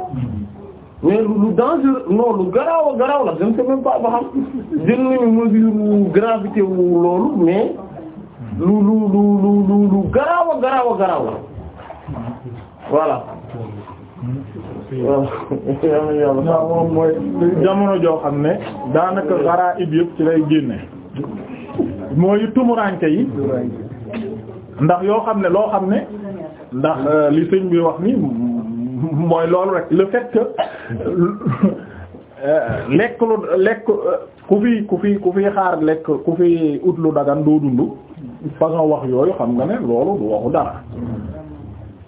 mais lu dangereux non lu garaaw a la je ne sais même pas ba xam loolu mais lu lu lu lu lu lu garaaw a garaaw a la voilà. jamono joo xam ne daanaka garaib yëpp ci lay génne mooy tumuranke yi ndax yoo xam ne loo xam ne ndax euh, li sëñ bi wax ni. mooy loolu rek le fait que euh, lekk lu lekk ku fi ku fi ku fi xaar lekk ku fi ut lu dagan doo dund façon wax yooyu xam nga ne loolu du waxu dara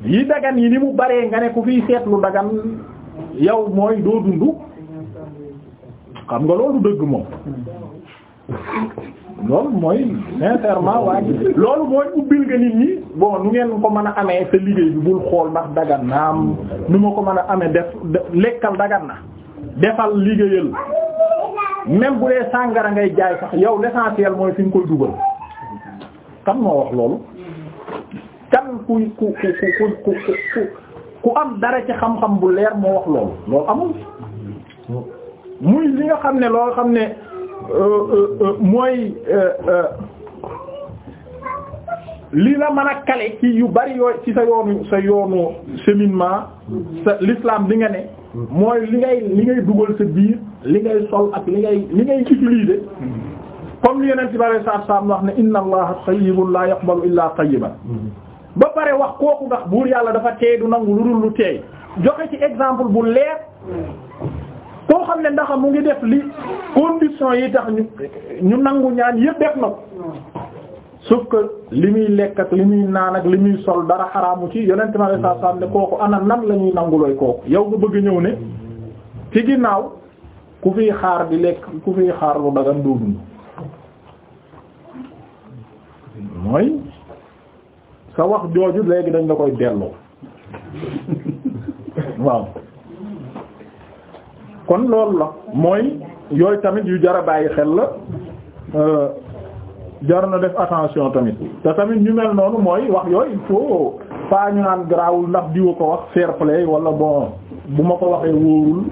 yi dagan yi ni mu baree nga ne ku fiy seet lu dagan yow mooy doo dund xam nga loolu dëgg moom loolu mooy sincèrement waa ji loolu mooy ubbil nga nit ñi bon nu ngeen ko mën a amee te liggéey bi bul xool ndax dagan na am nu ma ko mën a amee def lekkal dagan na defal liggéeyal même bu dee sàngara ngay jaay sax yow l'essentiel mooy fi nga koy dugal kan moo wax loolu kan ku ku ku ku ku ku am dara ci xam-xam bu leer moo wax loolu loolu amul muy li nga xam ne loo xam ne Euh, euh, mooy euh, li la man a kale ci yu bari yooyu ci sa yoonu sa yoonu cheminement sa l'islam bi nga ne mooy li ngay li ngay dugal sa biir li ngay sol ak li ngay li ngay utiliser comme li yonent bi alayhi sa salaam wax ne inna allaha tayyibun la yaqbalu illa tayyiban ba pare wax kooku ndax buur yàlla dafa teey du nangu lu dul lu teey joxe ci exemple bu leer koo xam ne ndax mu ngi def li condition yi tax ñu ñu nangu ñaan yëpp def na ko li muy lekk ak li muy naan ak li muy sol dara xaraamu ci yonent ma sallallahu alayhi kooku ana nan la ñuy nangulooy kooku yow nga bëgg ñëw ne ci ginnaaw ku fiy xaar di lekk ku fiy xaar lu dagan doo dund mooy sa wax jooju léegi dañ la koy delloo waaw kon loolu la mooy yooyu tamit yu jar a bàyyi xel la euh, jar na def attention tamit te tamit ñu mel noonu mooy wax yooyu il faut ñu naan garaawul ndax diwa ko wax fair play wala bon bu ma ko waxee wóorul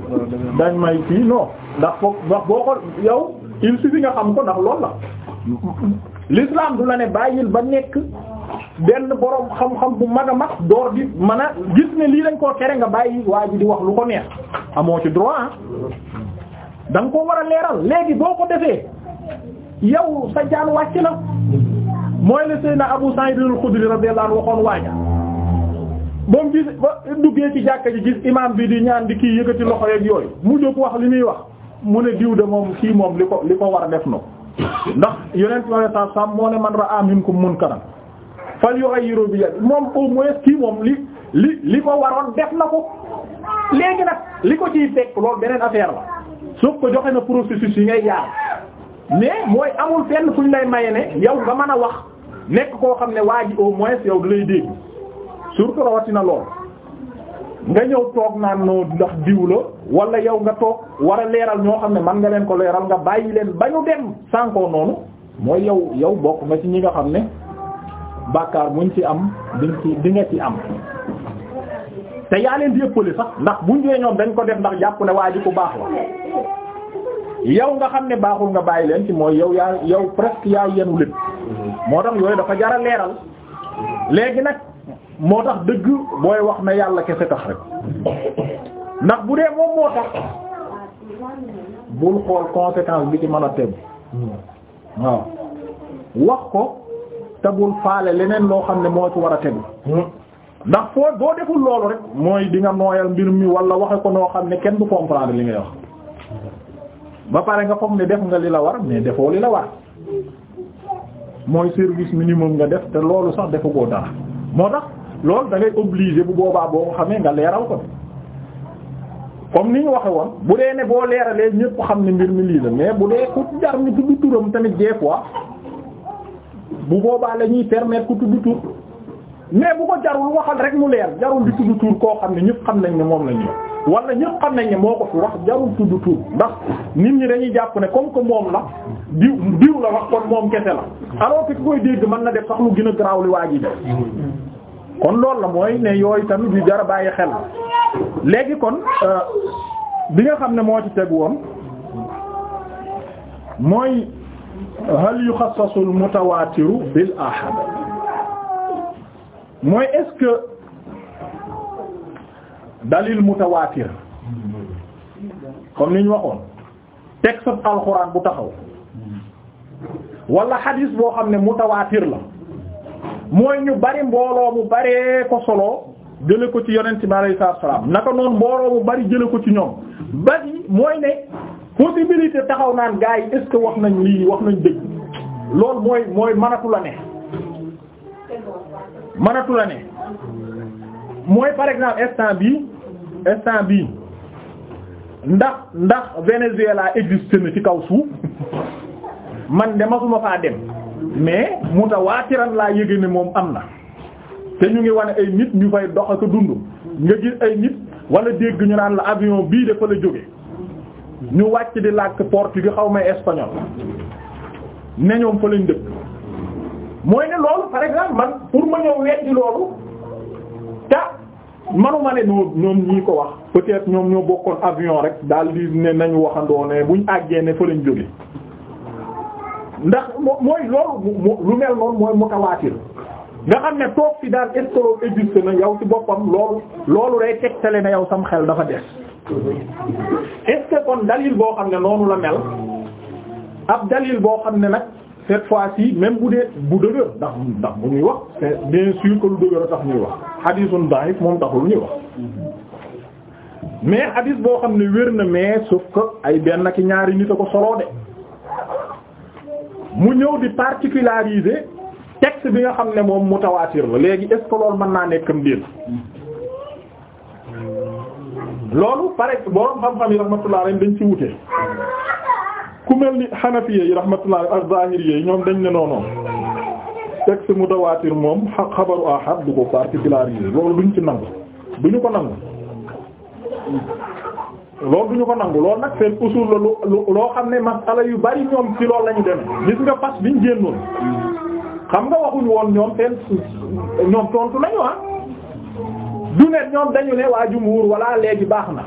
dañ may fii non ndax foog wax boo ko yow il suffit nga xam ko ndax lool la l'islam du la ne bàyyil ba nekk benn borom xam-xam bu mag a mag door di mën a gis ne lii dañ koo tere nga bàyyi waa ji di wax lu ko neex amoo ci droit ah koo war a leeral léegi boo ko defee yow sa jaan wàcc na mooy le Seydina Abu Sa'id al-Khudri radiyallahu anhu waxoon waaja ba mu gis ba duggee ci jàkka ji gis imam bi di ñaan di kii yëkkati loxo yeeg yooyu mu jóg wax li muy wax mu ne diw de moom kii moom li ko li ko war a def ko ndax yeneen ci wàllu moo ne man ra'a minkum munkaran fal ay bi yad moom au moins kii moom li li li ko waroon def na ko léegi nag li ko ci fekk loolu beneen affaire la soo ko joxe na processus yi ngay jaar mais mooy amul fenn ñu lay maye ne yow nga mën a wax nekk koo xam ne waa ji au moins yow du lay dégg surtout rawatina lool nga ñëw toog naan noo ndax diw la wala yow nga toog war a leeral ñoo xam ne man nga leen ko leeral nga bàyyi leen ba ñu dem sànkoo noonu mooy yow yow bokk nga ci ñi nga xam ne bàkkaar buñ ci am diñ ci di nga ci am te yaa leen di yëppale sax ndax buñ dee ñoom dañ ko def ndax jàpp ne waa ji ku baax la yow nga xam ne baaxul nga bàyyi leen ci mooy yow yaa yow presque yaa yenu lépp moo tax yooyu dafa jar a leeral léegi nag moo tax dëgg booy wax na yàlla kese tax rek ndax bu dee moom moo tax bul xool conséquence bi ci mën a tegu waaw wax ko te bul faale leneen loo xam ne moo ci war a tegu hmm. ndax foo boo deful loolu rek mooy di nga nooyal mbir mi wala waxe ko noo xam ne kenn bu comprendre li ngay wax ba pare nga foog ne def nga li la war mais defoo li la war mooy service minimum nga def te loolu sax defagoo dara moo tax loolu da ngay obligé bu boobaa boo xamee nga leeral ko comme ni ñu waxe woon bu dee ne boo leeralee ñëpp xam ne mbir mi lii la mais bu dee ku jar ni tuddu turam ta des fois bu boobaa la ñuy permettre ku tudd tur mais bu ko jarul waxal rek mu leer jarul di tudd tur koo xam ne ñëpp xam nañ ne moom la ñu wala ñëpp xam nañ ne moo ko fi wax jarul tudd tur ndax nit ñi dañuy jàpp ne comme que moom la diw diw la wax kon moom kese la alors que koy dégg mën na def sax lu gën a garaaw waa ji def kon loolu la mooy ne yooyu tamit yu jar bàyyi xel la léegi kon euh, bi nga xam ne moo ci teg woon mooy hal yuxassasu al-mutawaatiru bil ahad mooy est-ce que dalil mutawaatir comme ni ñu waxoon texte bu taxaw walla xadiis boo xam ne mutawaatir la mooy ñu bari mbooloo mu baree ko solo jële ko ci yonent bi alayhi salaam naka noonu mbooloo mu bari jële ko ci ñoom bari mooy ne. possibilité taxaw naan gars yi est ce que wax nañ lii wax nañ dëgg loolu mooy mooy mënatu la ne mënatu ne mooy par exemple instant bi instant bi ndax ndax Venezuela existe na ci kaw suuf man de masuma faa dem mais mutawaatiran laa yëge ne moom am na te ñu ngi wane ay nit ñu fay dox ak dund nga gis ay nit wala dégg ñu naan la avion bii dafa la jóge ñu wàcc di làkk portugais xaw may espagnol ne ñoom fa lañ dëkk mooy ne loolu par exemple man pour ma ñëw weddi loolu ta manuma ne ñoo ñoom ñii ko wax peut-être ñoom ñoo bokkoon avion rek daal di ne nañu waxandoo ne buñ àggee ne fa lañ jóge ndax mooy loolu lu mel noonu mooy mutawaatir nga xam ne toog fi daal est-ce que loolu existe na yow ci boppam loolu loolu day tegtale na yow sama xel dafa des est-ce dalil boo xam ne noonu la mel ab dalil boo xam ne nag cette fois-ci même bu dee bu dëgër ndax ndax bu ñuy wax c'est bien sûr que lu dëgër a tax ñuy wax hadithun da'if moom taxul ñuy wax mais hadith boo xam ne wér na mais sauf ko ay benn ak ñaari nit a ko soloo de mu ñëw di particulariser text bi nga xam ne moom mu mutawaatir la léegi est-ce que loolu mën naa nekkam déet loolu pare borom xam-xam yi rahmatullah alayhi dañ ci wute ku mel ni xanafiya yi rahmatullah az-zahiriyya yi ñoom dañ ne noonu texte mutawaatir moom xabaru ahad du ko particularisé loolu duñ ci nangu duñu ko nangu loolu duñu ko nangu loolu nag seen usul la lu loo xam ne masala yu bari ñoom ci loolu lañu deme gis nga fas biñ génnoon xam nga waxuñu woon ñoom seen ñoom tontu nañu ah du ne ñoom dañu ne waa jumhur walla léegi baax na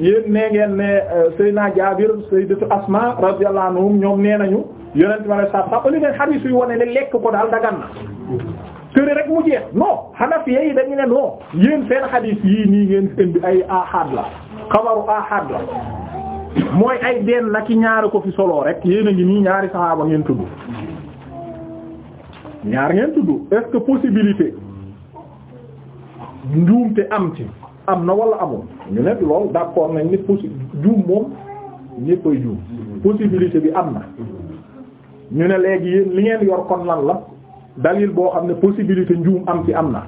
yéen nee ngeen ne euh, Seydina Jaabir Sayyidatu Asma radiyallahu anhum ñoom nee nañu yonent ma la sa sa li ngeen xadiis yu wane ne lekk ko daal dagan na tëre rek mu jeex non Hanafi yi dañu ne non yéen seen xadiis yii nii ngeen indi ay ahad la xabaru ahad la mooy ay benn na ki ñaari ko fi solo rek yéen a ngi nii ñaari saxaaba ngeen tudd ñaar ngeen tudd est que possibilité njuumte am ci am na wala amul ñu ne loolu d'accord nañ ni possi juum moom ñëppay juum possibilité bi am na ñu ne léegi yéen li ngeen yor kon lan la dalil boo xam ne possibilité njuum am ci am na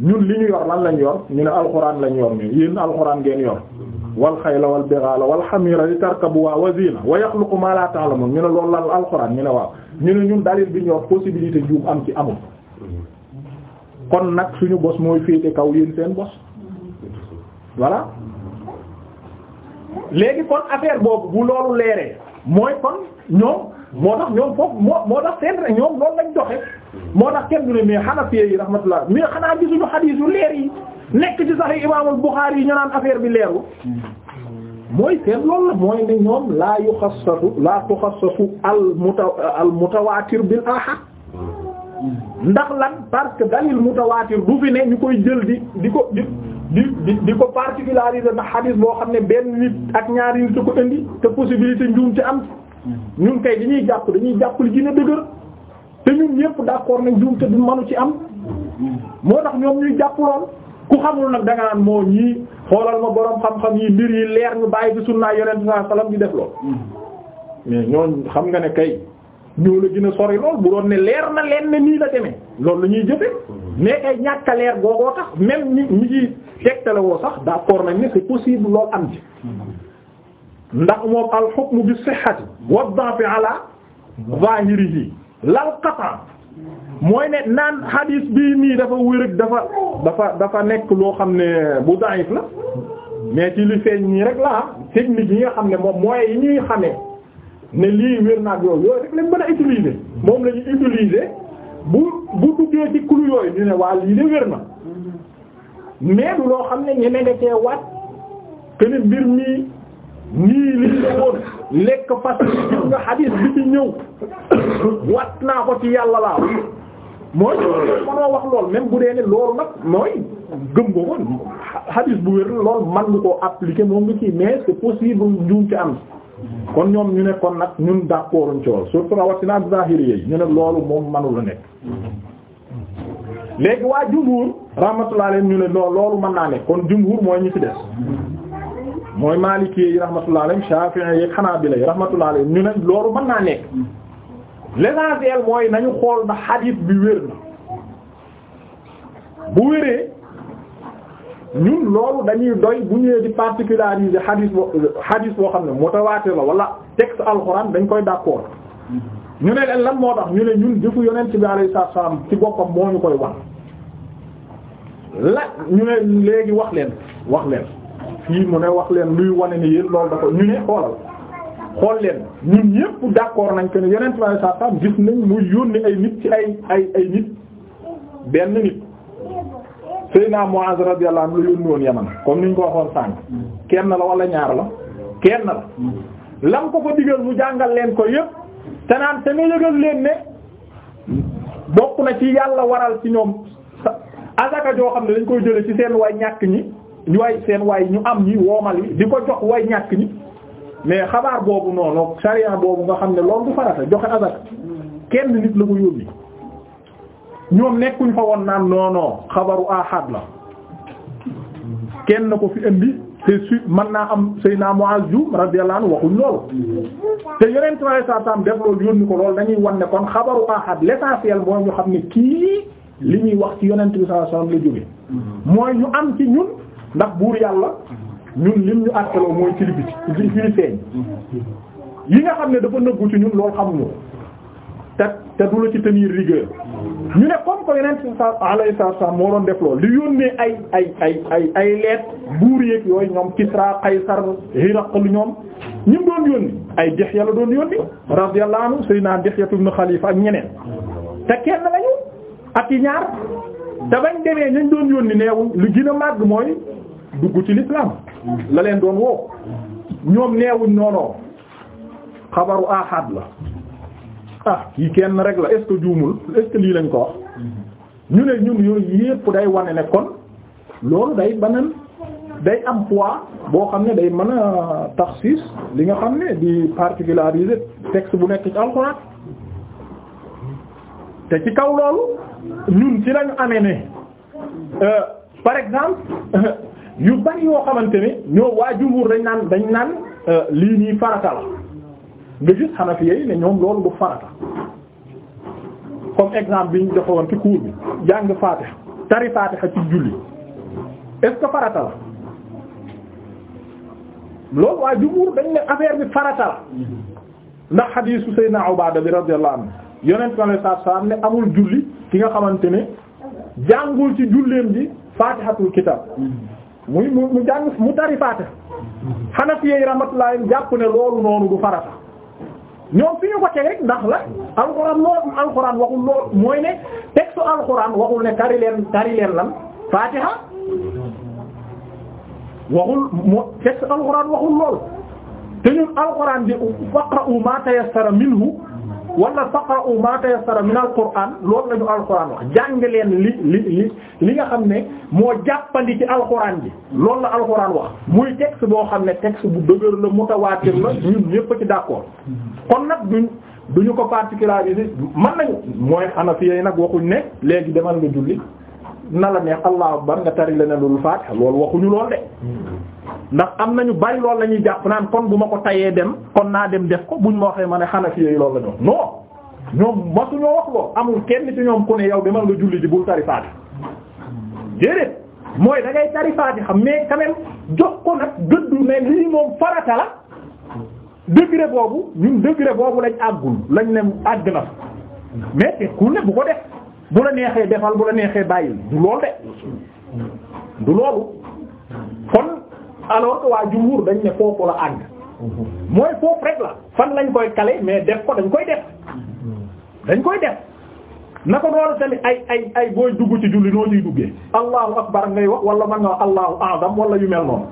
ñun li ñu yor lan lañ yor ñu ne alxuraan lañ yor ñu yéen alxuraan ngeen yor wal xayla wal bighala wal hamira li tarkabuha wa zina wa laa ma la moom ñu ne loolu lan alxuraan ñu ne waaw ñu ne ñun dalil bi ñu yor possibilité njuum am ci amul kon nag suñu bos mooy féete kaw yéen seen bos voilà léegi kon affaire boobu bu loolu leeree mooy kon ñoom moo tax ñoom foofu moo moo tax seen rek ñoom loolu lañ doxe moo tax kenn du ne mais Hanafiya yi rahmatullah mais xanaa gisuñu xadiis yu leer yi nekk ci Sahih Imaamul Buxaari yi ñu naan affaire bi leeru mooy seen loolu la mooy ne ñoom laa yuxassasu laa tuxassasu al muta al mutawaatir bil ahad ndax lan parce que dalil mutawaatir du fi ne ñu koy jël di di ko di di di ko particularisé ndax xadis boo xam ne benn nit ak ñaari nit ko indi te possibilité njuum ci am ñun kay ñuy jàpp dañuy jàpp li gën dëgër te ñun ñëpp d'accord nañ njuum te du manu ci am moo tax ñoom ñuy jàpp lool ku xamul nag da nga naan moo ñii xoolal ma borom xam-xam yi mbir yi leer ñu bàyyi bi sunnaa yonent sallallahu alayhi wasallam di def lool mm. mais ñooñ xam nga ne kay ñoo la gën a sori lool bu doon ne leer na leen ne nii la demee loolu la ñuy jëfe mais kay ñàkk a leer googoo tax même ni ñi ciy tegtale woo sax d'accord nañ ne c'est possible loolu am ji ndax moom al hukmu bi sihhati wa dhafi ala zahirihi lal qata mooy ne naan hadis bii nii dafa wér dafa dafa dafa nekk loo xam ne bu da'if la mais ci li feeñ nii rek la technique yi nga xam ne moom mooy yi ñuy xamee. ne lii wér naa yooyu yooyu rek lañ mën a utiliser moom la ñu bu bu duggee ci kulu yi ñu ne waa lii de wér na mais loo xam ne ñeme nga cee waat que ne mbir mi nii liñ la woon lekk fas yi nga xadiis bi ci ñëw waat naa ko ci yàlla laa mooy mënoo wax lool même bu dee ne loolu nag mooy gëm nga ko xadiis bu wér lool man nga koo appliquer moom nga kii mais c'est possible njuum ci am kon ñoom ñu ne kon nag ñun d'accord ci loolu surtout rawatina ak zahiriyya yi ñu ne loolu moom manula nekk léegi waa jumhur rahmatullah alayhi ñu ne non loolu mën naa nekk kon jumhur mooy ñi fi des mooy maliki yi rahmatullah alayhi shafi'i yi hanabila yi rahmatullah alayhi ñu ne loolu man naa nekk l'essentiel mooy nañu xool na hadith bi wér na bu wéree ñun loolu dañuy doy bu ñëwee di particulariser hadith boo hadith boo xam ne mutawaatir la wala texte alxuraan dañ koy d'accord mm-hmm. ñu ne leen lan moo tax ñu ne ñun jëfu yonent bi saa salaam ci boppam moo ñu koy wax la ñu ne léegi wax leen wax leen fii mu ne wax leen luy wane ni yéen loolu da ñu ne xoolal xool leen ñun ñépp d'accord nañ ko ne yonent bi alayhi salaam gis nañ muy yónni ay nit ci ay ay ay nit benn nit. Seydina Muaz radiyallahu anhu la yónni woon Yaman kon nu ñu ko waxoon sànq kenn la wala ñaar la kenn la lam ko ko digal mu jàngal leen ko yépp te naan te nga yëgal leen ne bokk na ci yàlla waral ci ñoom azaka joo xam ne dañ koy jële ci seen way ñàkk ñi ñu way seen way ñu am ñi woomal yi di ko jox way ñàkk ñi mais xabaar boobu noonu sariya boobu nga xam ne loolu du farata joxe azaka kenn nit la ko yónni ñoom nekkuñ fa woon naan non non xabaru ahad la kenn na ko fi indi c'est sûr mën naa am Seydina naa ju radiyallahu anhu waxuñ loolu te yeneen trois cent cent def loolu yónni ko loolu dañuy wan ne kon xabaru ahad l'essentiel mooy ñu xam ne kii li ñuy wax ci yonent bi sallallahu alayhi la jóge mooy ñu am ci ñun ndax buur yàlla ñun lim ñu àttaloo mooy ci li biti feeñ yi nga xam ne dafa nëbbu ci ñun loolu xamuñu te te du la ci tenir rigueur ñu ne comme que yeneen moo doon def loolu di yónnee ay ay ay ay ay leet buur yeeg yooyu ñoom Kisra Qaysar Hiraql ñoom ñi doon yónni ay Dihya la doon yónni radiyallahu anhu Seydina Dihya ibn Khalifa ak ñeneen te kenn lañu ak i ñaar te bañ demee ñu doon yónni neewul lu gën a màgg mooy dugg ci l'islam la leen doon woo ñoom neewuñ noonu xabaru ahad la. ah kii kenn rek la juumul est lii lañ ko wax ñu ne ñun yooyu yépp day wane nekkoon loolu day baneen day am poids boo xam ne day mën a taxsiis li nga xam ne di particulariser texte bu nekk ci alxuraan te ci kaw loolu ñun ci lañu amee ne euh, par exemple yu bari yoo xamante ne ñoo waa jumhur dañ naan dañ naan euh, lii nii farata nga gis xanafiya yi ne ñoom loolu du farata comme exemple bi ñu joxoon ci cours bi jàng faatiha tari faatiha ci julli est-ce que farata la loolu waaye jumhur dañ ne affaire bi farata la ndax xadiisu Seydina Ubaada bi radiyallahu anhu yonent sallallahu alayhi wasallam ne amul julli ki nga xamante ne jàngul ci julleem bi faatihatul kitaab muy mu mu jàng mu tari faatiha Hanafi yi rahmatullahi jàpp ne loolu noonu du farata ñoom fi ñu ko teg rek ndax la alxuraan loolu alxuraan waxul loolu mooy ne texte alxuraan waxul ne tari leen tari leen lan faatiha waxul moo texte alxuraan waxul lool te ñun alxuraan di faqra'u ma tayassara minhu wala faqra'u ma tayassara min alquran loolu la ñu alquran wax jàng leen li li li li nga xam ne moo jàppandi ci alquran ji loolu la alquran wax muy texte boo xam ne texte bu dëgër la mutawaatir la ñun ñëpp ci d'accord kon nag duñ duñu ko particularisé mën nañu mooy xanafiya yi nag waxuñ ne léegi demal nga julli na la neex allahu akbar nga tari leneen lu dul faatiha loolu waxuñu lool de ndax am nañu bari loolu la ñuy jàpp naan kon bu ma ko tayee dem kon naa dem def ko buñ ma waxee ma ne Hanafi yooyu loolu la no wax non ñoom masuñoo wax lool amul kenn ci ñoom ku ne yow demal nga julli ji bul tari faati déedéet mooy da ngay tari faati xam mais quand même jox ko nag gëddu ne lii moom farata la degré boobu ñun degré boobu lañ àggul lañ ne àgg na mais te ku ne bu ko def bu la neexee defal bu la neexee bàyyi du loolu de du loolu kon alors que waa jumhur dañ ne foofu la àgg mooy foofu rek la fan lañ koy kale mais def ko dañ koy def dañ koy def na ko doon tamit ay ay ay booy dugg ci julli noo ciy duggee allahu akbar ngay wax wala man nga allahu a'zam wala yu mel noonu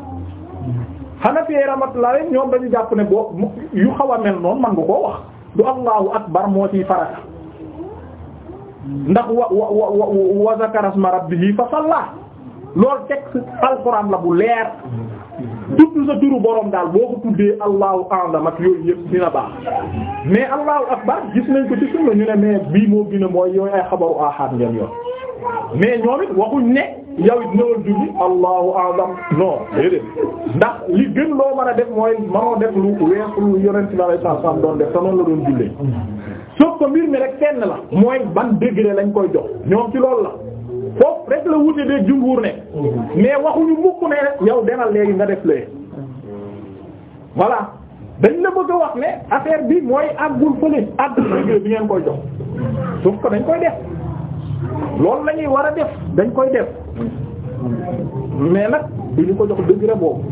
la rahmatullah ñoom dañu jàpp ne boo yu xaw a mel noonu man nga koo wax du allahu akbar moo ciy farata ndax wa wa wa wa zakara isma rabbihi loolu texte alxuraan la bu leer tudd sa turu borom daal boo ko tuddee allahu a'lam ak yooyu yëpp dina baax mais allahu akbar gis nañ ko ci sunna ñu ne mais bii moo gën a mooy yooyu ay xabaru ahad ngeen yor mais ñoom it waxuñ ne yow it ñëwal julli allahu a'lam non déedéet ndax li gën loo mën a def mooy manoo def lu weesu lu yonent bi sallallahu alayhi doon def te noonu la doon jullee sauf que mbir mi rek kenn la mooy ban degré lañ koy jox ñoom ci lool la foofu rek la wute de jumhuur ne mais waxuñu mukk ne yow demal léegi nga def lee voilà dañ na bëgg a wax ne affaire bi mooy àggul fële àggul bi ngeen koy jox sauf que dañ koy def loolu la ñuy war a def dañ koy def mais nag du ko jox degré boobu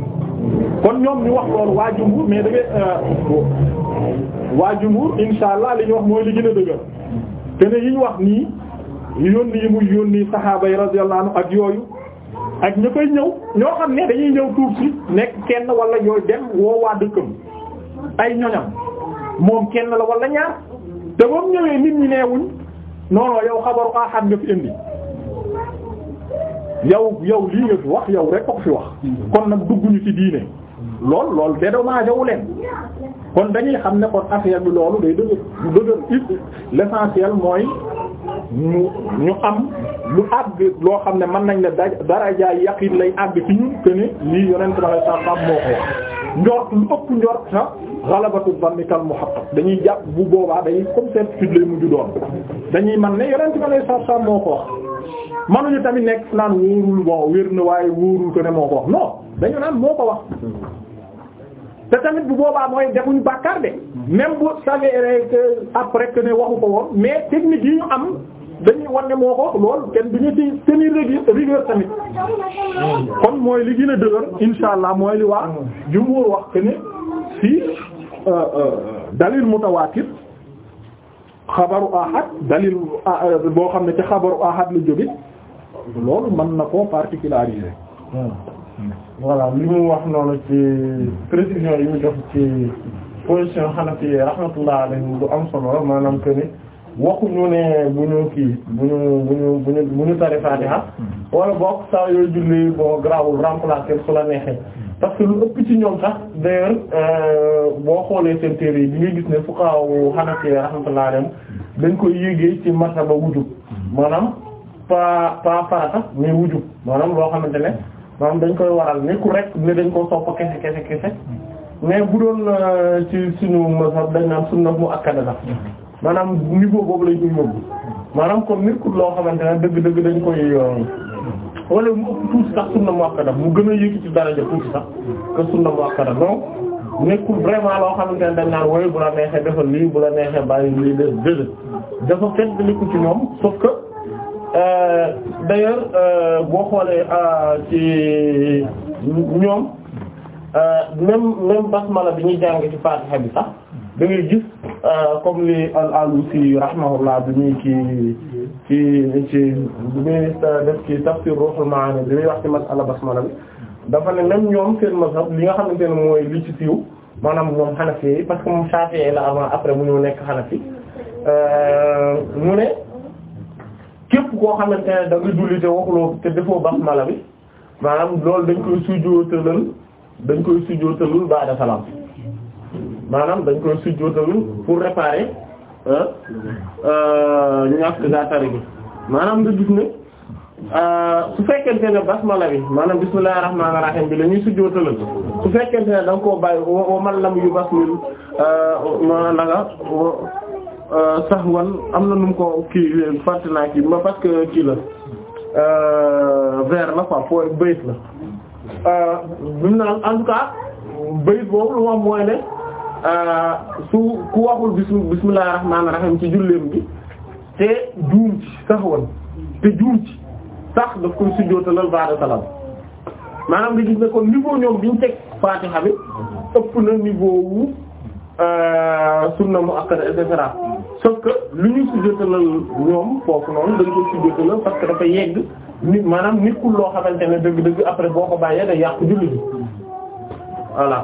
kon ñoom ñu wax loolu waa jumhur mais da ngay euh, waa jumhur insha allah li ñu wax mooy li gën a dëgër te ne yi ñu wax nii yónni yi muy yónni saxaaba yi radiyallahu anhu ak yooyu ak ñu ñëw ñoo xam ne dañuy ñëw tuub si nekk kenn wala yooyu dem woo waa dëkkam ay ñoñam moom kenn la wala ñaar te moom ñëwee nit ñi neewuñ noonu yow xabaru ahad nga fi indi yow yow lii nga fi wax yow rek ko fi wax kon nag dugguñu ci diine lool lool dédommagé wu leen kon dañuy xam ne kon affaire bi loolu day dëgër du dëgër l'essentiel mooy ñu ñu am lu àgg loo xam ne mën nañ ne daraja yaqin lay àgg ci ñu que ne lii yonent bi sallallahu alayhi wasallam moo ko njort lu ëpp njort sax ghalabatu dhanni kal dañuy jàpp bu boobaa day comme certitude lay mujj doon dañuy man ne yonent bi sallallahu alayhi wasallam moo ko wax manuñu tamit nekk naan wóorul bon wér na waaye wóorul que ne moo ko wax non dañu naan moo ko wax te tamit bu boobaa mooy defuñu bàkkaar de même bu savéré que euh, après que ne waxu ko woon mais technique yi am dañuy wane moo ko lool kenn duñu ci tenir rigueur tamit kon mooy li gën a dëgër insha allah mooy li waa jumhur wax que ne si euh, euh, dalil mutawaatir xabaru ahad dalil ah, euh, boo xam ne ci xabaru ahad lu jóge loolu mën na koo particulariser voilà li mu wax noonu ci précision yi mu jox ci position Hanafi rahmatullah alayhi lu am solo maanaam que ni waxuñu ne bu ñu kii bu ñu bu ñu bu ñu bu ñu tari Fatiha hmm. wala boog saa yooyu julli boo grawul remplacer su la neexee parce que lu ëpp ci ñoom sax d'ailleurs euh, boo xoolee seen téere yi bi ngay gis ne fuqahaa Hanafi rahmatullahi alayhim dañ koy yéegee ci martaba wujub hmm. maanaam pa pa farata mais wujub maanaam loo xamante ne maanaam dañ koy waral nekkul rek ne dañ ko sopp kese kese kese hmm. mais bu doon euh, ci suñu mazhab dañ naan sunna mu akkada la maanaam niveau boobu lañ yóbbu maanaam kon nekkul loo xamante ne dëgg-dëgg dañ koy euh, wala mu ëpp tuuti sax sunna muakkada mu gën a yëkkati daraja tuuti sax que sunna muakkada donc nekkul vraiment loo xamante ne dañ naan woy bu la neexee defal lii bu la neexee bàyyi lii de déedéet dafa fekk nekkul ci ñoom sauf que euh, euh, boo xoolee ci ñoom même même basmala bi ñuy jàng ci Fatiha bi sax. da ngay gis euh, comme li al-Alusi rahimahullah bi muy ci ci ci bi muy def ci tafsir Ruhul Maani bi muy wax ci masala basmala bi dafa ne même ñoom seen mazhab li nga xamante ne mooy li ci siiw maanaam moom Hanafi yi parce que moom Shafi'i la avant après mu ñëw nekk Hanafi euh, mu ne képp koo xamante ne da nga julli te waxuloo te defoo basmala bi maanaam loolu dañ koy sujjóotalal dañ koy sujjóotalul ba'da salaam maanaam dañ koy sujjóotal pour réparer euh, ñàkk gaatari bi maanaam nga gis ne euh, su fekkente ne basmala bi maanaam bismillahir rahmanir rahim bi la ñuy su fekkente ne da koo bàyyi wa man lam yu basmil euh, ma la nga sax wan am na nu ko kii fàtte naa kii ma parce que kii la vers la quoi bayit la bi mu naan en tout bayit boobu lu ma mooy ne Euh, su ku waxul bismi bismillahir rahmanir ci julleem gi te juum ci sax woon te juum ci sax daf koy sujjóotalal ba'da salaam maanaam nga gis ne kon niveau ñoom biñ teg Fatiha bi ëpp na niveau wu euh, sunna mu akkad et cetera sauf que lu ñuy sujjóotalal ñoom foofu noonu dañ koy sujjóotalal parce que dafa yegg nit maanaam nit ku loo xamante ne dëgg-dëgg après boo ko bàyyee da yàq julli bi voilà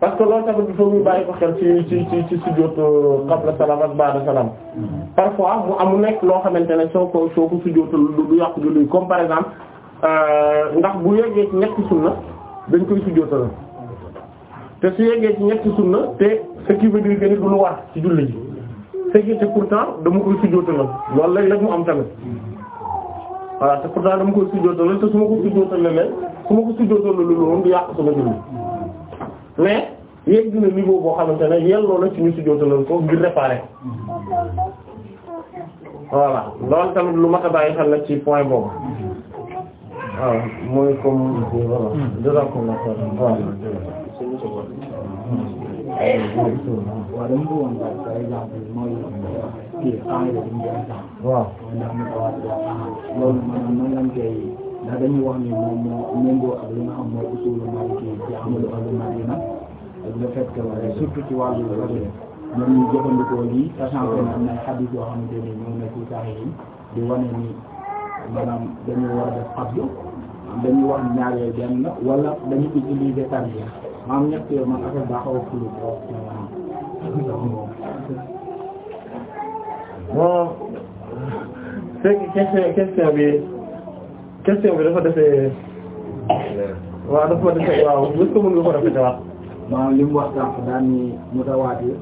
parce que loolu tamit il faut ñu bàyyi ko xel ci ci ci ci sujjóot euh, qabla salaam ak ba'da salaam mm-hmm. parfois mu amu nekk loo xamante ne soo ko soo ko yàq julli euh, ndax bu yeggee ci ñetti sunna dañ koy sujjóotal te su du lu julli ji sujjóotal loolu loolu moom du sama julli mais yegg na niveau boo xamante ne yelloo na ci ñu sujjóotalal ko ngir réparer voilà loolu tamit lu mat a bàyyi xel la ci point boobu waaw mooy comme voilà dara ko la waaw waaw ndax dañuy wax ni moom moo mu ak li nga xam mooy usulu maliki ci amalu ahlu madina ak le fait que surtout ci wàllu rajo ñoom ñu jëfandikoo lii sachant que am na xadis yoo xamante ni ñoo nekk ci saaxi yi di wane ni maanaam dañuy war a def xabdu dañuy wax ñaar yooyu benn la wala dañu utiliser tarbiya maam ñett yooyu man affaire daa xaw a fulu wax bon question question bi question bi dafa defee waaw dafa defee waaw est-ce que mën nga ko rafetewaat. maanaam li mu wax sànq daan ni mutawaatir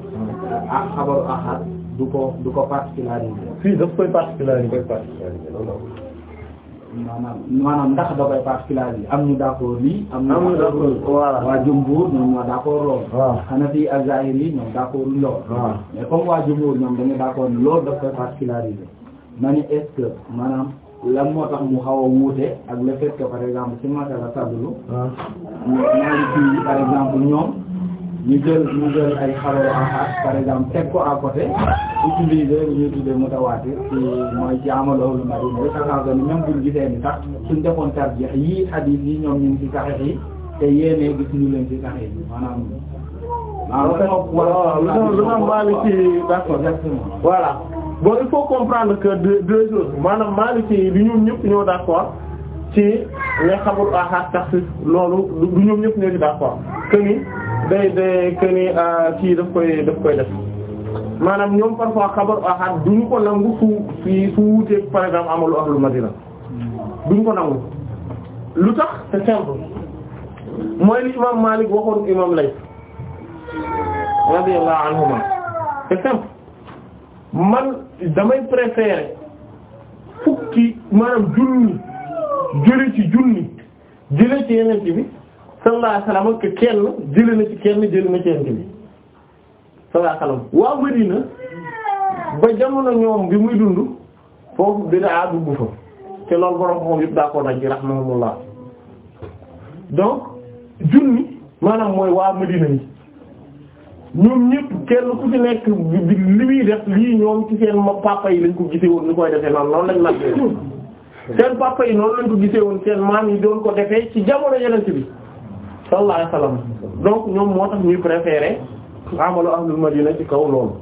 ak xabaru ahad du ko du ko particularisé. fii daf koy particularisé. koy particularisé maanaam maanaam ndax da koy particularisé am a d'accord lii. am ñu d'accord voilà waa jumbuur ñoom ñoo d'accord lool. waaw Hanafi ak Zahiri ñoom d'accord lool. waaw mais comme waa jumbuur ñoom dañu d'accord lool daf koy particularisé. ma ne est-ce que maanaam. lan moo tax mu xaw a wuute ak le fait que par exemple ci masala sablu ñaari yi par exemple ñoom ñu jël ñu jël ay xabaru ahad par exemple teg ko à côté utiliser lu ñuy tuddee mutawaatir ci mooy ci amaloolu mari bi saxaaba ni même buñ gisee ni sax suñ defoon tarjeex yii hadith yi ñoom ñu ngi ci saxeex yi te yéenee gis ñu leen ci saxeex yi maanaam waaw ah, lu tax Maliki d'accord voilà bon il faut comprendre que deux deux choses maanaam Maliki yi du ñoom ñëpp ñoo d'accord ci nga xamul ahad taxsis loolu du ñoom ñëpp ñoo ci d'accord que ni day day que ni euh, daf koy daf koy def maanaam ñoom parfois xabaru ahad duñu ko nangu su fi su wuuteeg par exemple amalu ahlu madina duñu ko nangu lu tax c'est simple mooy li imam Malik waxoon imam lay radiyallahu anhuma c'est simple man damay préférer fukki maanaam junni jële ci junni jële ci yeneen bi sallallahu alayhi kenn jële na kenn jële na ci yeneen bi waa Madina ba jamono ñoom bi muy dund foofu bida a dugg fa te loolu borom moom yëpp daa koo daj rahmanullah donc junni maanaam mooy waa Madina yi ñoom ñëpp kenn ku ci nekk li muy def lii ñoom ci seen papa yi lañ ko gisee woon ni koy defee noonu noonu lañ màggee seen papa yi noonu lañ ko gisee woon seen maam yi doon ko defee ci jamono yeneen bi sallallahu alayhi wasallam donc ñoom moo tax ñuy préféré amalu ahlul madina ci kaw loolu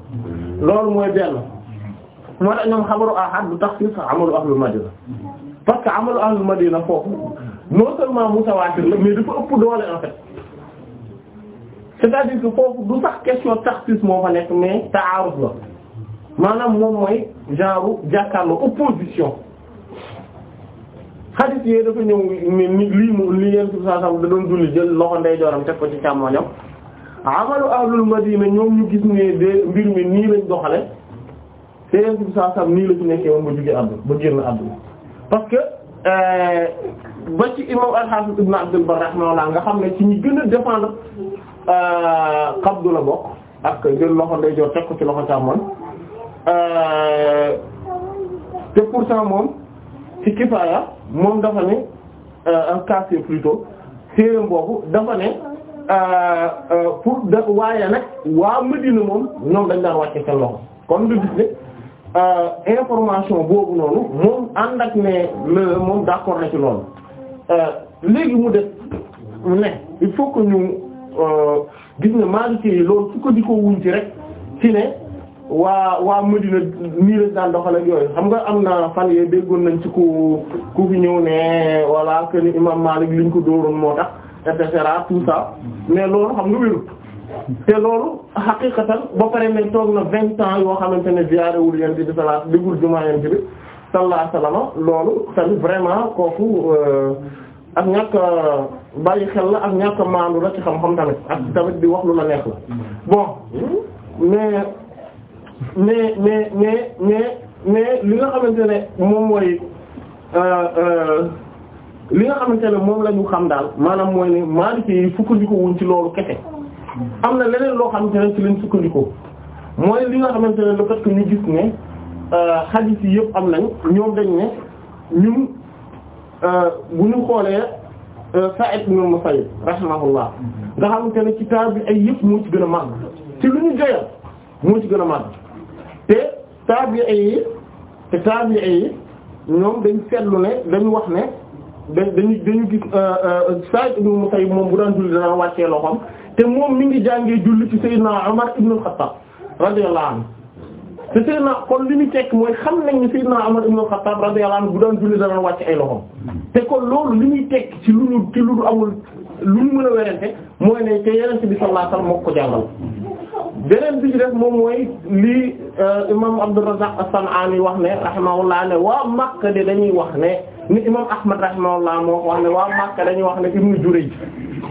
loolu mooy benn moo tax ñoom xabaru ahad du tax ci sax amalu ahlul madina parce que amalu ahlul madina foofu non seulement mutawaatir la mais dafa ëpp doole en fait c'est-à-dire que foofu du sax question moo fa nekk mais taaruf la maanaam moom mooy genre jàkkaarloo opposition xadis yee dafa ñëw ni lii mu lii yéen su saa da doon julli jël loxo ndeyjooram teg ko ci càmmoñam amalu ahlul madina ñoom ñu gis ne de mbir mi nii lañ doxale te yéen su saa nii la ci nekkee woon ba jóge àdduna ba génn àdduna parce que euh, ba ci imam al-Hafiz ibn Abdul Barr rahimahullah nga xam ne ci ñi gën a défendre xabdu la bokk ak jël loxo day joor teg ci loxo càmmoñ te pourtant moom ci kifaaya moom dafa ne euh, un casier plutôt téeram boobu dafa ne euh, euh, pour da waaye nag waa Medina moom ñoom dañ daan wàcce seen loxo kon du gis ne information boobu noonu moom ànd ak ne le moom d'accord na ci loolu léegi mu def ne il faut que ñu Euh, gis nga Maliki yi loolu fu ko di ko wuñ ci rek ci ne waa waa Madina nii lañ daan doxal ak yooyu xam nga am na fan yee déggoon nañ ci ku ku fi ñëw ne walla que ni imam Malik liñ ko dóoroon moo tax et cetera tout ça mais loolu xam nga wérut te loolu xaqiqatan ba pare ne toog na vingt ans yoo xamante ne ziyaarewul yent bi salaat déggul jumaa yent bi sallallahu alayhi wasallam loolu tamit vraiment kooku euh, ak ñàkk bàyyi xel la ak ñàkk maandu la ci xam-xam tamit ak tamit di wax lu la neex la bon mais mais mais mais mais mais li nga xamante ne moom mooy euh, euh, li nga xamante ne moom la ñu xam daal maanaam mooy ne Maliki yi sukkandiku wuñ ci loolu kese am na leneen loo xamante ne ci lañ sukkandiku mooy li nga xamante ne le fait que ñu gis ne xadiis euh, yi yëpp am nañ ñoom dañ ne ñun. bu ñu xoolee euh, Sa'id ibn Musayyib rahimahullah nga xamante ne ci taabi ay yëpp moo ci gën a màgg ci lu ñu moo ci gën a màgg te taabi ay yi te taabi ay yi ñoom dañ seetlu ne dañu wax ne dañu dañu gis euh, euh, Sa'id ibn Musayyib moom bu daan julli dana wàccee loxoom te moom mi ngi jàngee julli ci Seydina Umar ibn al-Khattab radiyallahu anhu te Seydina kon li ñu tekk mooy xam nañ ne Seydina Umar ibn Khattab radiyallahu anhu bu daan julli dana wàcc ay loxoom te kon loolu li ñuy tekk ci lu ñu ci lu amul lu ñu mën a werante mooy ne te Yonent bi sallallahu alayhi wasallam moo ko jàngal beneen bi ci moom mooy lii euh, imam Abdurrazzaq as-San'ani wax ne rahimahullah ne waa Makka de dañuy wax ne ni imam Ahmad rahimahullah moo wax ne waa Makka dañuy wax ne ibnu Jurayj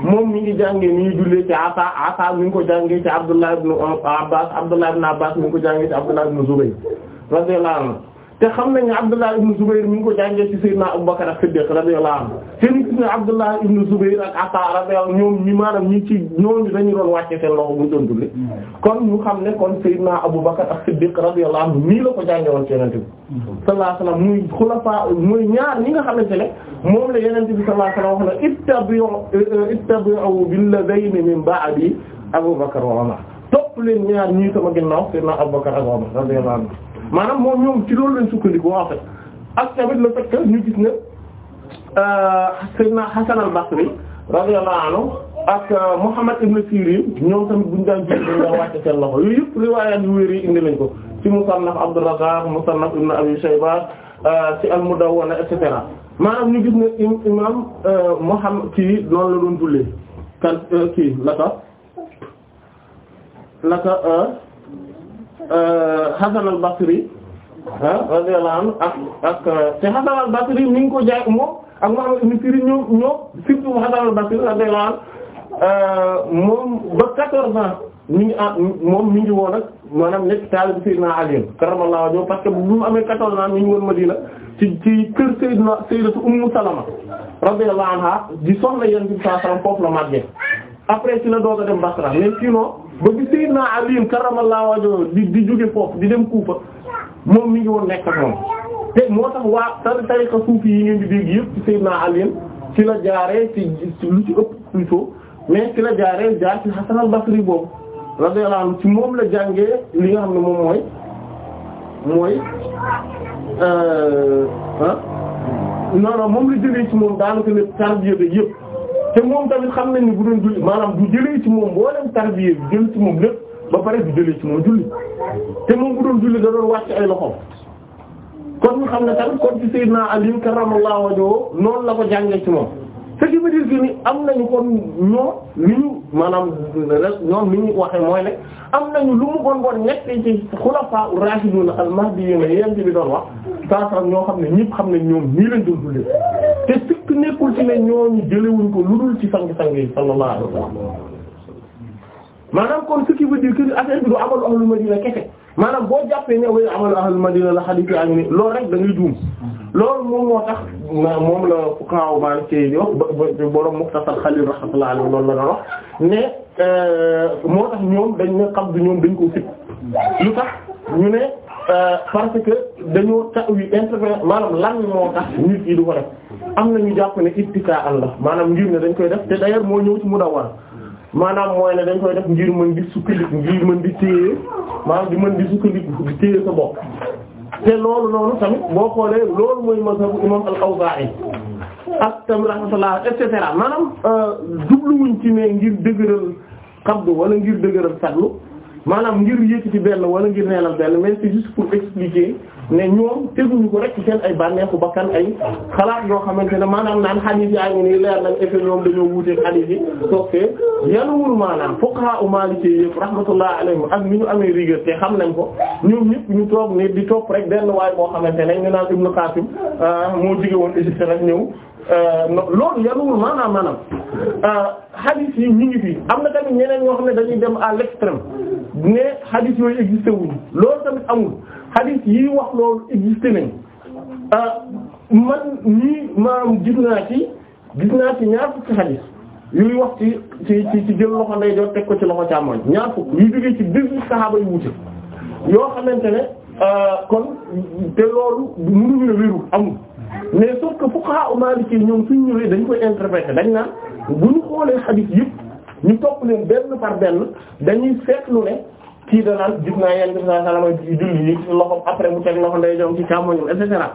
moom mu ngi jàngee mi ngi jullee ci Ata Ata mi ngi ko jàngee ci Abdullah ibn euh, Abbas Abdullah ibn Abbas mi ngi ko jàngee ci Abdullah ibn Zubayr radiyallahu anhu te xam nañ ne Abdullah ibn Zubayr mi ngi ko jàngee ci Seydina Abubakar as-Siddiq radiyallahu anhu te nit ñi Abdullah ibn Zubayr ak Ataa radiyallahu ñoom ñi xam ne kon Seydina abu as-Siddiq radiyallahu anhu nii la ko jàngee woon ci Yonent bi sallallahu alayhi wasallam muy xulafaa muy ñaar ñi nga xamante ne moom la Yonent bi sallallahu alayhi wasallam wax na ittabi'u ittabi'u billadhayni min ba'di Abubakar wa Umar topp leen ñaar ñii sama ginnaaw Seydina Abubakar ak Umar maanaam moom ñoom ci loolu lañ sukkandiku en fait ak tamit le fait ñu gis ne euh, Seydina Hasan al-Basri radiyallahu anhu ak euh, Muhammad ibn Sirin ñoom tamit buñu daan jël dañ daan wàcce seen loxo yooyu yëpp riwaayaat yu wér yi indi lañ ko ci Musannaf Abdurrazzaq Musannaf ibn Abi Shayba euh, ci al-Mudawwana et cetera maanaam ñu gis ne imam Muhammad kii noonu la doon jullee kan kii laka laka Euh, Hasan al-Basri radiyallahu anhu ak ak euh, te Hasan al-Basri mi ngi ko jaay moom ak Muhammad ibn Sirin ñoo ñoo surtout Hasan al-Basri radiyallahu euh, moom ba 14 ans mi ngi ah moom mi ngi woon ak maanaam nekk taalibu Sayyidina Ali karramallahu wajhahu parce que bu mu amee 14 ans mi ngi woon Madina ci ci kër Sayyidina Sayyidatu Ummu Salama radiyallahu anha di soxna Yonent bi foofu la màggee. après ci la doog a dem Basra mais sinon ba bi Seydina Ali karramallahu wajhahu di di jóge foofu di dem Kufa moom mi ngi woon nekk moom te moo tax waa tar tariqa suufi yi ngeen di dégg yëpp ci Seydina Ali ci la jaaree ci lu ci ëpp plutôt mais ci la jaaree jaar ci Hasan basri boobu radiyallahu anhu ci moom la jàngee li nga xam ne moom mooy mooy euh, ah non moom lu jëlee ci moom daanaka ne tarbiya yëpp. te moom tamit xam nañ ni bu doon julli maanaam du jëlee ci moom boo dem tarbiya bi jël ci moom lépp ba pare du jëlee ci moom julli te moom bu doon julli da doon wàcc ay loxo kon ñu xam na tamit kon ci Seydina Ali karramallahu wajhahu noonu la ko jàngee ci moom. ce qui veut dire ni am nañu kon ñoom ni ñu maanaam ñoom ni ñu waxee mooy ne am nañu lu mu bon bon nekk ci xulafaa raashidun al-mahdiyyin yéen bi doon wax saasam ñoo xam ne ñëpp xam ne ñoom nii lañ doon dundee te sikk nekkul ci ne ñooñu jëlewuñ ko lu dul ci sang-sang yi sallallahu alayhi wa sallam maanaam kon ce qui veut dire que affaire bi du amalu ahlu Madina kese maanaam boo jàppee ne way amalu ahlul madina la hadith yaa ngi ni loolu rek da ngay juum loolu moom moo tax moom la fuqaha Maliki yi wax borom Muxtasar Xalil rahmatullahi alayhi loolu la doon wax ne euh, moo tax ñoom dañ ne qabdu ñoom dañ ko fit lu tax ñu ne euh, parce que dañoo ta'wi interpréter maanaam lan moo tax nit yi du ko def am na ñu jàpp ne ittikaa la maanaam ngir ne dañ koy def te d'ailleurs moo ñëw ci Mudawwar maanaam mooy ne dañ koy def ngir mën di sukkandiku ngir mën di téye maanaam di mën di sukkandiku di téye sa bopp te loolu noonu tamit boo xoolee loolu mooy mazhabu imam al-Awzaa'i ak tam rahmatullah et cetera maanaam euh, jubluwuñ ci ne ngir dëgëral xabdu wala ngir dëgëral sadlu maanaam ngir yëkkati benn wala ngir neenal benn mais c'est expliquer ne ñoom teguñu ko rek ci seen ay bànneexu bakkan ay xalaat yoo xamante ne maanaam naan xadiis yaa ngi nii leer nañ effet ñoom dañoo wuuteeg xadiis yi soo fee yanuwul maanaam fuqaha u Maliki yëpp rahmatullah alayhim ak ni ñu amee rigueur te xam nañ ko ñoom ñëpp ñu toog ni di topp rek benn waay boo xamante ne ñu naan Ibnu Qasim ah, moo jige woon Égypte rek ñëw ah, loolu yanuwul maanaam maanaam xadiis ah, yi ñu ngi fi am na tamit ñeneen ñoo xam ne dañuy dem à l'extrême ne xadiis yooyu existé wuñu loolu tamit amul xadiis yi wax loolu existé nañ euh, man nii maam gis naa ci gis naa ci ñaar fukki xadiis yuy wax ci ci ci jël loxo ndey doo teg ko ci loxo càmmoñ ñaar fukk yu jógee ci biir saxaaba yu wuute yoo xamante ne euh, kon te loolu mënuñu ne wéru amul mais sauf que fuqaha maliki ñoom suñ ñëwee dañ koy interpréter dañ naan bu ñu xoolee xadiis yëpp ñu topp leen benn par benn dañuy seetlu ne kii danaan gis naa yenn saa salama julli yi loxo après mu teg loxo ndey jom ci càmmoñam et cetera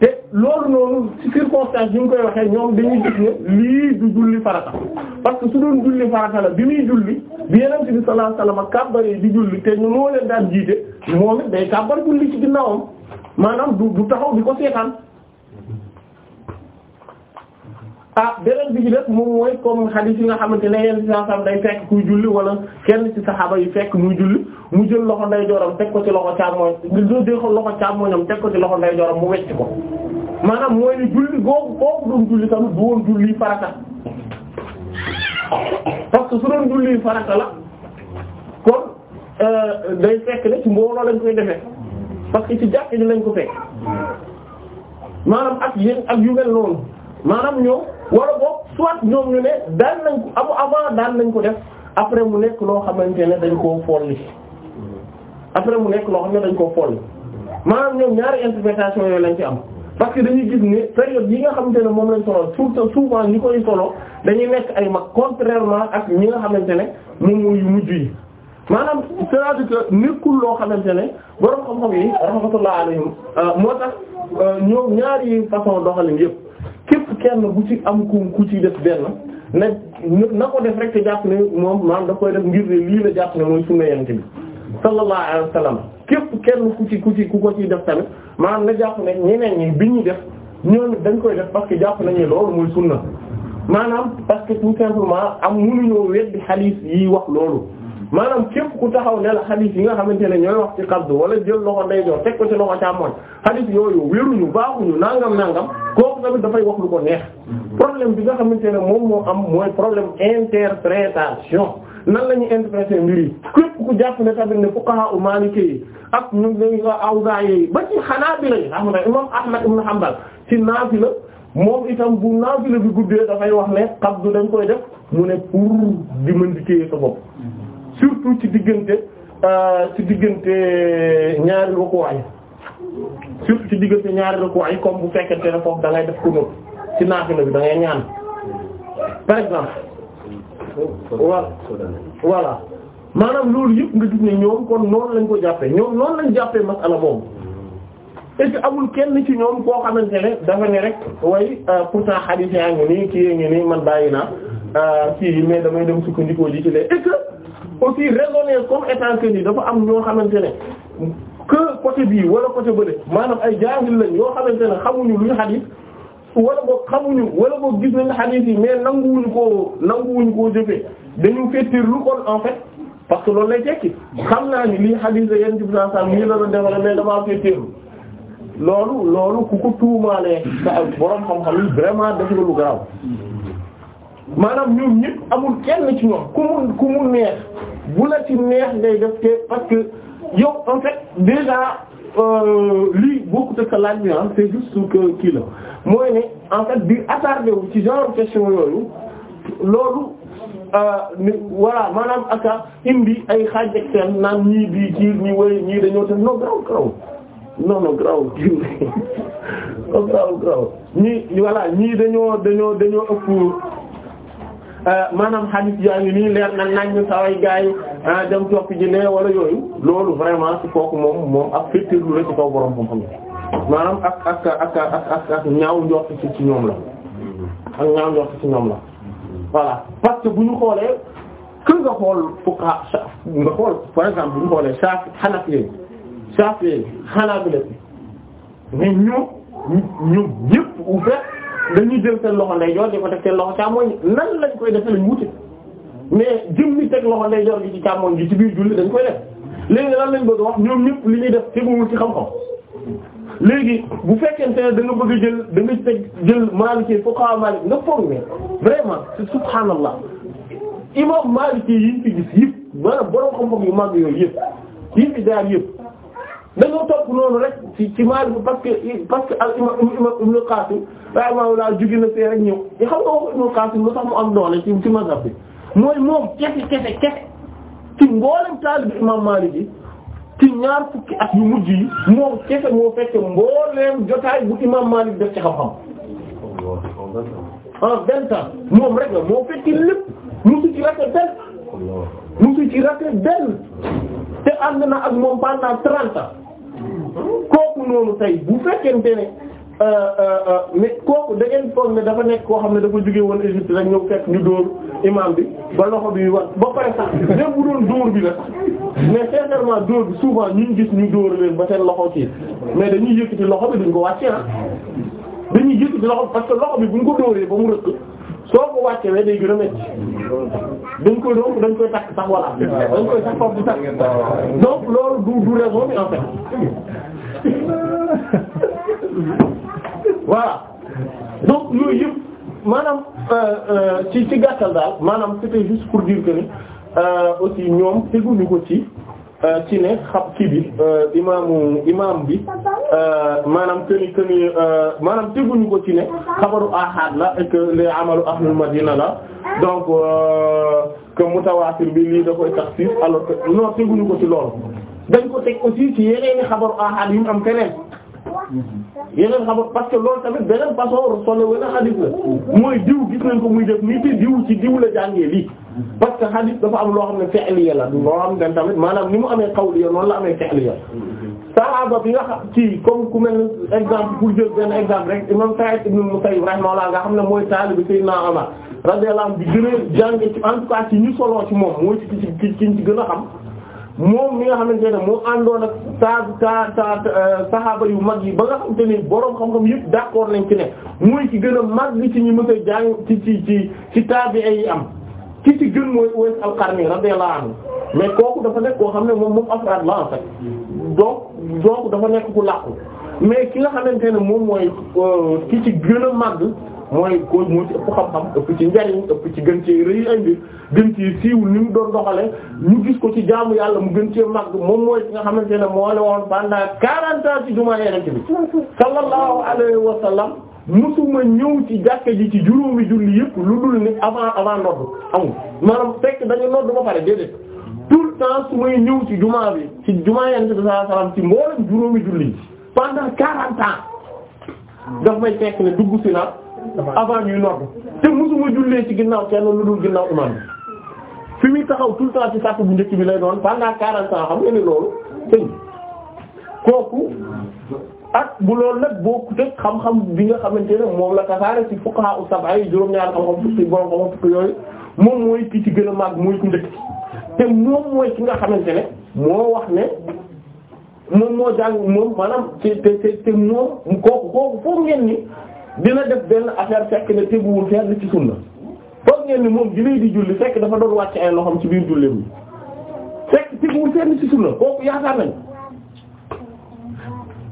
te loolu noonu ci circonstance ñu koy waxee ñoom dañuy gis ne lii du julli farata parce que su doon julli farata la bi muy julli bi yeneen bi sallallahu alayhi wasallam kàbbaree di julli te ñu moo leen daan jiite moom it day kàbbar julli ci ginnaawam maanaam du du taxaw di ko seetaan ah beneen bi ci def moom mooy comme xadiis nga xamante ne yenn ci saa day fekk kuy julli wala kenn ci saxaaba yi fekk muy julli mu jël loxo ndeyjooram teg ko ci loxo càmmooñ nga jël loxo càmmooñam teg ko ci loxo ndeyjooram mu wecc ko maanaam mooy ni julli googu kooku doon julli tamit du woon julli euh, lañ koy defe parce que ci jàkk ji lañ ko fekk maanaam ak yéen yu noonu. maanaam ñoom wala boog soit ñoom ñu ne daan nañ ko amu avant daan nañ ko def après mu nekk loo xamante ne dañ koo ni après mu nekk loo xam dañ koo folli maanaam ñoom ñaari interprétation yooyu lañ ci am parce que dañuy gis ne yi nga xamante ne moom lañ solo surtout souvent ñi koy solo dañuy nekk ay mag contrairement ak ñi nga xamante ne moom yu mujj yi maanaam cest à nekkul loo xamante ne borom xam-xam yi rahmatullah alayhim euh, moo tax euh, ñoom ñaari façon doxalin yëpp képp kenn bu ci am ku ku ci def benn na na ko def rek te jàpp ne moom maam da koy def ngir ne lii la jàpp ne mooy sunna yonent bi sallallahu alayhi wa sallam képp kenn ku ci ku ci ku ko ciy def tamit maanaam na jàpp ne ñeneen ñi bi ñu def ñooñu dañ koy def parce que jàpp nañu loolu mooy sunna maanaam parce que tout simplement am mu mënuñoo weddi xadiis yi wax loolu maanaam képp ku taxaw ne la yi nga xamante ne ñooy wax ci xabdu wala jël loxo ndeyjoor teg ko ci loxo càmmoñ xadis yooyu wéruñu baaxuñu nangam nangam kooku tamit dafay wax lu ko neex problème bi nga xamante ne moom moo am mooy problème interprétation nan la ñuy interpréter mbir yi képp ku jàpp ne tamit ne fuqaha u Maliki yi ak ñu ngi ko Awzaa'i yi ba ci Hanaabila yi xam nga imam Ahmad ibn Hanbal ci naafila moom itam bu naafila bi guddee dafay wax ne xabdu dañ koy def mu ne pour di mën di surtout ci diggante euh, ci diggante ñaari rukuwaay surtout ci diggante ñaari rukuwaay comme bu fekkente ne foofu da ngay def kunóot ci naafila bi da ñaan par exemple wa voilà maanaam loolu yëpp nga gis ne ñoom kon noonu lañ ko jàppe ñoom noonu lañ jàppee masala moom est-ce que amul kenn ci ñoom koo xamante ne dafa ne rek way euh, pourtant xadiis yaa ngi nii kii yaa nii man bàyyi naa euh, kii mais damay dem sukkandikoo ji ci lee aussi raisonner comme étant que yi dafa am ñoo xamante ne que côté bii wala côté bële maanaam ay jaahil lañ yoo xamante ne xamuñu luy xadiis wala boog xamuñu wala boog gis nañ xadiis yi mais nanguwuñ koo nanguwuñ koo jëfee dañu fettir lu kon en fait parce que loolu lay tekki xam naa ni lii xadiis la yenn ci bisansan lii la la defal mais damaa fettirlu loolu loolu ku ko tuumaalee sa borom xam-xam yi vraiment def na lu garaaw maanaam ñu ñëpp amul kenn ci ñoom ku mu ku mu neex bu la ci neex ngay def te parce que yow en fait déjà euh, lii bokkut ak sa laaj bi ah c'est juste que kii la mooy ne en fait di attardé wu ci genre question yooyu loolu. Euh, voilà maanaam aka indi ay xaaj ak seen naan ñii bii ci ñi wéy ñii dañoo te non graw graw non non graw graw graw ñii ñii dañoo dañoo ëpp Euh, maanaam hadith yaa ngi nii leer na nañu saway gaay ah, dem topp ji ne wala yooyu loolu vraiment ci kooku moom moom ak féttirlu la ci kaw borom xam-xam maanaam ak ak ak ak ak ñaaw njort ci ñoom la ak ñaaw njort ci ñoom la voilà parce que bu ñu xoolee que nga xool fuqaha nga xool par exemple bu ñu xoolee Shafi Hanafi Shafi Hanabila mais ñoom ñoom ñëpp ouvert dañuy jël seen loxo ndeyjoor di ko teg seen loxo càmmoñ nan lañ koy defee lañ wute mais jëm ni teg loxo ndeyjoor gi ci càmmoñ gi ci biir julli dañ koy def léegi lan lañ bëgg wax ñoom ñëpp li ñuy def teguwul ci xam-xam léegi bu fekkente ne da nga bëgg a jël da nga teg jël Maliki fuqaha Maliki nga foog ne vraiment c'est subhanallah imam Maliki yi ñu gis yëpp maanaam borom xam-xam yu mag yooyu yëpp yi fi yëpp. dañoo topp noonu rek ci ci Maalik parce que parce que al imam imam Ibnu Qaasim rahimahullah jóge na fee rek ñëw te xam nga waxu Ibnu Qaasim lu tax mu am doole ci ci mazhab bi mooy moom kese kese kese ci mboolem taalibu imam Maalik yi ci ñaar fukki at yu mujj yi moom kese moo fekk mbooleem jotaay bu imam Maalik def ci xam-xam. en vingt moom rek la moo fekk lépp musu ci rate benn musu ci rate benn te ànd na ak moom pendant trente kooku noonu tey bu fekkente ne euh, euh, euh, mais kooku da ngeen foog ne dafa nekk koo xam ne dafa jóge woon Égypte rek ñëw fekk ñu dóor imam bi ba loxo bi wax ba pare sax même bu doon dóor bi la mais sincèrement dóor bi souvent ñu gis ñu dóor leen ba seen loxo ci mais dañuy yëkkati loxo bi duñ ko wàcce ah dañuy yëkkati loxo parce que loxo bi bu buñ ko dóoree ba mu rëkk soo ko wàccewee day gën a métti dañ koy donc dañ koy takk sax walla dañ koy sax foofu di takk donc loolu du du raison bi en fait voilà donc yooyu yëpp maanaam euh, euh, ci ci gàttal daal maanaam c'était juste pour dire que ni euh, aussi ñoom teguñu ko ci Euh, ci ne xam kii bi euh, imaamu imaam bi euh, maanaam këni këni maanaam teguñu ko ci ne xabaru ahad la et que les amalu ahlul madina la donc que mutawaatir bi lii da koy taxsiis alors que teguñu ko ci loolu dañ ko teg aussi ci yeneen i xabaru ahad yi mu am keneen yeneen xam parce que loolu tamit beneen façon solo wala xadis la mooy diw gis nañ ko muy def nii te diw ci diw la jàngee lii parce que xadis dafa am loo xam ne fi'liya la loo xam ne tamit maanaam ni amee qawliya noonu la amee fi'liya saxaaba bi nga xam ci comme ku mel ne exemple jël benn exemple rek imam Sa'id ibn Musayyib rahimahullah nga xam ne mooy taalibi Sayyidina Umar radiyallahu anhu bi gën a jàngee ci en tout cas ci ñu solo ci moom mooy ci ci ci ci gën a xam moom mi nga xamante ne mu àndoon ak saa saa saa saxaaba yu mag yi ba nga xamante ni boroom xam-xam yëpp d'accord nañ ki ne muy ci gën a mag ci ñu mës a jàng ci ci ci ci taabi'i yi am ki ci gën mooy Uways al-Qarni mais kooku dafa nekk koo xam ne moom moom afraad la en fait donc donc dafa nekk ku làqu mais ki nga xamante ne moom mooy euh, ki ci gën a mag. mooy ko moo ci ëpp xam-xam ëpp ci njariñ ëpp ci gën cee rëy ay mbir gën siiw ni mu doon doxale ñu gis ko ci jaamu yàlla mu gën cee màgg moom mooy ki nga xamante ne moo le woon pendant quarante ans ci jumaa yenente bi sallallahu alayhi wa sallam ma ñëw ci jàkka ji ci juróomi julli yëpp lu dul ni avant avant nodd amul maanaam fekk dañu nodd ba pare déedéet tout le temps su may ñëw ci jumaa bi ci jumaa yenente bi sallallahu alayhi wa sallam ci mboolem juróomi julli yi pendant quarante avant ñuy nodd te mosuma jullee ci ginnaaw kenn lu dul ginnaaw imaam bi fi muy taxaw tout temps ci sàpp bu njëkk bi lay doon pendant quarante ans xam nga ni loolu kooku ak bu loolu nag bokkut ak xam-xam bi nga xamante ne moom la tasaare ci fuqaha ci gën a màgg mooy ku ki nga xamante ne moo wax ne moom moo jàng moom maanaam te te te moom kooku kooku foog ngeen ni dina def benn affaire fekk ne teguwul fenn ci sunna foog ngeen ni moom jëlee di julli fekk dafa doon wàcc ay loxoom ci biir julli bi fekk teguwul fenn ci sunna kooku yaakaar nañ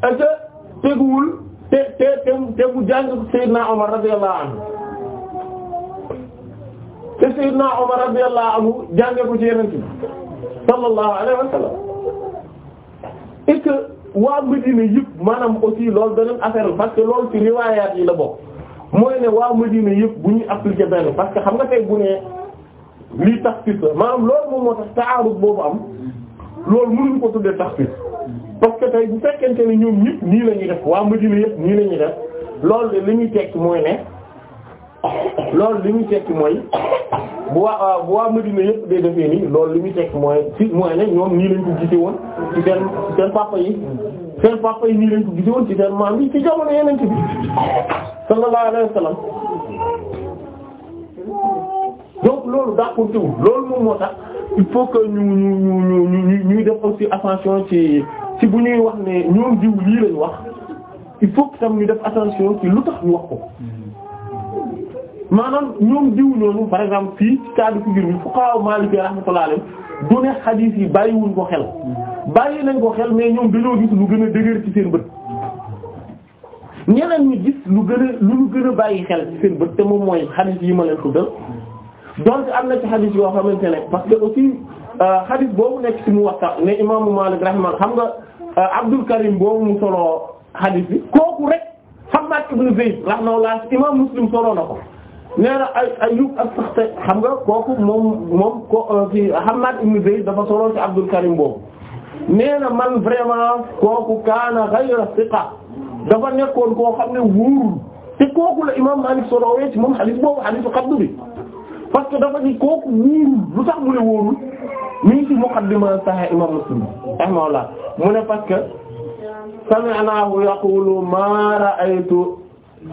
est-ce que teguwul te te te tegu jàng Seydina Omar radiyallahu anhu te Seydina Omar radiyallahu anhu jàngee ko ci yeneen ci sallallahu alayhi wa sallam waa Medina yëpp maanaam aussi loolu beneen affaire parce que loolu ci riwaayaat yi la bokk mooy ne waa Medina yëpp bu ñuy appliquer benn parce que xam nga tey bu ne lii taxfiis la maanaam loolu moom moo tax taarut boobu am loolu mënuñu ko tuddee taxfiis parce que tey bu fekkente ne ñoom ñëpp nii la ñuy def waa Medina yëpp nii la ñuy def loolu de li ñuy tekki mooy ne. loolu li muy tekki mooy bu waa bu waa Madina yëpp day defee nii loolu li muy tekki mooy fi mooy ne ñoom nii lañ ko gisee woon ci seen papa yi seen papa yi nii lañ ko gisee woon ci seen maam yi ci jamono yeneen ci bi sallallahu alayhi wa sallam donc loolu dàquntiwul loolu moom moo tax il faut que ñu ñu ñu ñu ñuy def ci attention ci ci bu ñuy wax ne ñoom diw lii lañ wax il faut que tam ñu def attention ci lu tax ñu wax ko maanaam ñoom diw ñoonu par exemple fii ci cas de figure bi fuqaha Maliki rahmatullahi alayhi du ne xadiis yi bàyyiwuñ ko xel bàyyi nañ ko xel mais ñoom dañoo gis lu gën a dëgër ci seen bët ñeneen ñi gis lu gën a lu ñu gën a bàyyi xel ci seen bët te moom mooy xadiis yi ma leen tuddal donc am na ci xadiis yoo xamante ne parce que aussi xadiis euh, boobu nekk ci Muwatta ne imaamu Maalik rahma xam nga euh, Abdul Karim boobu mu solo xadiis bi kooku rek Hammaad ibn Zayd rahmatullahi imaam Muslim solo ko. nee na ay Ayyub as nga kooku moom moom ko ci euh, Hammaad ibn dafa solo ci Abdul Karim boobu nee na man vraiment kooku kaana ghayra thiqa dafa nekkoon koo xam ne wóorul te kooku la imaam Maalik solowee ci moom xadiis boobu xadiisu xabdu bi parce que dafa ni kooku wóorul lu tax mu ne wóorul mi ngi ci Muslim rahimahullah mu ne parce que yaqulu maa ra'aytu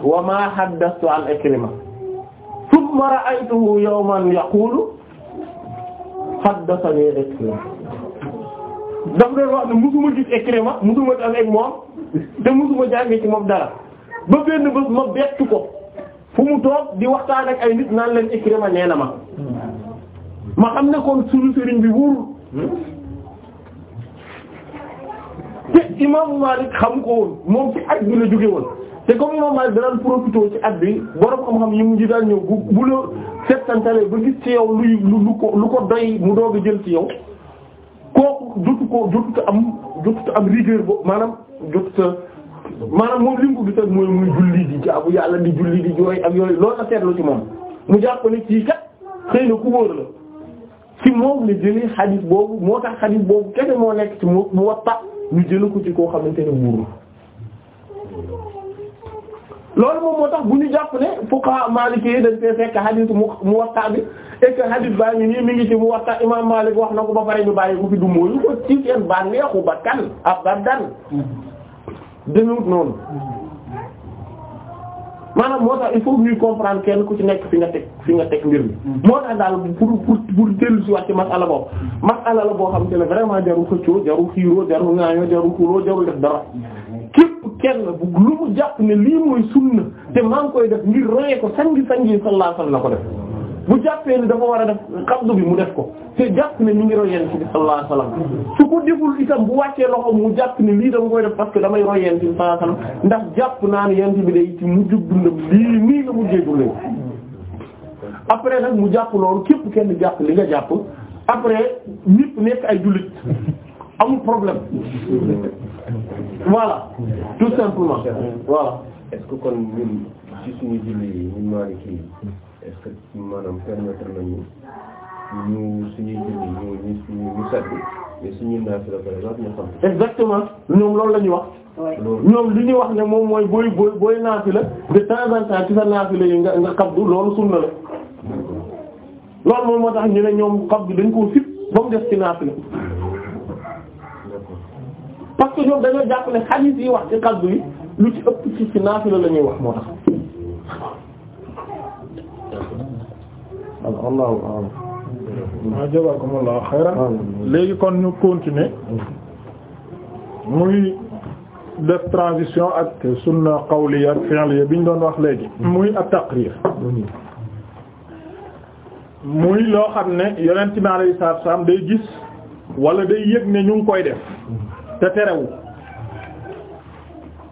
wa maa haddathtu an Ikrima summa ra'aytuhu yawman yaqulu haddathani Ikrima daf doon wax ne musuma gis Ikrima musuma def ak moom te musuma jàngee ci moom dara ba benn bés ma bettu ko fu mu toog di waxtaan ak ay nit naan leen Ikrima nee na ma ma xam ne kon sunu sëriñ bi wóorul te imaamu Maalik xam ko woon moom ci aj bi la jóge woon te comme imam Maalik daan profité ci at bi borom xam-xam yi mu ngi daan ñëw bu bu la seetantalee ba gis ci yow luy lu ko lu ko doy mu doog a jël ci yow kooku jotu ko jotu am jotu am rigueur boobu maanaam jotu maanaam moom li mu ko gisal mooy muy julli di jaabu yàlla di julli di jooy ak yooyu loolu la seetlu ci moom mu jàpp ne ci kat xëy na ku wóor la ci moom la jëlee xadis boobu moo tax xadis boobu kenn moo nekk ci mu mu waxtaan ñu jëlee ko koo xamante ne wóorul. loolu moom moo tax bu ñu jàpp ne fuqaha Maliki yi dañ koy fekk hadith Muwatta bi et que hadith baa ngi nii mi ngi ci Muwatta imam Malik wax na ko ba pare ñu bàyyi ko fi du mooyu ko ci seen bànneexu ba kan abadan demewut noonu maanaam moo tax il faut ñuy comprendre kenn ku ci nekk fi nga teg fi nga teg mbir mi. moo tax daal pour pour pour dellu si wax ci masala boobu masala la boo xam te ne vraiment jarul xëccoo jarul xiiroo jarul ñaayoo jarul xuloo jarul def dara. kenn bu lu mu jàpp ne lii mooy sunna te maa ngi koy def ngir royee ko sangi sangi sallallahu alayhi wasallam la ko def bu jàppee ni dafa war a def xabdu bi mu def ko te jàpp ne mi ngi roy yonent bi sallallahu alayhi wasallam su ko deful itam bu wàccee loxo mu jàpp ne lii dama koy def parce que damay roy yonent bi sallallahu alayhi ndax jàpp naa ne bi day ci mujj dundam lii nii la mujjee dundee après nag mu jàpp loolu képp kenn jàpp li nga jàpp après ñépp nekk ay jullit amul problème voilà tout simplement voilà. est-ce que kon ñun ci suñu exactement ñoom loolu la ñuy wax. ñoom li ñuy wax ne moom mooy booy booy booy naafila de temps en temps ci sa naafila yi nga nga xabdu loolu sunna la loolu moom moo tax ñu ne ñoom xabdu dañ koo sip ba mu def ci naafila parce que ñoom dañoo jàpp ne xadiis yi wax ci xaddu yi lu ci ëpp ci ci la ñuy wax moo tax allahu a'lam ah, jazakumullahu xayran léegi kon ñu continuer muy def transition ak sunna qawliya ak fi'liya bi ñu doon wax léegi hmm. muy ak taqrir hmm. muy loo xam ne yonent bi alayhi salaatu wa salaam day gis wala day yëg ne ñu ngi koy def hmm. te terewu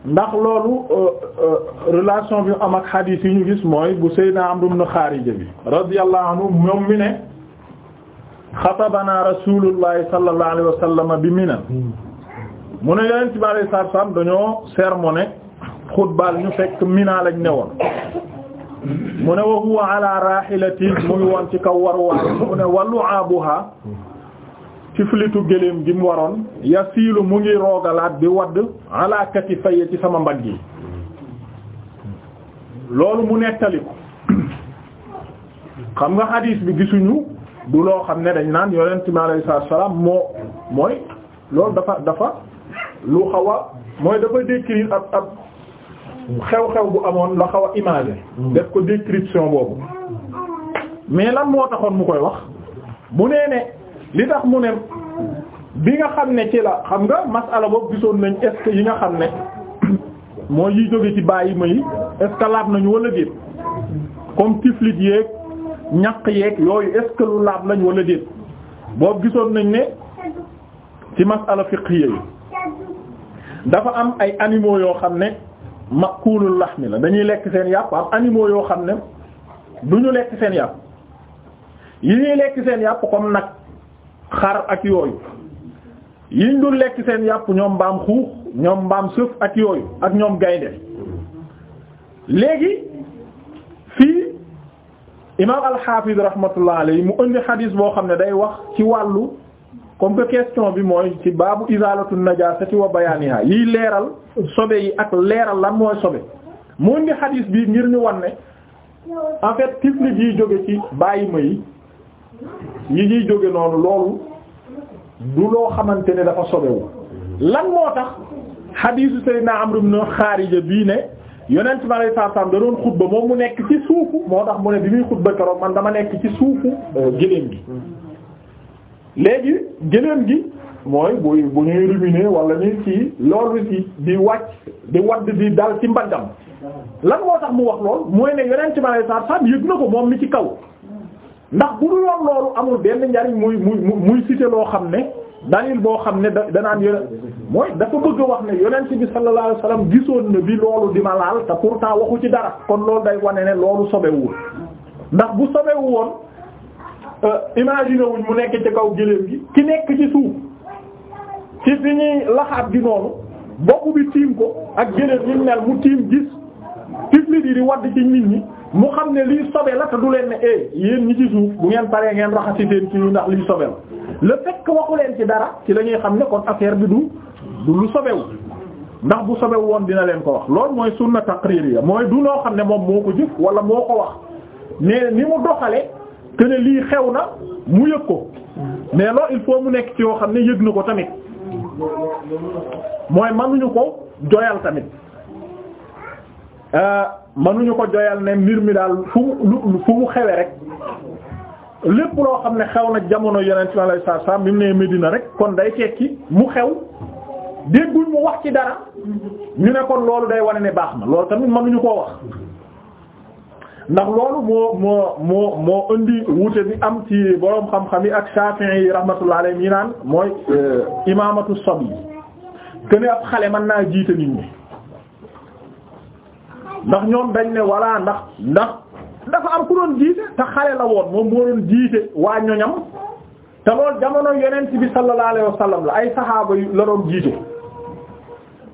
ndax loolu euh, euh, relation bi mu am ak xadiis yi ñu gis mooy bu Seydina Amru ibn Xaarija bi radiyallahu moom mi ne xatabana rasulullahi sallallahu alayhi bi Mina mu ne yonent bi alayhi salaatu dañoo sermoné xutbaal ñu fekk Mina lañ ne woon mu ne wa huwa ala rahilatin mu ci kaw waruwaay mu ne wa lu'aabuha tiflitu géléem gi mu waroon yasiilu mu ngi roogalaat bi wadd ala katifayya ci sama mbagg yi loolu mu nettali xam nga xadiis bi gisuñu du loo xam ne dañ naan yonent mi alayhi salaam moo mooy loolu dafa dafa lu xaw a mooy dafa décrire ab ab xew-xew bu amoon la xaw a imagé def ko description boobu mais lan moo taxoon mu koy wax bu nee ne li tax mu ne bi nga xam ne ci la xam nga masala boobu gisoon nañ est yi nga xam ne mooy yiy jóge ci bàyyi ma yi est laab nañu wala déet comme tiflit yeeg ñaq yeeg yooyu est lu laab lañ wala déet boobu gisoon nañ ne ci masala fiqhiyya yi dafa am ay animaux yoo xam ne ma lax lahmi la dañuy lekk seen yàpp am animaux yoo xam ne du ñu lekk seen yàpp yi ñuy lekk seen yàpp comme nag xar ak yooyu yiñ dul lekk seen yàpp ñoom mbaam xuux ñoom mbaam sëf ak yooyu ak ñoom gaynde léegi fii imaam alxaafiz rahmatullah yi mu indi xadiis boo xam ne day wax ci wàllu comme bi mooy ci baabu izaalatu ci wa bayaaniha yiy leeral sobe yi ak leeral lan mooy sobe mu indi xadiis bii ngir ñu wan ne en fait tiflit yiy jóge ci bàyyi ma yi yi ñuy jóge noonu loolu du loo xamante ne dafa sobewu lan moo tax xadiisu am Amr ibn Xaarija bii ne yonent bi alayhi salaam da doon xutba moom mu nekk ci suufu moo tax mu ne bi muy xutba keroog man dama nekk ci suufu euh, géléem gi léegi géléem gi mooy buy bu ñuy ruminer wala ñuy ci loolu ci di wàcc di wadd di dal ci mbaggam lan moo tax mu wax lool mooy ne yonent bi alayhi salaam yëg na ko moom mi ci kaw ndax bu dul woon loolu amul benn njariñ muy muy muy cité loo xam ne dalil boo xam ne da danaan yonent mooy dafa bëgg wax ne yonent bi sallallahu salaam wasallam gisoon na bi loolu di ma laal te pourtant waxu ci dara kon lool day wane ne loolu sobewul ndax bu sobewu woon euh, imaginer mu nekk ci kaw gëléem gi ki nekk ci suuf ci fi ñuy laxaat gi noonu bokku bi tiim ko ak gëléem ñi mel mu tiim gis tiflit yi di wadd ci nit ñi mu xam ne lii sobe la te du leen ne eh yéen ñi ci suuf bu ngeen paree ngeen raxasi seen ci ndax lii sobe la le fekk waxu leen ci dara ci la ñuy xam ne kon affaire bi du du lu sobewu ndax bu sobewu woon dina leen ko wax loolu mooy sunna taqririya mooy du loo xam ne moom moo ko jëf wala moo ko wax mais ni mu doxale que ne lii xew na mu yëg ko mais loolu il faut mu nekk ci yoo xam ne yëg na ko tamit mooy mënuñu ko joyal tamit. Euh, mënuñu ko joyal ne mbir mi daal fu mu fu mu xewe rek lépp loo xam ne xew na jamono yonent sallallahu alayhi wasallam bi mu nee Medina rek kon day tekki mu xew dégguñ mu wax ci dara ñu ne kon loolu day wane ne baax na loolu tamit mënuñu koo wax ndax loolu moo moo moo moo indi wuute bi am ci boroom xam-xam yi ak Shafi'i yi rahmatullahi alayhi yi naan mooy euh, imaamatu sabi yi ne ab xale mën naa jiite nit ñi ndax ñoom dañ ne walla ndax ndax dafa am ku doon jiite te xale la woon moom moo doon jiite waa ñoñam te loolu jamono yonent bi sallallahu alayhi wasallam la ay saxaaba yu la doon jiite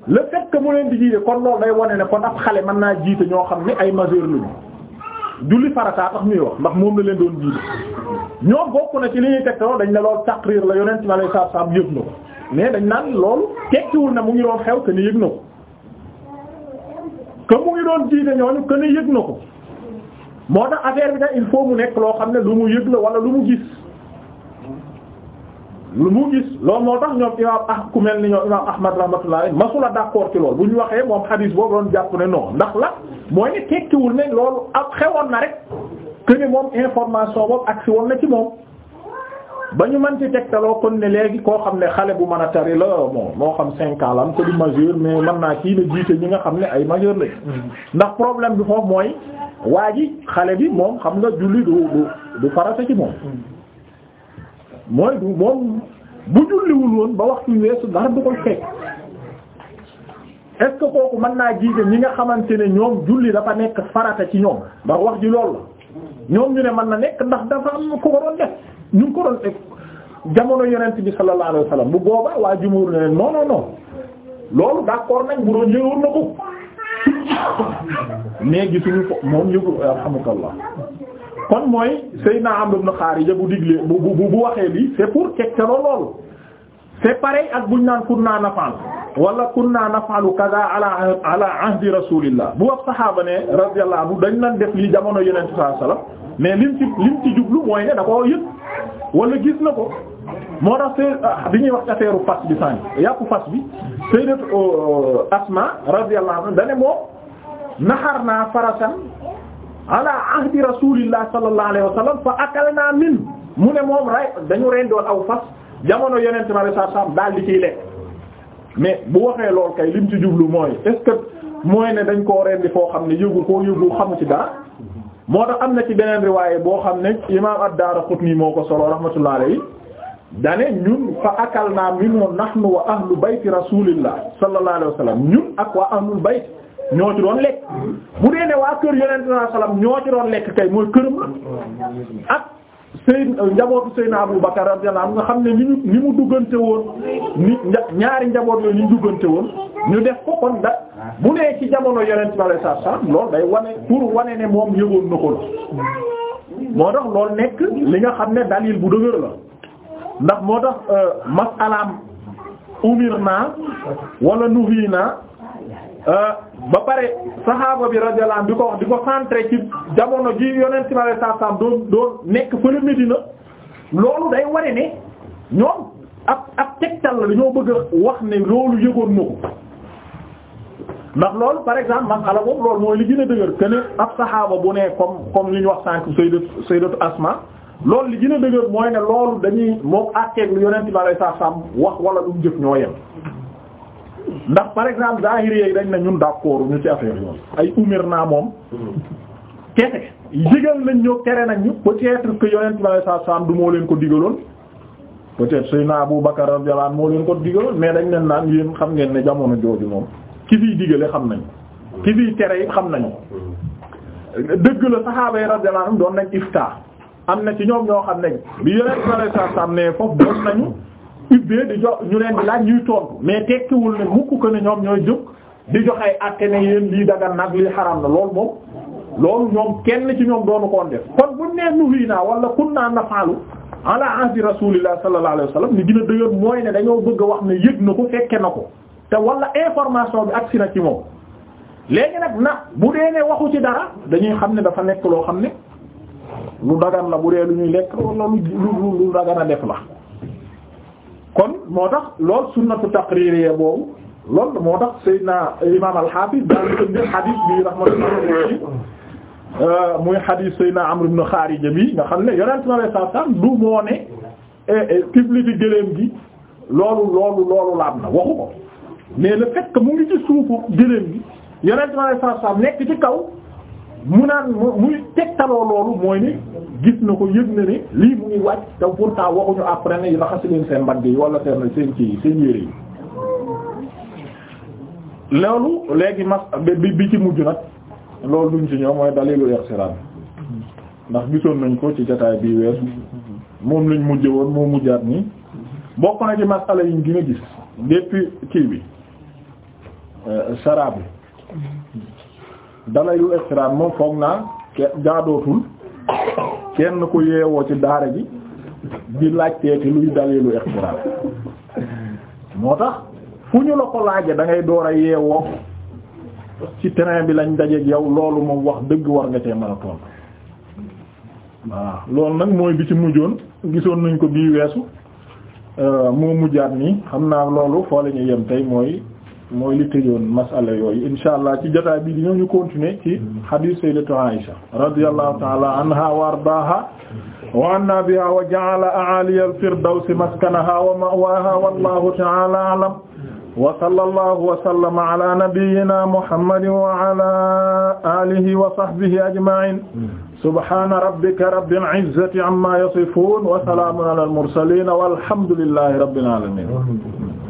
le fait que mu leen di jiite kon loolu day wone ne kon ab xale mën naa jiite ñoo xam ne ay majeur lañu julli farataa tax ñuy wax ndax moom la leen doon jiite ñoom bokk na ci li ñuy teg dañ ne loolu taqrir la yonent bi sallallahu alayhi wasallam yëg na ko mais dañ naan loolu tekkiwul na mu ngi doon xew te que mu ngi doon jiite ñooñu que ne yëg na ko moo tax affaire bi nag il faut mu nekk loo xam ne lu mu yëg la wala lu mu gis lu mu gis loolu moo tax ñoom imaam ah ku mel ni ñoom imaam Ahmad rahmatullah alayhi a d'accord ci loolu bu ñu waxee moom hadis boobu doon jàpp ne non ndax la mooy ne tekkiwul ne loolu ab xewoon na rek que moom information boobu agsi woon na ci moom ba ñu mën ci tegtaloo kon ne léegi koo xam ne xale bu man a tari la bon moo xam cinq ans la ko du majeur mais mën naa kii na jiite ñi nga xam ne ay majeur lañ mm-hmm. ndax problème bi foofu mooy waa ji xale bi moom xam nga julli du du du farata ci moom mm-hmm. mooy du moom bu julliwul woon ba waxtu weesu dara du ko fekk est-ce que mën naa jiite ñi nga xamante ne ñoom julli dafa nekk farata ci ñoom ndax wax ji loolu la ñoom ñu ne mën na nekk ndax dafa am ko ko doon ñu ngi ko doon teg jamono yonent bi sallallahu alayhi wa bu boobaa waa jumhur ne non non non loolu d'accord nañ bu doon yëgoon na ko mais gisuñu ko moom yëgu alhamdulillah kon mooy Seydina Amr ibn Kharija bu digle bu bu bu waxee lii c'est pour tegtaloo loolu. c'est pareil ak buñ naan kunna nafal wala kunna nafalu kaza ala ala ahdi rasulillah bu wax saxaaba ne radiyallahu anhu dañ nan def li jamono yonente sallallahu alayhi wasallam mais lim ci lim ci jublu mooy ne da ko yëg wala gis na ko moo tax see ah, bi ñuy wax affaire fas bi sànni yàpp fas bi sayyidat euh, Asma radiyallahu anha dane moom naxar naa farasan ala ahdi rasulillah sallallahu alayhi wasallam fa akalna min mu ne moom ray dañu rendoon aw fas jamono yeneen ci mara saa daal di ciy lekk mais bu waxee lool kay lim ci jublu mooy est mooy ne dañ ko rendi foo xam ne yëgu koo yëgu xamu ci dara moo tax am na ci beneen riwaaye boo xam ne imaam ad-Daaraqutni moo ko solo rahmatullahi alayhi dane ñun fa akalna minhu nahnu wa ahlu bayti rasulillah sallallahu alayhi wa sallam ñun ak waa ahlul bayt ñoo ci doon lekk bu dee ne waa kër yonent sallallahu alayhi wa sallam ñoo ci doon lekk kay mooy këram ak Seyd euh, njabootu Seydina Abu Bakar radiyallahu anhu nga xam ne ni ñu ni mu duggante woon ni ñaari njaboot yooyu ni ñu duggante woon ñu def ko kon da bu ne ci jamono yeneen bi alayhi salaam loolu day wane pour wane ne moom yëgoon na ko la moo tax loolu nekk li nga xam ne dalil bu dëgër la ndax moo tax euh, masalaam umir naa wala nuhi naa Euh, ba pare saxaaba bi radiyallahu anhu di ko wax di ko centré ci jamono ji yonent ma lay sàmm doon doon nekk fële Medina loolu day ware ne ñoom ab ab tegtal la dañoo bëgg a wax ne loolu yëgoon na ko ndax loolu par exemple masala boobu lool mooy li gën a dëgër que ne ab saxaaba bu ne comme comme li ñu wax sànq Sayyidatu Sayyidatu Asma loolu li gën a dëgër mooy ne loolu dañuy moom àtteeg lu yonent ma lay sàmm wax wala lu mu jëf ñoo yem. ndax par exemple zahiri yi dañ na ñun d'accord ñu ci affaire yooyu ay umir naa moom kese digal nañ ñu tere nañ ñu peut-être que yonent bi sallallahu du moo leen ko digaloon peut-être Seydina Abu Bakar radiyallahu anhu moo leen ko digaloon mais dañ leen naan yéen xam ngeen ne jamono jooju moom ki fiy digale xam nañ ki fiy tere it xam nañu ko dëgg la saxaaba yi radiyallahu anhum doon nañ ifta am na ci ñoom ñoo xam ne bi yonent bi am ne foofu doon nañu ubbee di jox ñu leen di laaj ñuy tontu mais tekkiwul ne mukk ko ne ñoom ñooy jóg di joxay ay ne yéen lii dagan nag lii xaram na loolu moom loolu ñoom kenn ci ñoom doonu koon def kon bu nee nuhii naa wala kunnaa nafaalu ala ahdi rasulillah sallallahu alayhi wasallam ni gën a dëgër mooy ne dañoo bëgg a wax ne yëg na ko fekke na ko te wala information bi agsi na ci moom léegi nag na bu dee ne waxu ci dara dañuy xam ne dafa nekk loo xam ne lu dagan la bu dee ñuy lekk wala lu a def la kon moo tax lool sunnatu taqririyya boobu loolu moo tax Seydina Imaam al-Hafiz daal di indi hadith bi rahmatullahi euh, muy hadith Seydina bi nga xam ne Yonent bi sallallahu alayhi wa sallam du moo ne publicité eh, eh, gëléem gi loolu loolu loolu laab na waxu ko mais le fait mu ngi ci suufu gëléem gi Yonent bi sallallahu nekk ci kaw. mu naan muy tegtaloo loolu mooy ni gis na ko yëg na ne lii mu ngi wàcc te pourtant waxuñu après ne raxasi leen seen mbagg yi wala seen seen ci seen yére yi loolu léegi mas bi bi ci mujj nag loolu duñ ci ñëw mooy dalilu irsiran ndax gisoon nañ ko ci jataay bii weesu moom lañ mujj woon moo mujjaat nii bokk na ci masala yi ñu gën a gis depuis kii bi euh, sharab bi dalayu ixtiraan moom foog naa jaadootul kenn ku yeewoo ci daara bi di laajteeti luy dalilu ixtiraan moo tax fu ñu la ko laaje da ngay door a yeewoo ci terrain bi lañ dajeeg yow loolu moom wax dëgg war nga cee mën a toll waaw loolu nag mooy bi ci mujjoon gisoon nañ ko bii weesu euh, moo mujjaat nii xam naa loolu foo yem tey mooy mooy li tëjoon masala yooyu insha allah ci jotaay bi di ñoo ñu continuer ci mm-hmm. hadith sayyidatu Aisha radiyallahu ta'ala anha wa ardaaha wa anna biha wa ja'ala a'ali al-firdaws maskanaha wa ma'waha wallahu ta'ala a'lam wa sallallahu wa sallama ala nabiyyina muhammadin wa ala alihi wa sahbihi ajma'in mm-hmm. subhana rabbika rabbil izzati amma yasifun wa salamun ala al-mursalin walhamdulillahi rabbil alamin